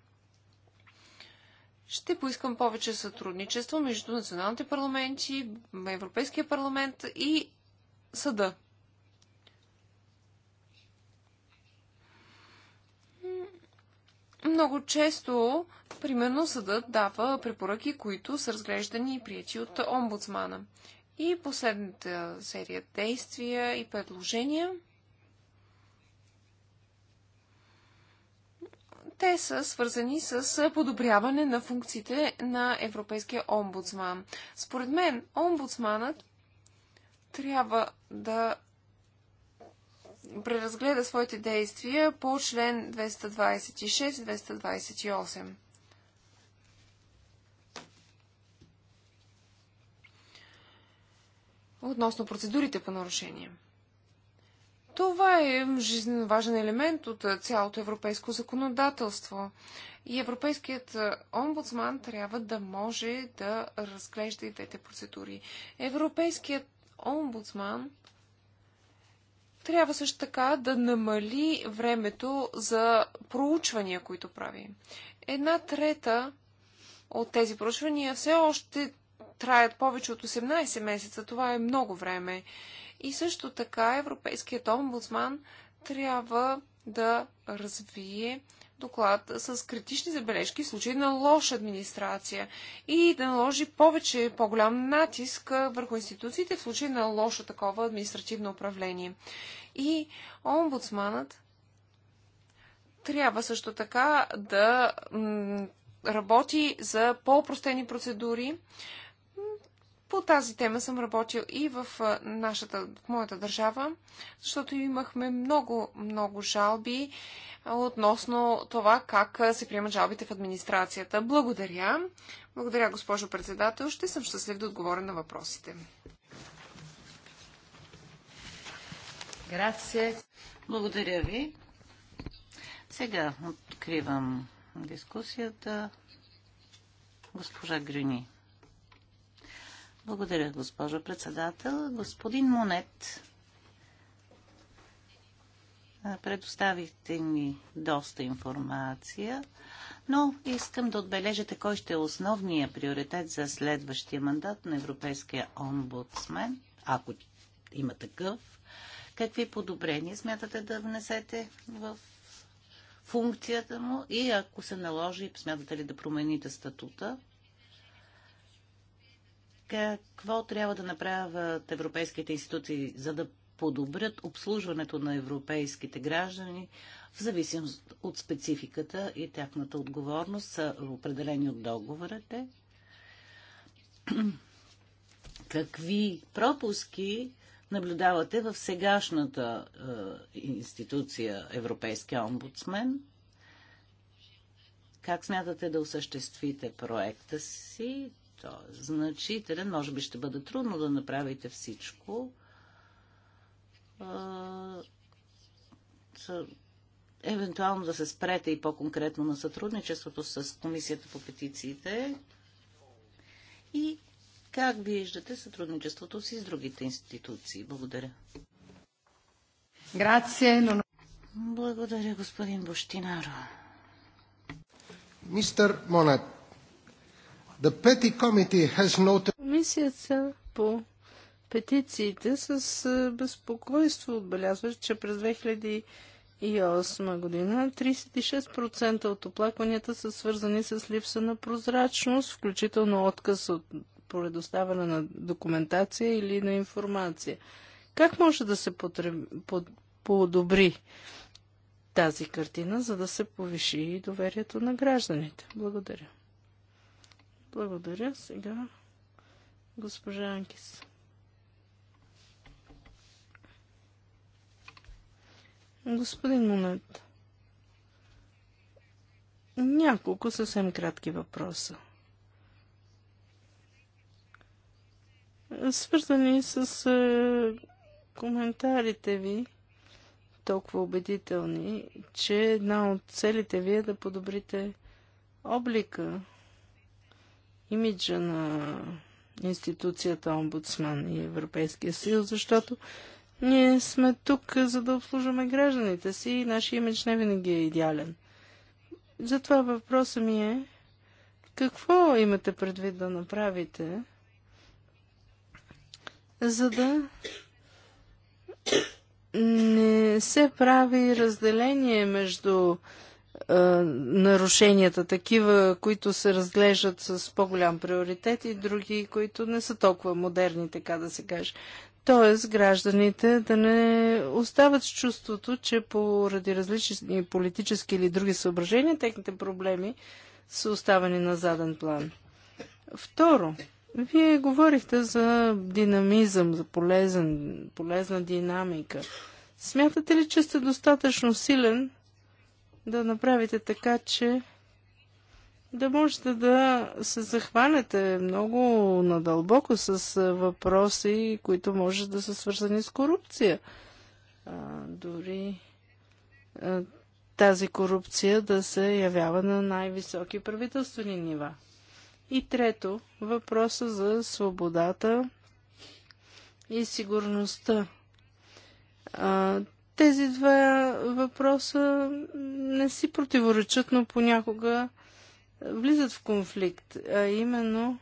ще поискам повече сътрудничество между националните парламенти, Европейския парламент и съда. Много често, примерно, съдът дава препоръки, които са разглеждани и прияти от омбудсмана. И последната серия действия и предложения – Те са свързани с подобряване на функциите на Европейския омбудсман. Според мен, омбудсманът трябва да преразгледа своите действия по член 226-228. Относно процедурите по нарушение. Това е жизненно важен елемент от цялото европейско законодателство. И Европейският омбудсман трябва да може да разглежда и двете процедури. Европейският омбудсман трябва също така да намали времето за проучвания, които прави. Една трета от тези проучвания все още траят повече от 18 месеца. Това е много време. И също така Европейският омбудсман трябва да развие доклад с критични забележки в случай на лоша администрация и да наложи повече по-голям натиск върху институциите в случай на лошо такова административно управление. И омбудсманът трябва също така да работи за по-простени процедури, по тази тема съм работил и в нашата, в моята държава, защото имахме много, много жалби относно това как се приемат жалбите в администрацията. Благодаря. Благодаря, госпожо председател. Ще съм щастлив да отговоря на въпросите. Грация. Благодаря ви. Сега откривам дискусията. Госпожа Грюни. Благодаря, госпожо председател. Господин Монет, предоставихте ми доста информация, но искам да отбележите кой ще е основния приоритет за следващия мандат на Европейския омбудсмен, ако има такъв. Какви подобрения смятате да внесете в функцията му и ако се наложи, смятате ли да промените статута? Какво трябва да направят европейските институции, за да подобрят обслужването на европейските граждани в зависимост от спецификата и тяхната отговорност са определени от договорите? Какви пропуски наблюдавате в сегашната е, институция Европейския омбудсмен? Как смятате да осъществите проекта си? той е значителен. Може би ще бъде трудно да направите всичко. Евентуално да се спрете и по-конкретно на сътрудничеството с Комисията по петициите и как виждате сътрудничеството си с другите институции. Благодаря. Благодаря, господин Бощинаро. Мистер Монет, Комисията по петициите с е, безпокойство отбелязва, че през 2008 година 36% от оплакванията са свързани с липса на прозрачност, включително отказ от предоставяне на документация или на информация. Как може да се подобри тази картина, за да се повиши доверието на гражданите? Благодаря. Благодаря. Сега госпожа Анкис. Господин Монет, няколко съвсем кратки въпроса. Свързани с е, коментарите ви, толкова убедителни, че една от целите ви е да подобрите облика имиджа на институцията Омбудсман и Европейския съюз, защото ние сме тук, за да обслужваме гражданите си и нашия имидж не винаги е идеален. Затова въпросът ми е, какво имате предвид да направите, за да не се прави разделение между нарушенията, такива, които се разглеждат с по-голям приоритет и други, които не са толкова модерни, така да се каже. Тоест, гражданите да не остават с чувството, че поради различни политически или други съображения, техните проблеми са оставени на заден план. Второ, вие говорихте за динамизъм, за полезен, полезна динамика. Смятате ли, че сте достатъчно силен, да направите така, че да можете да се захванете много надълбоко с въпроси, които може да са свързани с корупция. А, дори а, тази корупция да се явява на най-високи правителствени нива. И трето, въпроса за свободата и сигурността. А, тези два въпроса не си противоречат, но понякога влизат в конфликт. А именно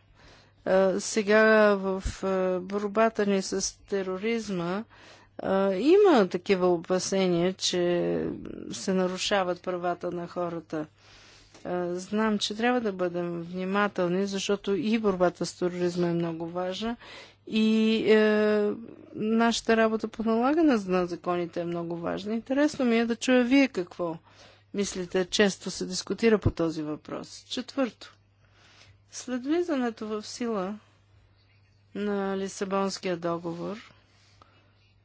сега в борбата ни с тероризма има такива опасения, че се нарушават правата на хората. Знам, че трябва да бъдем внимателни, защото и борбата с тероризма е много важна и е, нашата работа по налагане на законите е много важна. Интересно ми е да чуя вие какво мислите. Често се дискутира по този въпрос. Четвърто. След влизането в сила на Лисабонския договор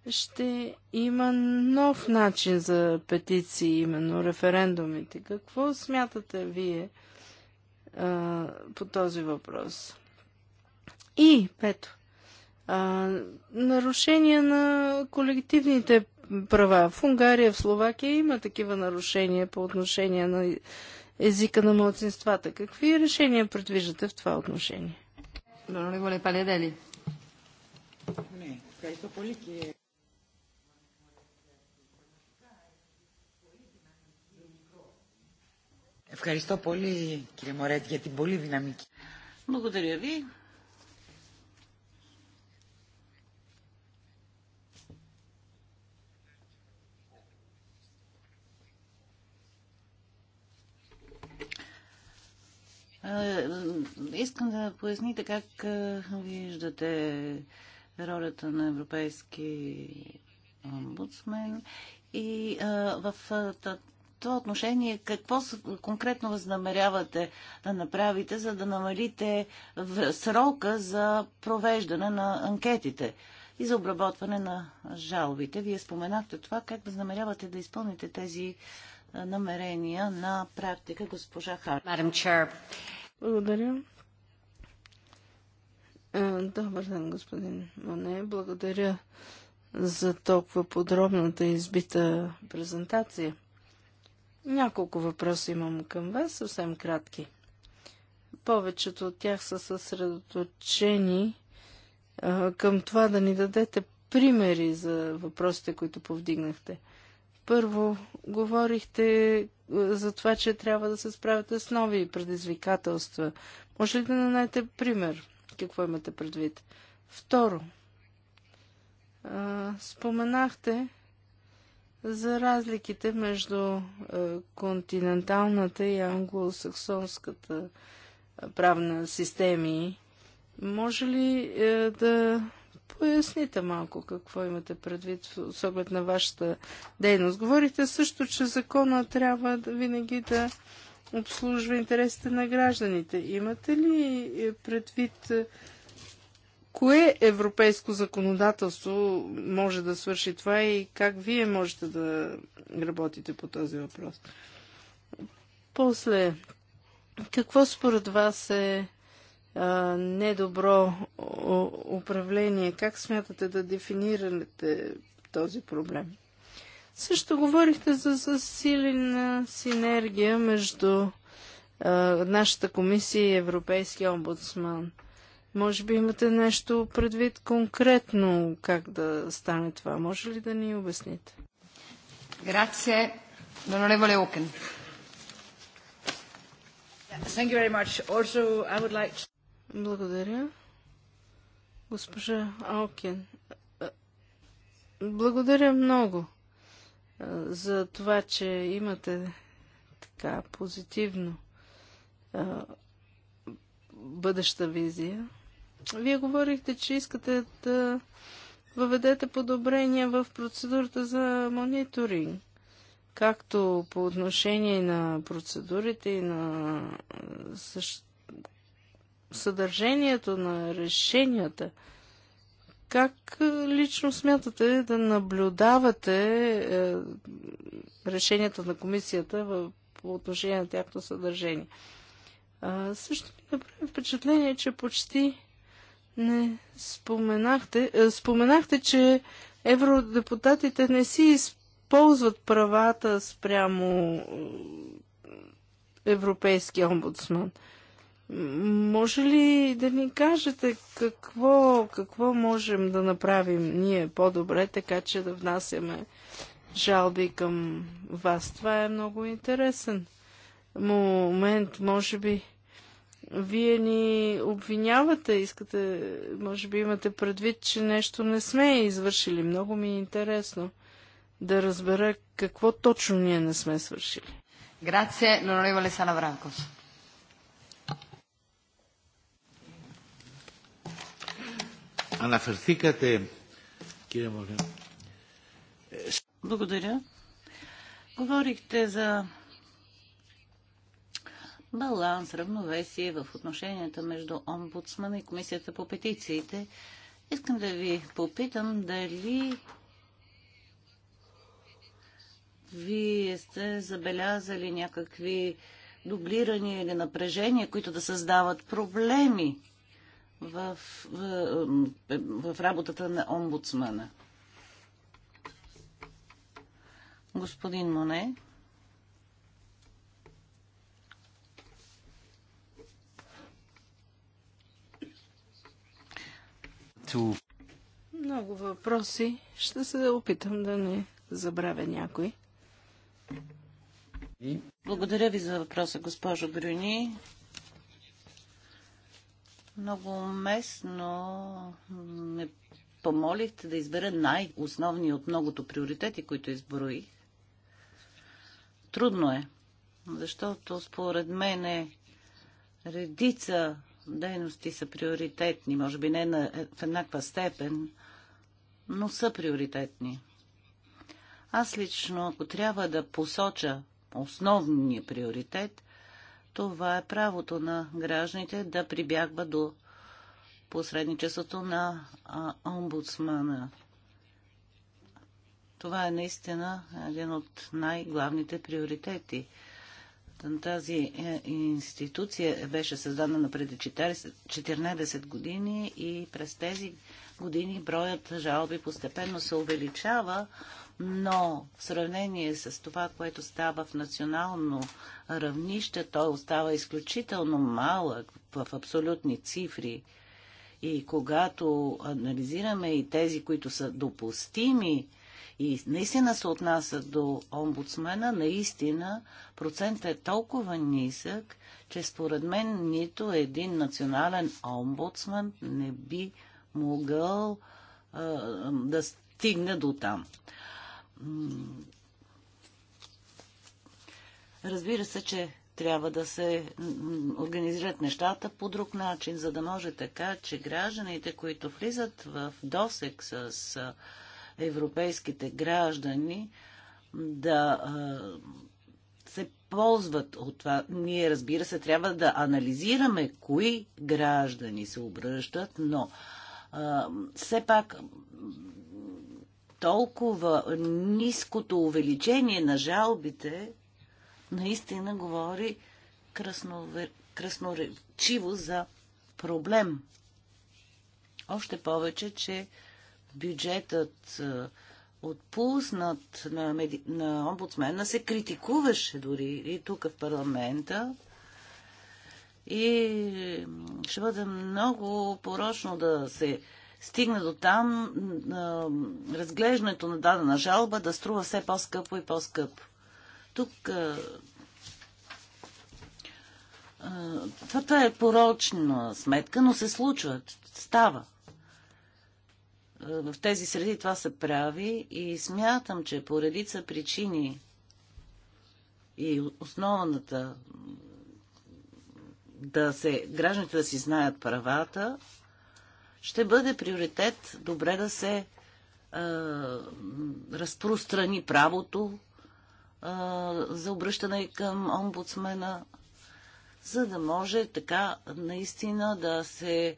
ще има нов начин за петиции, именно референдумите. Какво смятате вие а, по този въпрос? И, пето, а, нарушения на колективните права. В Унгария, в Словакия има такива нарушения по отношение на езика на младсинствата. Какви решения предвиждате в това отношение? Е. Благодаря ви. Искам да поясните как виждате ролята на европейски омбудсмен и в това отношение какво конкретно възнамерявате да направите, за да намалите срока за провеждане на анкетите и за обработване на жалбите. Вие споменахте това, как възнамерявате да изпълните тези намерения на практика, госпожа Хар. Благодаря. Добър ден, господин Моне. Благодаря за толкова подробната и избита презентация. Няколко въпроса имам към вас, съвсем кратки. Повечето от тях са съсредоточени към това да ни дадете примери за въпросите, които повдигнахте. Първо, говорихте за това, че трябва да се справяте с нови предизвикателства. Може ли да нанете пример? Какво имате предвид? Второ, споменахте за разликите между континенталната и англосаксонската правна системи. Може ли е, да поясните малко какво имате предвид с оглед на вашата дейност. Говорите също, че закона трябва да винаги да обслужва интересите на гражданите. Имате ли е, предвид е, кое европейско законодателство може да свърши това и как вие можете да работите по този въпрос? После, какво според вас е недобро управление. Как смятате да дефинирате този проблем? Също говорихте за засилена синергия между а, нашата комисия и Европейския омбудсман. Може би имате нещо предвид конкретно как да стане това. Може ли да ни обясните? Грация, донореволе Окен. Thank you very much. Also, I would like to... Благодаря. Госпожа Алкин, благодаря много за това, че имате така позитивно бъдеща визия. Вие говорихте, че искате да въведете подобрения в процедурата за мониторинг, както по отношение на процедурите и на същ съдържанието на решенията. Как е, лично смятате да наблюдавате е, решенията на комисията в, по отношение на тяхното съдържание? А, също ми направи впечатление, че почти не споменахте, е, споменахте, че евродепутатите не си използват правата спрямо е, европейския омбудсман. А, може ли да ни кажете какво, какво можем да направим ние по-добре, така че да внасяме жалби към вас? Това е много интересен момент, може би. Вие ни обвинявате, искате, може би имате предвид, че нещо не сме извършили. Много ми е интересно да разбера какво точно ние не сме свършили. Грация, Лоноревале Салавракос. Αναφερθήκατε, κύριε Благодаря. Говорихте за баланс, равновесие в отношенията между омбудсмана и комисията по петициите. Искам да ви попитам дали вие сте забелязали някакви дублирания или напрежения, които да създават проблеми в, в, в работата на омбудсмана. Господин Моне. Много въпроси. Ще се опитам да не забравя някой. Благодаря ви за въпроса, госпожо Брюни. Много уместно ме помолихте да избера най-основни от многото приоритети, които изброих. Трудно е, защото според мен е редица дейности са приоритетни, може би не на, в еднаква степен, но са приоритетни. Аз лично, ако трябва да посоча основния приоритет, това е правото на гражданите да прибягва до посредничеството на а, омбудсмана. Това е наистина един от най-главните приоритети. Тази е, институция беше създадена преди 14 години и през тези години броят жалби постепенно се увеличава, но в сравнение с това, което става в национално равнище, той остава изключително малък в абсолютни цифри. И когато анализираме и тези, които са допустими и наистина се отнасят до омбудсмена, наистина процентът е толкова нисък, че според мен нито един национален омбудсман не би могъл а, да стигне до там. Разбира се, че трябва да се организират нещата по друг начин, за да може така, че гражданите, които влизат в досек с европейските граждани, да се ползват от това. Ние, разбира се, трябва да анализираме кои граждани се обръщат, но все пак толкова ниското увеличение на жалбите наистина говори красноречиво за проблем. Още повече, че бюджетът отпуснат на, меди... на омбудсмена се критикуваше дори и тук в парламента. И ще бъде много порочно да се стигне до там разглеждането на дадена жалба да струва все по-скъпо и по-скъпо. Тук това, е порочна сметка, но се случва, става. В тези среди това се прави и смятам, че по редица причини и основната да се, гражданите да си знаят правата, ще бъде приоритет добре да се а, разпространи правото а, за обръщане към омбудсмена, за да може така наистина да се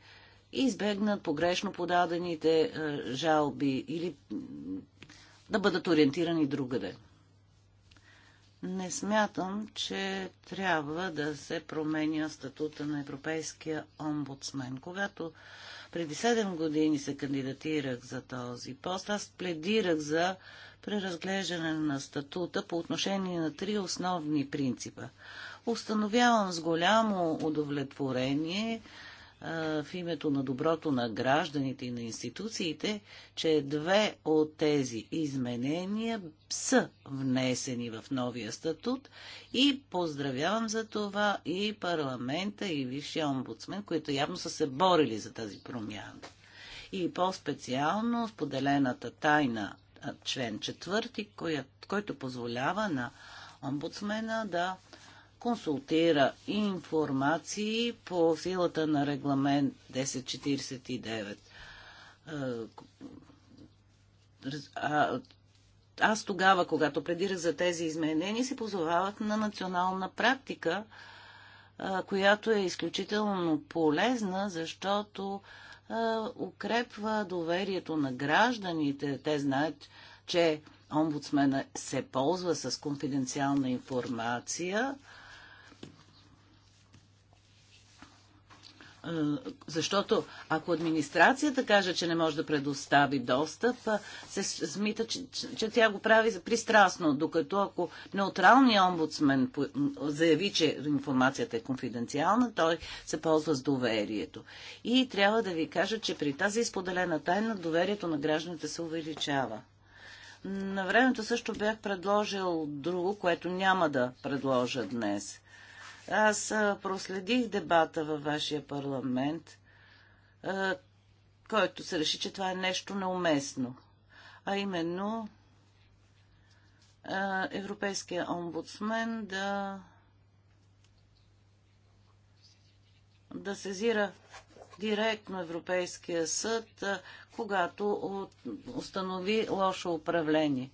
избегнат погрешно подадените а, жалби или да бъдат ориентирани другаде. Не смятам, че трябва да се променя статута на Европейския омбудсмен. Когато преди 7 години се кандидатирах за този пост. Аз пледирах за преразглеждане на статута по отношение на три основни принципа. Установявам с голямо удовлетворение, в името на доброто на гражданите и на институциите, че две от тези изменения са внесени в новия статут и поздравявам за това и парламента и висшия омбудсмен, които явно са се борили за тази промяна. И по-специално споделената тайна член четвърти, който позволява на омбудсмена да консултира информации по силата на регламент 1049. Е, а, аз тогава, когато предирах за тези изменения, се позовавах на национална практика, е, която е изключително полезна, защото е, укрепва доверието на гражданите. Те знаят, че омбудсмена се ползва с конфиденциална информация Е, защото ако администрацията каже, че не може да предостави достъп, е, се смита, че, че тя го прави пристрастно, докато ако неутралният омбудсмен заяви, че информацията е конфиденциална, той се ползва с доверието. И трябва да ви кажа, че при тази изподелена тайна доверието на гражданите се увеличава. На времето също бях предложил друго, което няма да предложа днес – аз проследих дебата във вашия парламент, който се реши, че това е нещо неуместно. А именно Европейския омбудсмен да да сезира директно Европейския съд, когато установи лошо управление.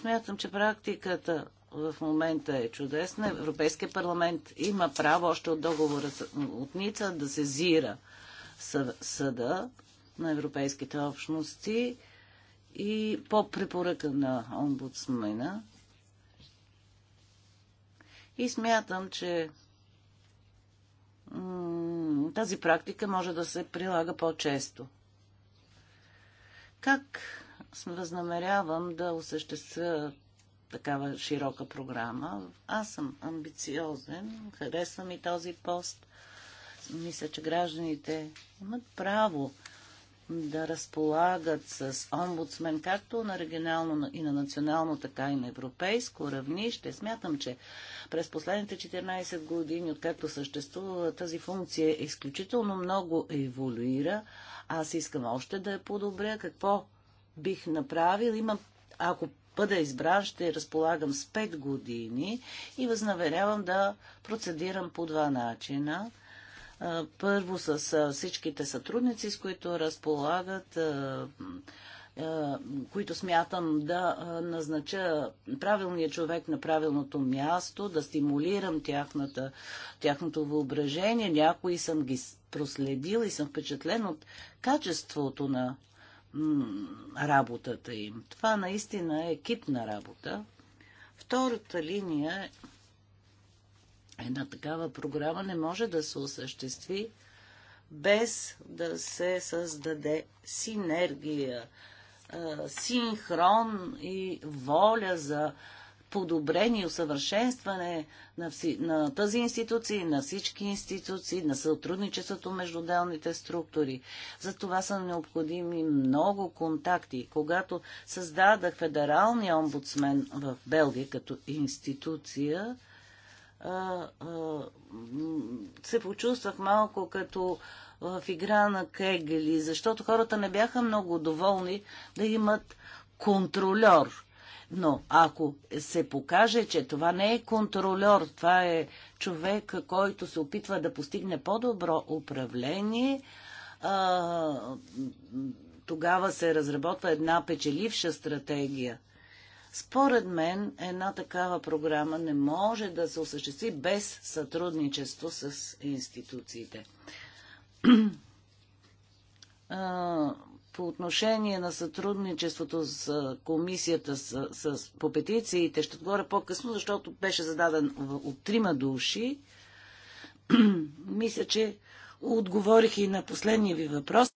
Смятам, че практиката в момента е чудесна. Европейския парламент има право още от договора от Ница да сезира съда на европейските общности и по препоръка на омбудсмена. И смятам, че тази практика може да се прилага по-често. Как възнамерявам да осъществя такава широка програма. Аз съм амбициозен, харесвам и този пост. Мисля, че гражданите имат право да разполагат с омбудсмен, както на регионално и на национално, така и на европейско равнище. Смятам, че през последните 14 години, откакто съществува тази функция, е изключително много еволюира. Аз искам още да я подобря. Какво бих направил? има. ако бъда избран, ще разполагам с 5 години и възнаверявам да процедирам по два начина. Първо с всичките сътрудници, с които разполагат, които смятам да назнача правилния човек на правилното място, да стимулирам тяхната, тяхното въображение. Някои съм ги проследил и съм впечатлен от качеството на работата им. Това наистина е екипна работа. Втората линия, една такава програма не може да се осъществи без да се създаде синергия, синхрон и воля за подобрение и усъвършенстване на, вси, на тази институция, на всички институции, на сътрудничеството между отделните структури. За това са необходими много контакти. Когато създадах федералния омбудсмен в Белгия като институция, се почувствах малко като в игра на Кегели, защото хората не бяха много доволни да имат контролер но ако се покаже, че това не е контролер, това е човек, който се опитва да постигне по-добро управление, а, тогава се разработва една печеливша стратегия. Според мен, една такава програма не може да се осъществи без сътрудничество с институциите По отношение на сътрудничеството с комисията с, с, по петициите, ще отговоря по-късно, защото беше зададен от трима души. Мисля, че отговорих и на последния ви въпрос.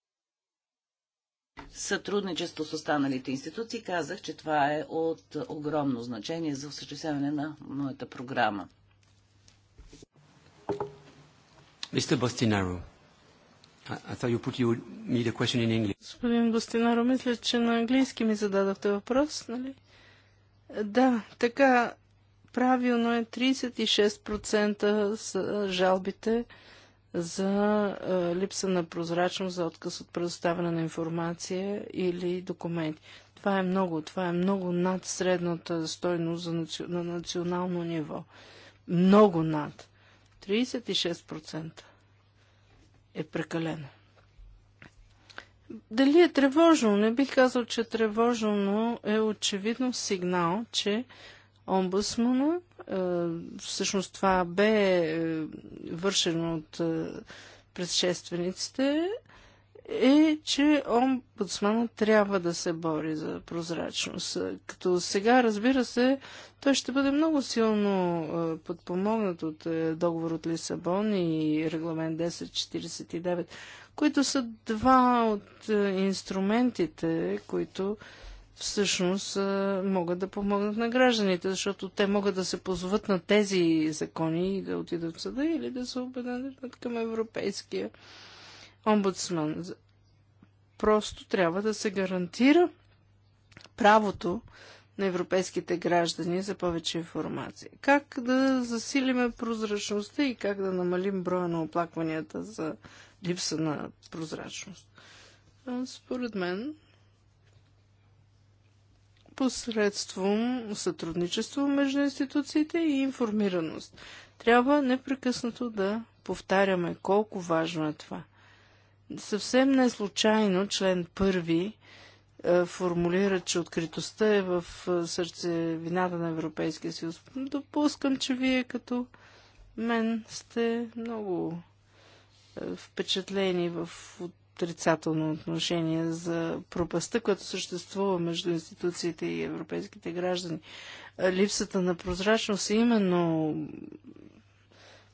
Сътрудничество с останалите институции казах, че това е от огромно значение за осъществяване на моята програма. Mr. Bostinaro. Господин Гостинаро, мисля, че на английски ми зададохте въпрос, нали? Да, така, правилно е 36% са жалбите за е, липса на прозрачност, за отказ от предоставяне на информация или документи. Това е много, това е много над средната стойност наци... на национално ниво. Много над. 36% е прекалено. Дали е тревожно? Не бих казал, че е тревожно, но е очевидно сигнал, че омбудсмана, е, всъщност това бе е, вършено от е, предшествениците, е, че омбудсманът трябва да се бори за прозрачност. Като сега, разбира се, той ще бъде много силно подпомогнат от е, договор от Лисабон и регламент 1049, които са два от е, инструментите, които всъщност могат да помогнат на гражданите, защото те могат да се позоват на тези закони и да отидат в съда или да се обединят към Европейския омбудсман. Просто трябва да се гарантира правото на европейските граждани за повече информация. Как да засилиме прозрачността и как да намалим броя на оплакванията за липса на прозрачност? Според мен, посредством сътрудничество между институциите и информираност. Трябва непрекъснато да повтаряме колко важно е това – Съвсем не случайно член първи е, формулира, че откритостта е в е, сърце вината на Европейския съюз. Допускам, че вие като мен сте много е, впечатлени в отрицателно отношение за пропаста, която съществува между институциите и европейските граждани. Липсата на прозрачност е именно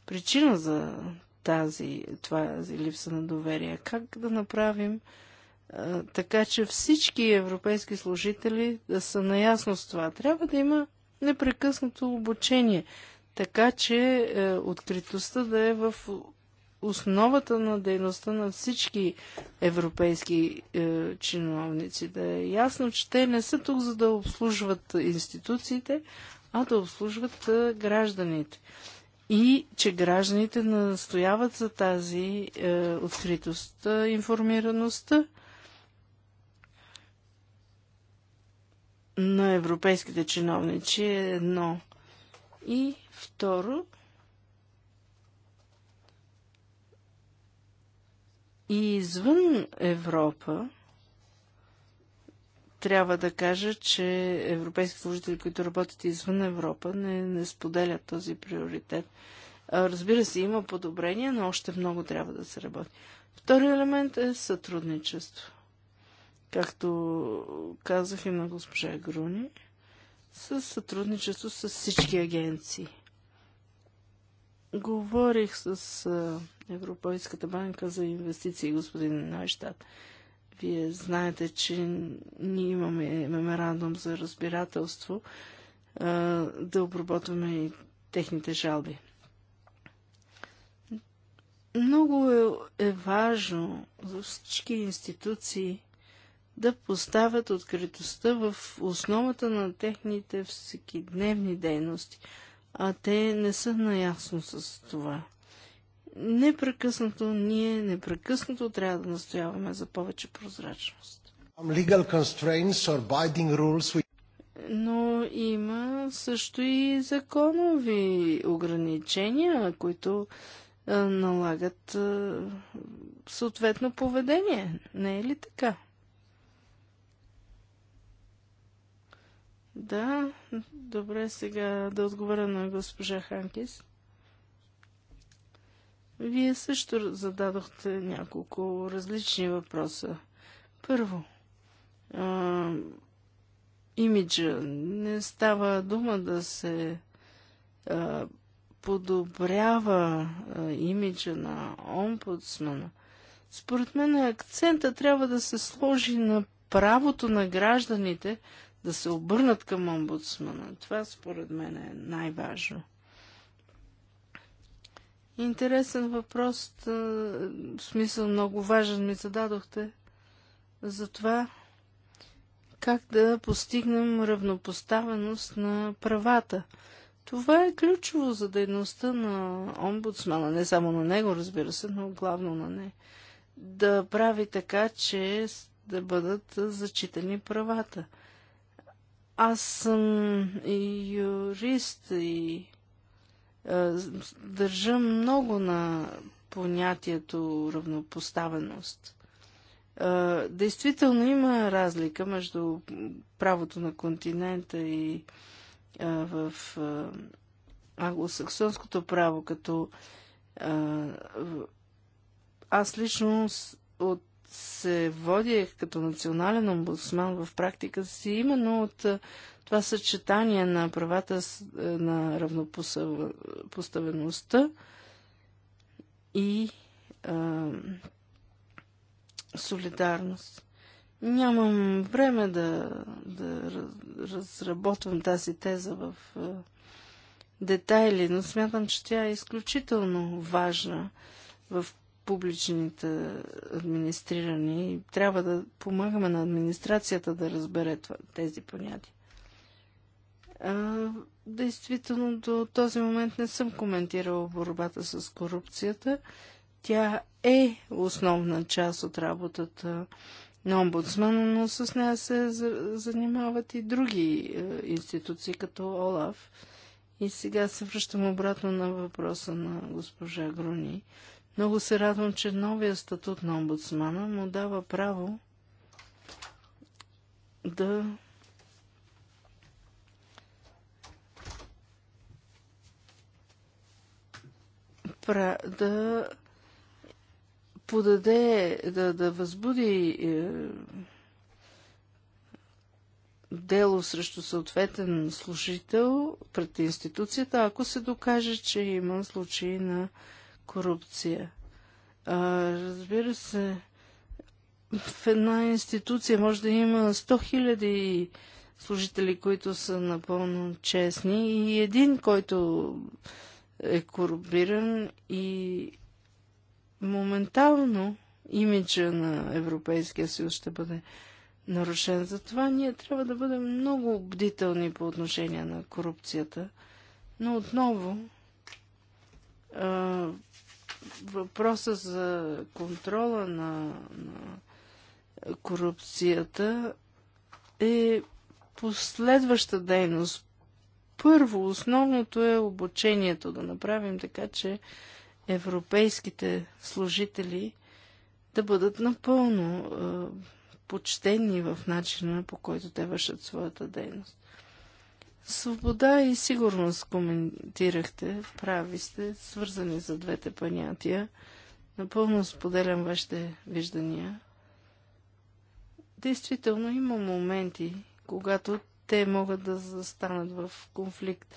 причина за тази, тази липса на доверие? Как да направим а, така, че всички европейски служители да са наясно с това? Трябва да има непрекъснато обучение, така че е, откритостта да е в основата на дейността на всички европейски е, чиновници. Да е ясно, че те не са тук за да обслужват институциите, а да обслужват е, гражданите и че гражданите настояват за тази е, откритост, е, информираност. на европейските чиновници е едно. И второ, и извън Европа, трябва да кажа, че европейски служители, които работят извън Европа, не, не споделят този приоритет. Разбира се, има подобрения, но още много трябва да се работи. Втори елемент е сътрудничество. Както казах и на госпожа Груни, с сътрудничество с всички агенции. Говорих с Европейската банка за инвестиции, господин Найштадт вие знаете, че ние имаме меморандум за разбирателство да обработваме и техните жалби. Много е, е важно за всички институции да поставят откритостта в основата на техните всекидневни дейности, а те не са наясно с това непрекъснато, ние непрекъснато трябва да настояваме за повече прозрачност. Но има също и законови ограничения, които налагат съответно поведение. Не е ли така? Да, добре сега да отговоря на госпожа Ханкис. Вие също зададохте няколко различни въпроса. Първо, а, имиджа. Не става дума да се а, подобрява а, имиджа на омбудсмана. Според мен акцента трябва да се сложи на правото на гражданите да се обърнат към омбудсмана. Това според мен е най-важно. Интересен въпрос, в смисъл много важен ми зададохте за това как да постигнем равнопоставеност на правата. Това е ключово за дейността на омбудсмана, не само на него, разбира се, но главно на не. Да прави така, че да бъдат зачитани правата. Аз съм и юрист и е, държа много на понятието равнопоставеност. Е, действително има разлика между правото на континента и е, в англосаксонското право, като аз лично от се води като национален омбудсман в практиката си именно от това съчетание на правата на равнопоставеността и а, солидарност. Нямам време да, да разработвам тази теза в а, детайли, но смятам, че тя е изключително важна в публичните администрирани. Трябва да помагаме на администрацията да разбере това, тези понятия. А, действително до този момент не съм коментирала борбата с корупцията. Тя е основна част от работата на омбудсмана, но с нея се занимават и други е, институции, като ОЛАФ. И сега се връщам обратно на въпроса на госпожа Груни. Много се радвам, че новия статут на омбудсмана му дава право да да подаде, да, да възбуди е, дело срещу съответен служител пред институцията, ако се докаже, че има случаи на корупция. А, разбира се, в една институция може да има 100 хиляди служители, които са напълно честни и един, който е корумпиран и моментално имиджа на Европейския съюз ще бъде нарушен. Затова ние трябва да бъдем много бдителни по отношение на корупцията. Но отново въпроса за контрола на, на корупцията е последваща дейност. Първо, основното е обучението, да направим така, че европейските служители да бъдат напълно е, почтени в начина по който те вършат своята дейност. Свобода и сигурност коментирахте, прави сте, свързани за двете понятия. Напълно споделям вашите виждания. Действително има моменти, когато те могат да застанат в конфликт.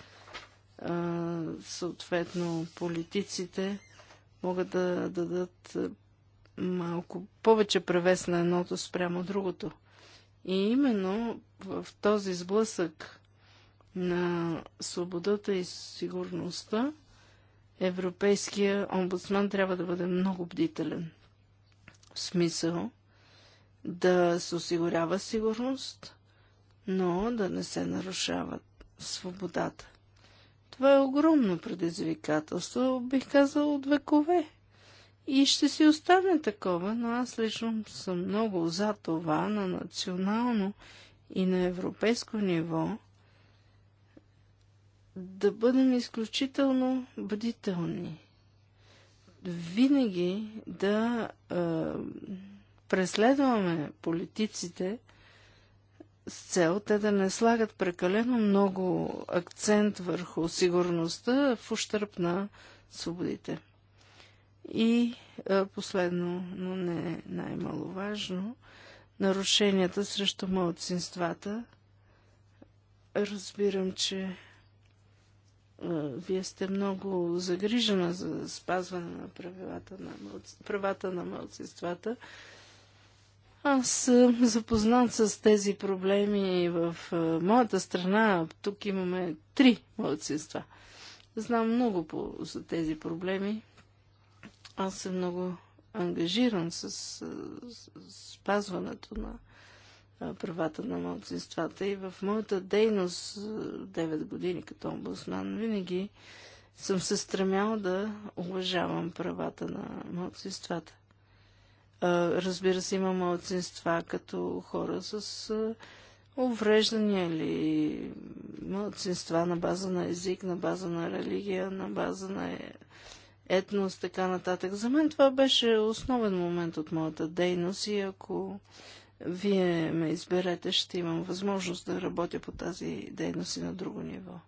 А, съответно, политиците могат да дадат малко повече превес на едното спрямо другото. И именно в този сблъсък на свободата и сигурността, Европейския омбудсман трябва да бъде много бдителен. В смисъл да се осигурява сигурност, но да не се нарушава свободата. Това е огромно предизвикателство, бих казал от векове. И ще си остане такова, но аз лично съм много за това на национално и на европейско ниво да бъдем изключително бдителни. Винаги да е, преследваме политиците с цел те да не слагат прекалено много акцент върху сигурността в ущърп на свободите. И е, последно, но не най-маловажно, нарушенията срещу младсинствата. Разбирам, че вие сте много загрижена за спазване на правилата на мълци... правата на мълцинствата. Аз съм запознат с тези проблеми в моята страна. Тук имаме три мълцинства. Знам много по, за тези проблеми. Аз съм много ангажиран с, с, с спазването на правата на младсинствата. И в моята дейност 9 години като омбудсман винаги съм се стремял да уважавам правата на младсинствата. Разбира се, има младсинства като хора с увреждания или младсинства на база на език, на база на религия, на база на е, етнос, така нататък. За мен това беше основен момент от моята дейност и ако вие ме изберете, ще имам възможност да работя по тази дейност и на друго ниво.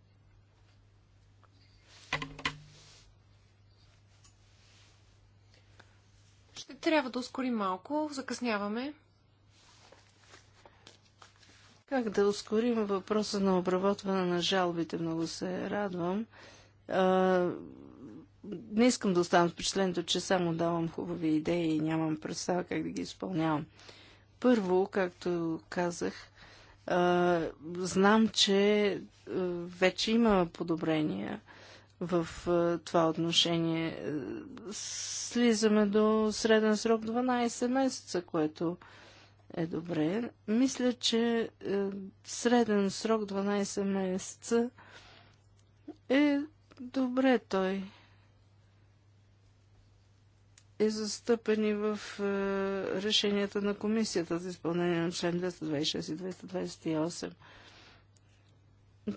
Ще трябва да ускорим малко. Закъсняваме. Как да ускорим въпроса на обработване на жалбите? Много се радвам. А, не искам да оставам впечатлението, че само давам хубави идеи и нямам представа как да ги изпълнявам. Първо, както казах, знам, че вече има подобрения в това отношение. Слизаме до среден срок 12 месеца, което е добре. Мисля, че е, среден срок 12 месеца е добре той е застъпени в е, решенията на комисията за изпълнение на член 226 и 228.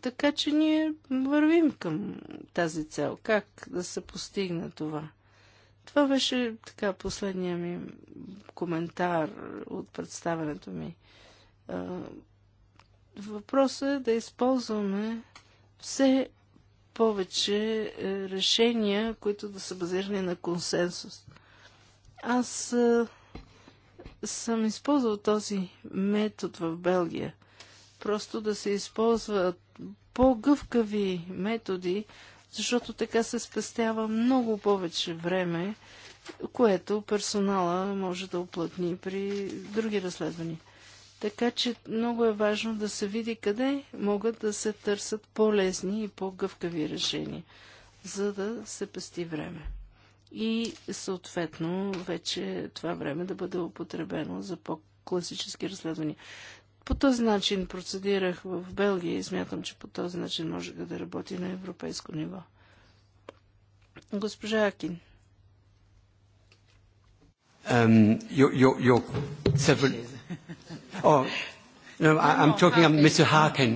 Така че ние вървим към тази цел. Как да се постигне това? Това беше така последния ми коментар от представенето ми. Е, въпросът е да използваме все повече е, решения, които да са базирани на консенсус. Аз съм използвал този метод в Белгия. Просто да се използват по-гъвкави методи, защото така се спестява много повече време, което персонала може да оплътни при други разследвания. Така че много е важно да се види къде могат да се търсят по-лесни и по-гъвкави решения, за да се пести време и съответно вече това време да бъде употребено за по-класически разследвания. По този начин процедирах в Белгия и смятам, че по този начин може да работи на европейско ниво. Госпожа Акин. Um, your, your, your several... Oh, no, I, I'm talking about Mr. Harkin.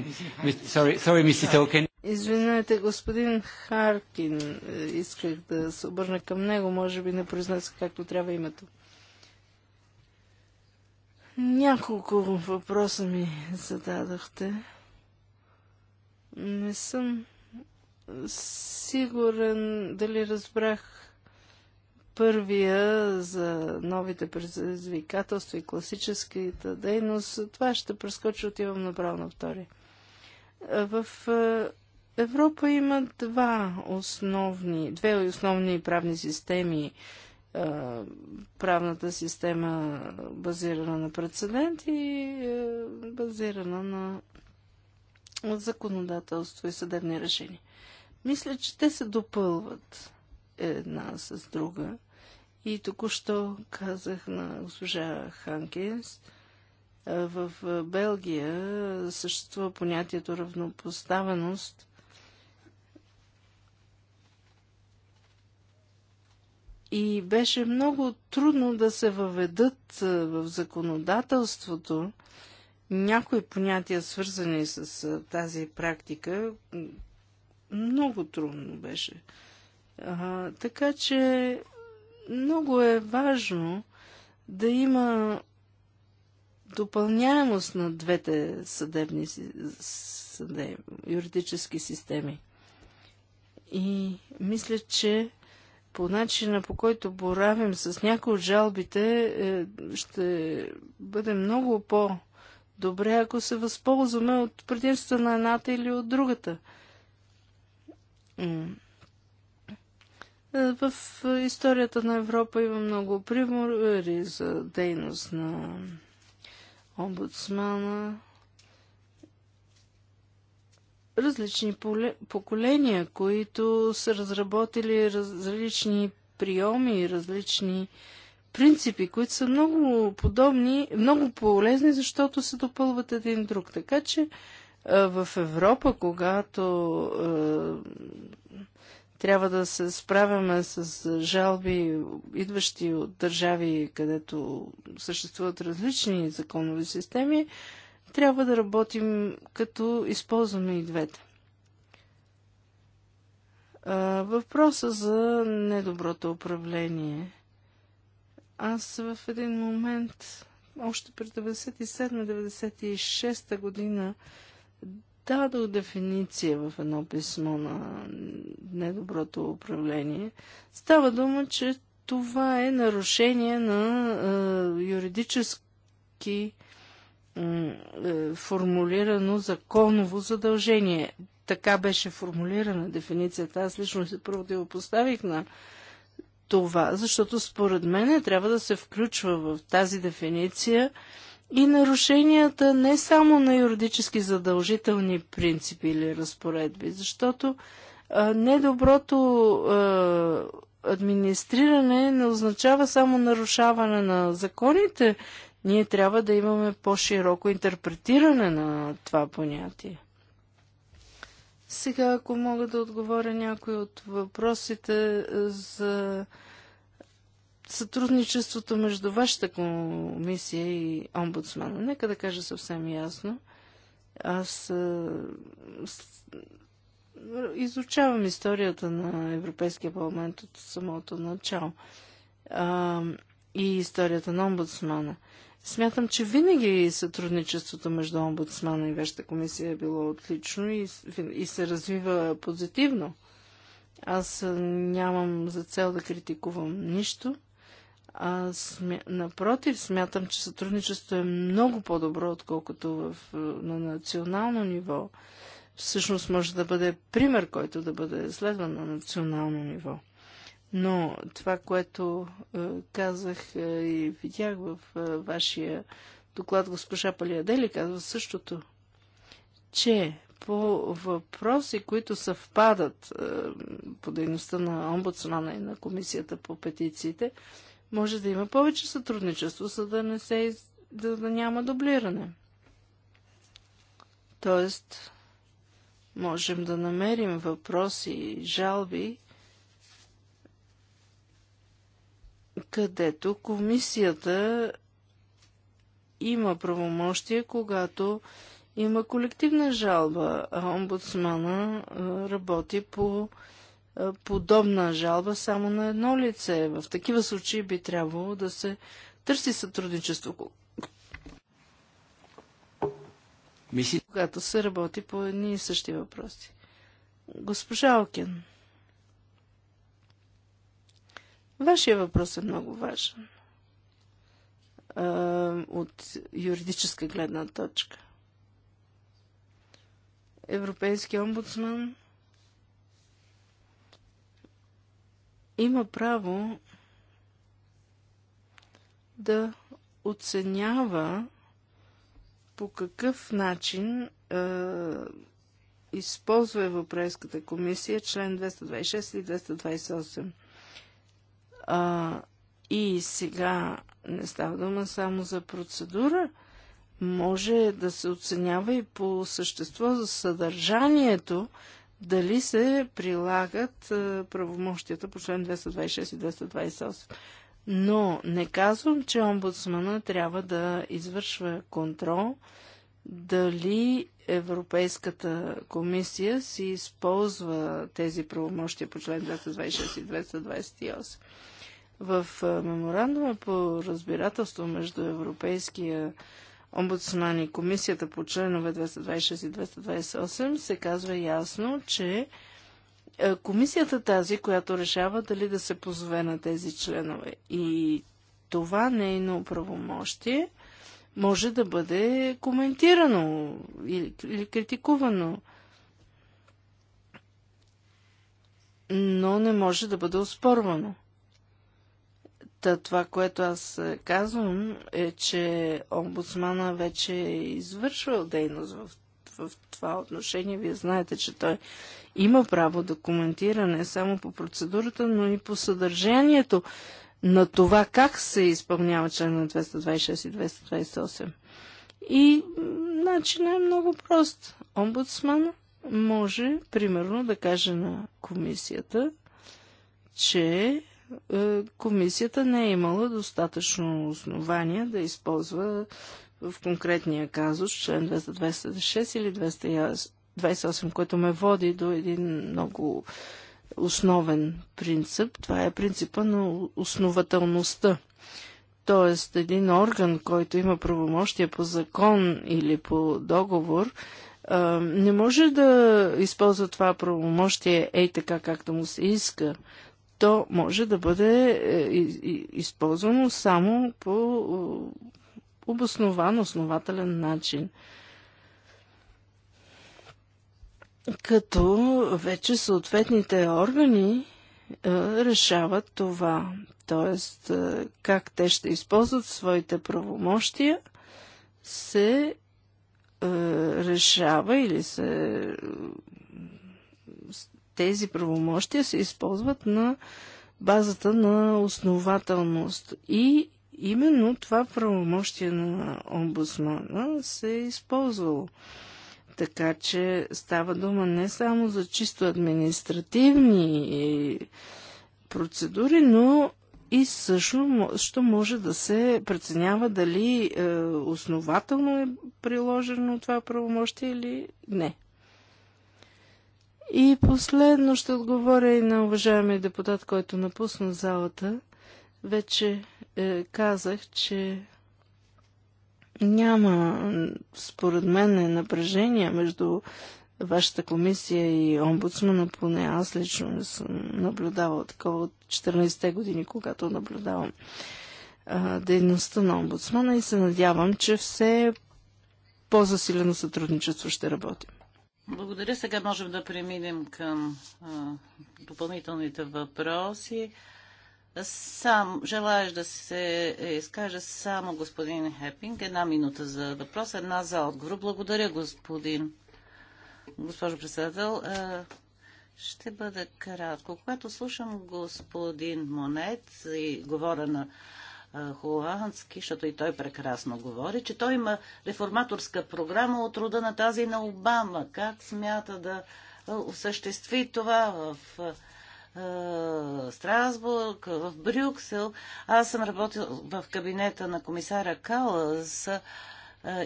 Sorry, sorry, Mr. Tolkien. Извинете, господин Харкин, е, исках да се обърна към него, може би не произнесох както трябва името. Няколко въпроса ми зададохте. Не съм сигурен дали разбрах първия за новите предизвикателства и класическата дейност. Това ще прескоча, отивам направо на втория. Е, в е, Европа има два основни, две основни правни системи. Е, правната система базирана на прецедент и е, базирана на законодателство и съдебни решения. Мисля, че те се допълват една с друга. И току-що казах на госпожа Ханкинс, е, в Белгия съществува понятието равнопоставеност и беше много трудно да се въведат в законодателството някои понятия, свързани с тази практика. Много трудно беше. А, така че много е важно да има допълняемост на двете съдебни съдеб, юридически системи. И мисля, че по начина по който боравим с някои от жалбите, е, ще бъде много по-добре, ако се възползваме от предимството на едната или от другата. Е, в историята на Европа има много примери за дейност на омбудсмана различни поколения, които са разработили различни приеми, различни принципи, които са много подобни, много полезни, защото се допълват един друг. Така че в Европа, когато трябва да се справяме с жалби, идващи от държави, където съществуват различни законови системи, трябва да работим като използваме и двете. Въпроса за недоброто управление. Аз в един момент, още през 97-96 година, дадох дефиниция в едно писмо на недоброто управление. Става дума, че това е нарушение на е, юридически е, формулирано законово задължение. Така беше формулирана дефиницията. Аз лично се противопоставих на това, защото според мен трябва да се включва в тази дефиниция и нарушенията не само на юридически задължителни принципи или разпоредби, защото а, недоброто а, администриране не означава само нарушаване на законите, ние трябва да имаме по-широко интерпретиране на това понятие. Сега, ако мога да отговоря някои от въпросите е, за сътрудничеството между вашата комисия и омбудсмана. Нека да кажа съвсем ясно. Аз е, изучавам историята на Европейския парламент от самото начало а, и историята на омбудсмана. Смятам, че винаги сътрудничеството между омбудсмана и вещата комисия е било отлично и, и се развива позитивно. Аз нямам за цел да критикувам нищо. А смя... напротив, смятам, че сътрудничеството е много по-добро, отколкото в... на национално ниво. Всъщност може да бъде пример, който да бъде следван на национално ниво. Но това, което е, казах е, и видях в е, вашия доклад, госпожа Палиадели казва същото, че по въпроси, които съвпадат по дейността на омбудсмана и на комисията по петициите, може да има повече сътрудничество, за да не се да, да няма дублиране. Тоест, можем да намерим въпроси и жалби, където комисията има правомощие, когато има колективна жалба, а омбудсмана работи по подобна жалба само на едно лице. В такива случаи би трябвало да се търси сътрудничество, когато се работи по едни и същи въпроси. Госпожа Окен. Вашия въпрос е много важен. От юридическа гледна точка. Европейски омбудсман има право да оценява по какъв начин е, използва Европейската комисия член 226 и 228 а, и сега не става дума само за процедура, може да се оценява и по същество за съдържанието, дали се прилагат а, правомощията по член 226 и 228. Но не казвам, че омбудсмана трябва да извършва контрол дали Европейската комисия си използва тези правомощия по член 226 и 228. В меморандума по разбирателство между Европейския омбудсман и комисията по членове 226 и 228 се казва ясно, че комисията тази, която решава дали да се позове на тези членове и това нейно правомощие може да бъде коментирано или, или критикувано, но не може да бъде оспорвано. Та това, което аз е, казвам, е, че омбудсмана вече е извършвал дейност в, в това отношение. Вие знаете, че той има право да коментира не само по процедурата, но и по съдържанието на това как се изпълнява член на 226 и 228. И начинът е много прост. Омбудсман може, примерно, да каже на комисията, че е, комисията не е имала достатъчно основания да използва в конкретния казус член 226 или 228, което ме води до един много основен принцип. Това е принципа на основателността. Тоест, един орган, който има правомощия по закон или по договор, не може да използва това правомощие ей така, както му се иска то може да бъде е, използвано само по е, обоснован, основателен начин. Като вече съответните органи е, решават това, т.е. как те ще използват своите правомощия, се решава или се тези правомощия се използват на базата на основателност. И именно това правомощие на омбудсмана се е използвало. Така че става дума не само за чисто административни процедури, но и също може да се преценява дали е, основателно е приложено това правомощие или не. И последно ще отговоря и на уважаемия депутат, който напусна залата. Вече е, казах, че няма, според мен, напрежение между вашата комисия и омбудсмана, поне аз лично не съм наблюдавал такова от 14-те години, когато наблюдавам а, дейността на омбудсмана и се надявам, че все по-засилено сътрудничество ще работим. Благодаря. Сега можем да преминем към а, допълнителните въпроси. Сам, желаеш да се изкаже само господин Хепинг. Една минута за въпрос, една за отговор. Благодаря, господин. Госпожо председател, а, ще бъда кратко. Когато слушам господин Монет и говоря на холандски, защото и той прекрасно говори, че той има реформаторска програма от рода на тази на Обама. Как смята да осъществи това в Страсбург, в Брюксел. Аз съм работил в кабинета на комисара Калас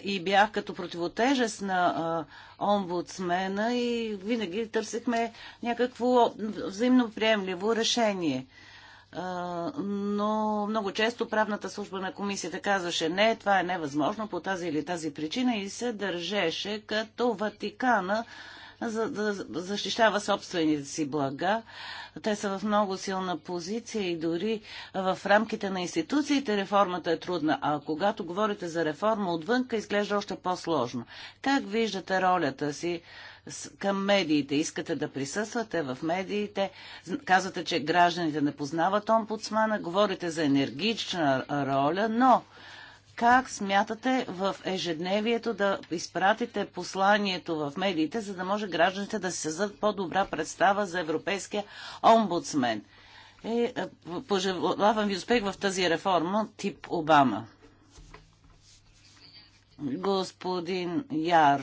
и бях като противотежест на омбудсмена и винаги търсихме някакво взаимноприемливо решение но много често правната служба на комисията казваше не, това е невъзможно по тази или тази причина и се държеше като Ватикана за да защищава собствените си блага. Те са в много силна позиция и дори в рамките на институциите реформата е трудна, а когато говорите за реформа отвънка, изглежда още по-сложно. Как виждате ролята си към медиите. Искате да присъствате в медиите. Казвате, че гражданите не познават омбудсмана. Говорите за енергична роля, но как смятате в ежедневието да изпратите посланието в медиите, за да може гражданите да се създадат по-добра представа за европейския омбудсмен? Е, е, пожелавам ви успех в тази реформа тип Обама. Господин Яр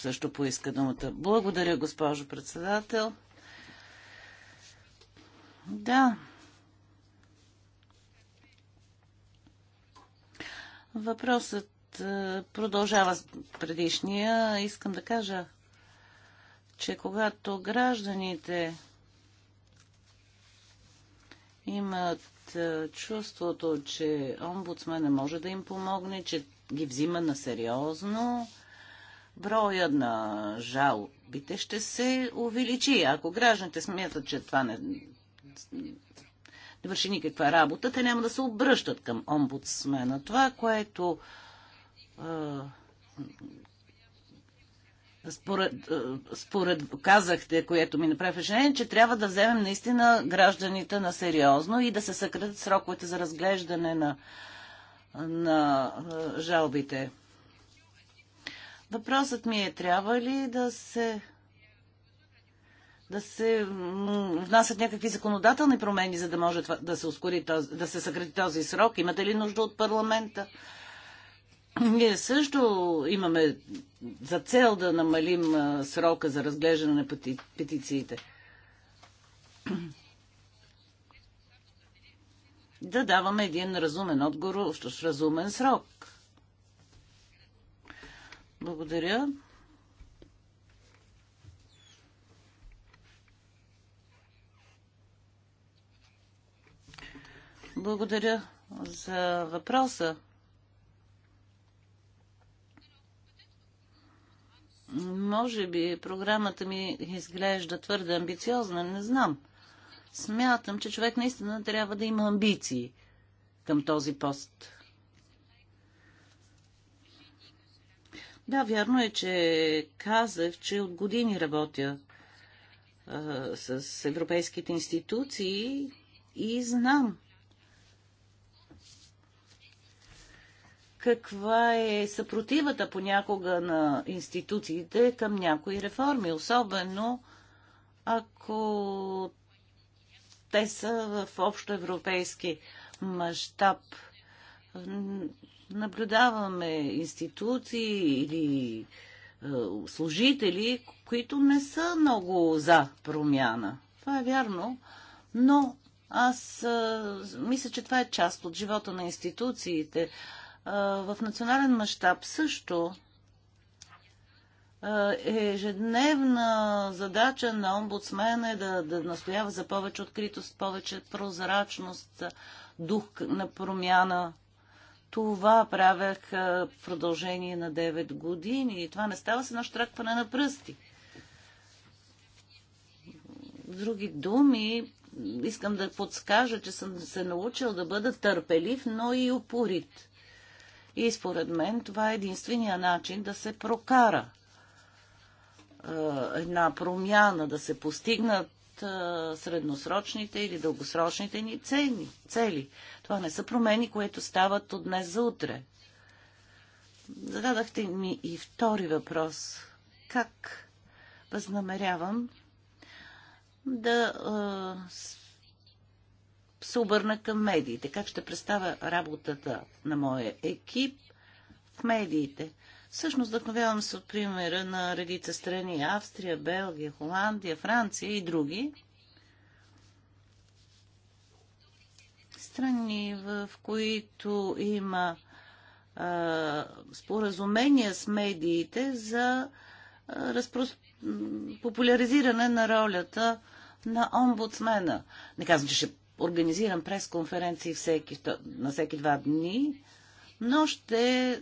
също поиска думата. Благодаря, госпожо председател. Да. Въпросът е, продължава предишния. Искам да кажа, че когато гражданите имат е, чувството, че омбудсмена може да им помогне, че ги взима на сериозно, броя на жалбите ще се увеличи. Ако гражданите смятат, че това не, не върши никаква работа, те няма да се обръщат към омбудсмена. Това, което според, според казахте, което ми направи впечатление, че трябва да вземем наистина гражданите на сериозно и да се съкратят сроковете за разглеждане на, на жалбите. Въпросът ми е, трябва ли да се да се внасят някакви законодателни промени, за да може да се ускори този, да се съкрати този срок? Имате ли нужда от парламента? Ние също имаме за цел да намалим срока за разглеждане на пети, петициите. Да даваме един разумен отговор в разумен срок. Благодаря. Благодаря за въпроса. Може би програмата ми изглежда твърде амбициозна, не знам. Смятам, че човек наистина трябва да има амбиции към този пост. Да, вярно е, че казах, че от години работя а, с европейските институции и знам каква е съпротивата понякога на институциите към някои реформи, особено ако те са в общоевропейски мащаб наблюдаваме институции или е, служители, които не са много за промяна. Това е вярно, но аз е, мисля, че това е част от живота на институциите. Е, в национален мащаб също е ежедневна задача на омбудсмена е да, да настоява за повече откритост, повече прозрачност, дух на промяна това правях в продължение на 9 години и това не става с едно штракване на пръсти. Други думи, искам да подскажа, че съм се научил да бъда търпелив, но и упорит. И според мен това е единствения начин да се прокара една промяна, да се постигнат от средносрочните или дългосрочните ни цели, цели. Това не са промени, които стават от днес за утре. Зададахте ми и втори въпрос. Как възнамерявам да е, се обърна към медиите? Как ще представя работата на моя екип в медиите? Всъщност вдъхновявам се от примера на редица страни Австрия, Белгия, Холандия, Франция и други. Страни, в които има а, споразумения с медиите за а, разпрос... популяризиране на ролята на омбудсмена. Не казвам, че ще организирам пресконференции всеки, на всеки два дни, но ще е,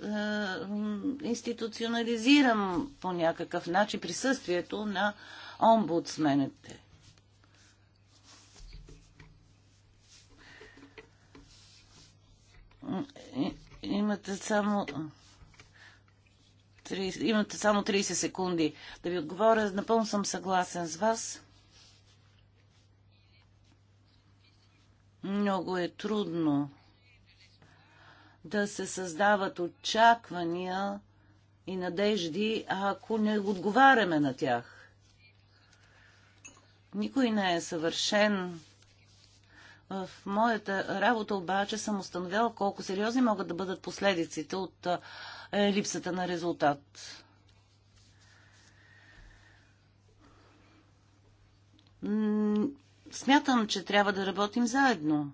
институционализирам по някакъв начин присъствието на омбудсмените. Имате само имате само 30 секунди да ви отговоря. Напълно съм съгласен с вас. Много е трудно да се създават очаквания и надежди, ако не отговаряме на тях. Никой не е съвършен. В моята работа обаче съм установяла колко сериозни могат да бъдат последиците от е, липсата на резултат. Смятам, че трябва да работим заедно.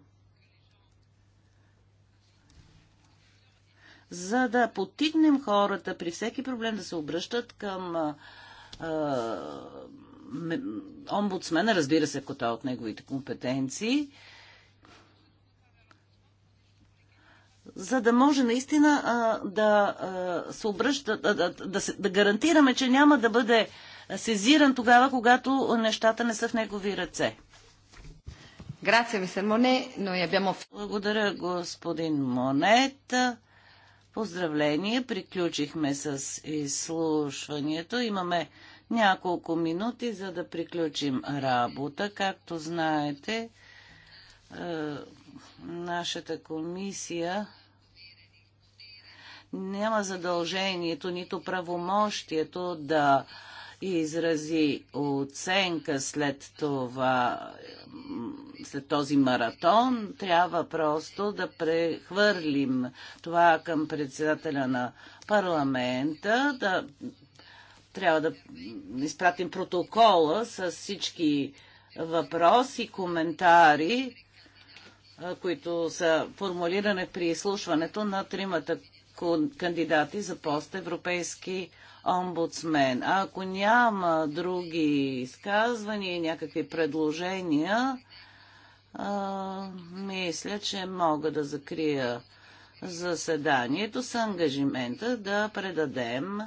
за да потикнем хората при всеки проблем да се обръщат към а, а, омбудсмена, разбира се, кота е от неговите компетенции, за да може наистина а, да а, се обръщат, а, да, да, се, да гарантираме, че няма да бъде сезиран тогава, когато нещата не са в негови ръце. Благодаря, господин Монет. Поздравление, приключихме с изслушването. Имаме няколко минути, за да приключим работа. Както знаете, е, нашата комисия няма задължението, нито правомощието да изрази оценка след това след този маратон, трябва просто да прехвърлим това към председателя на парламента, да трябва да изпратим протокола с всички въпроси, коментари, които са формулирани при изслушването на тримата кандидати за пост европейски омбудсмен. А ако няма други изказвания, и някакви предложения, а, мисля, че мога да закрия заседанието с ангажимента да предадем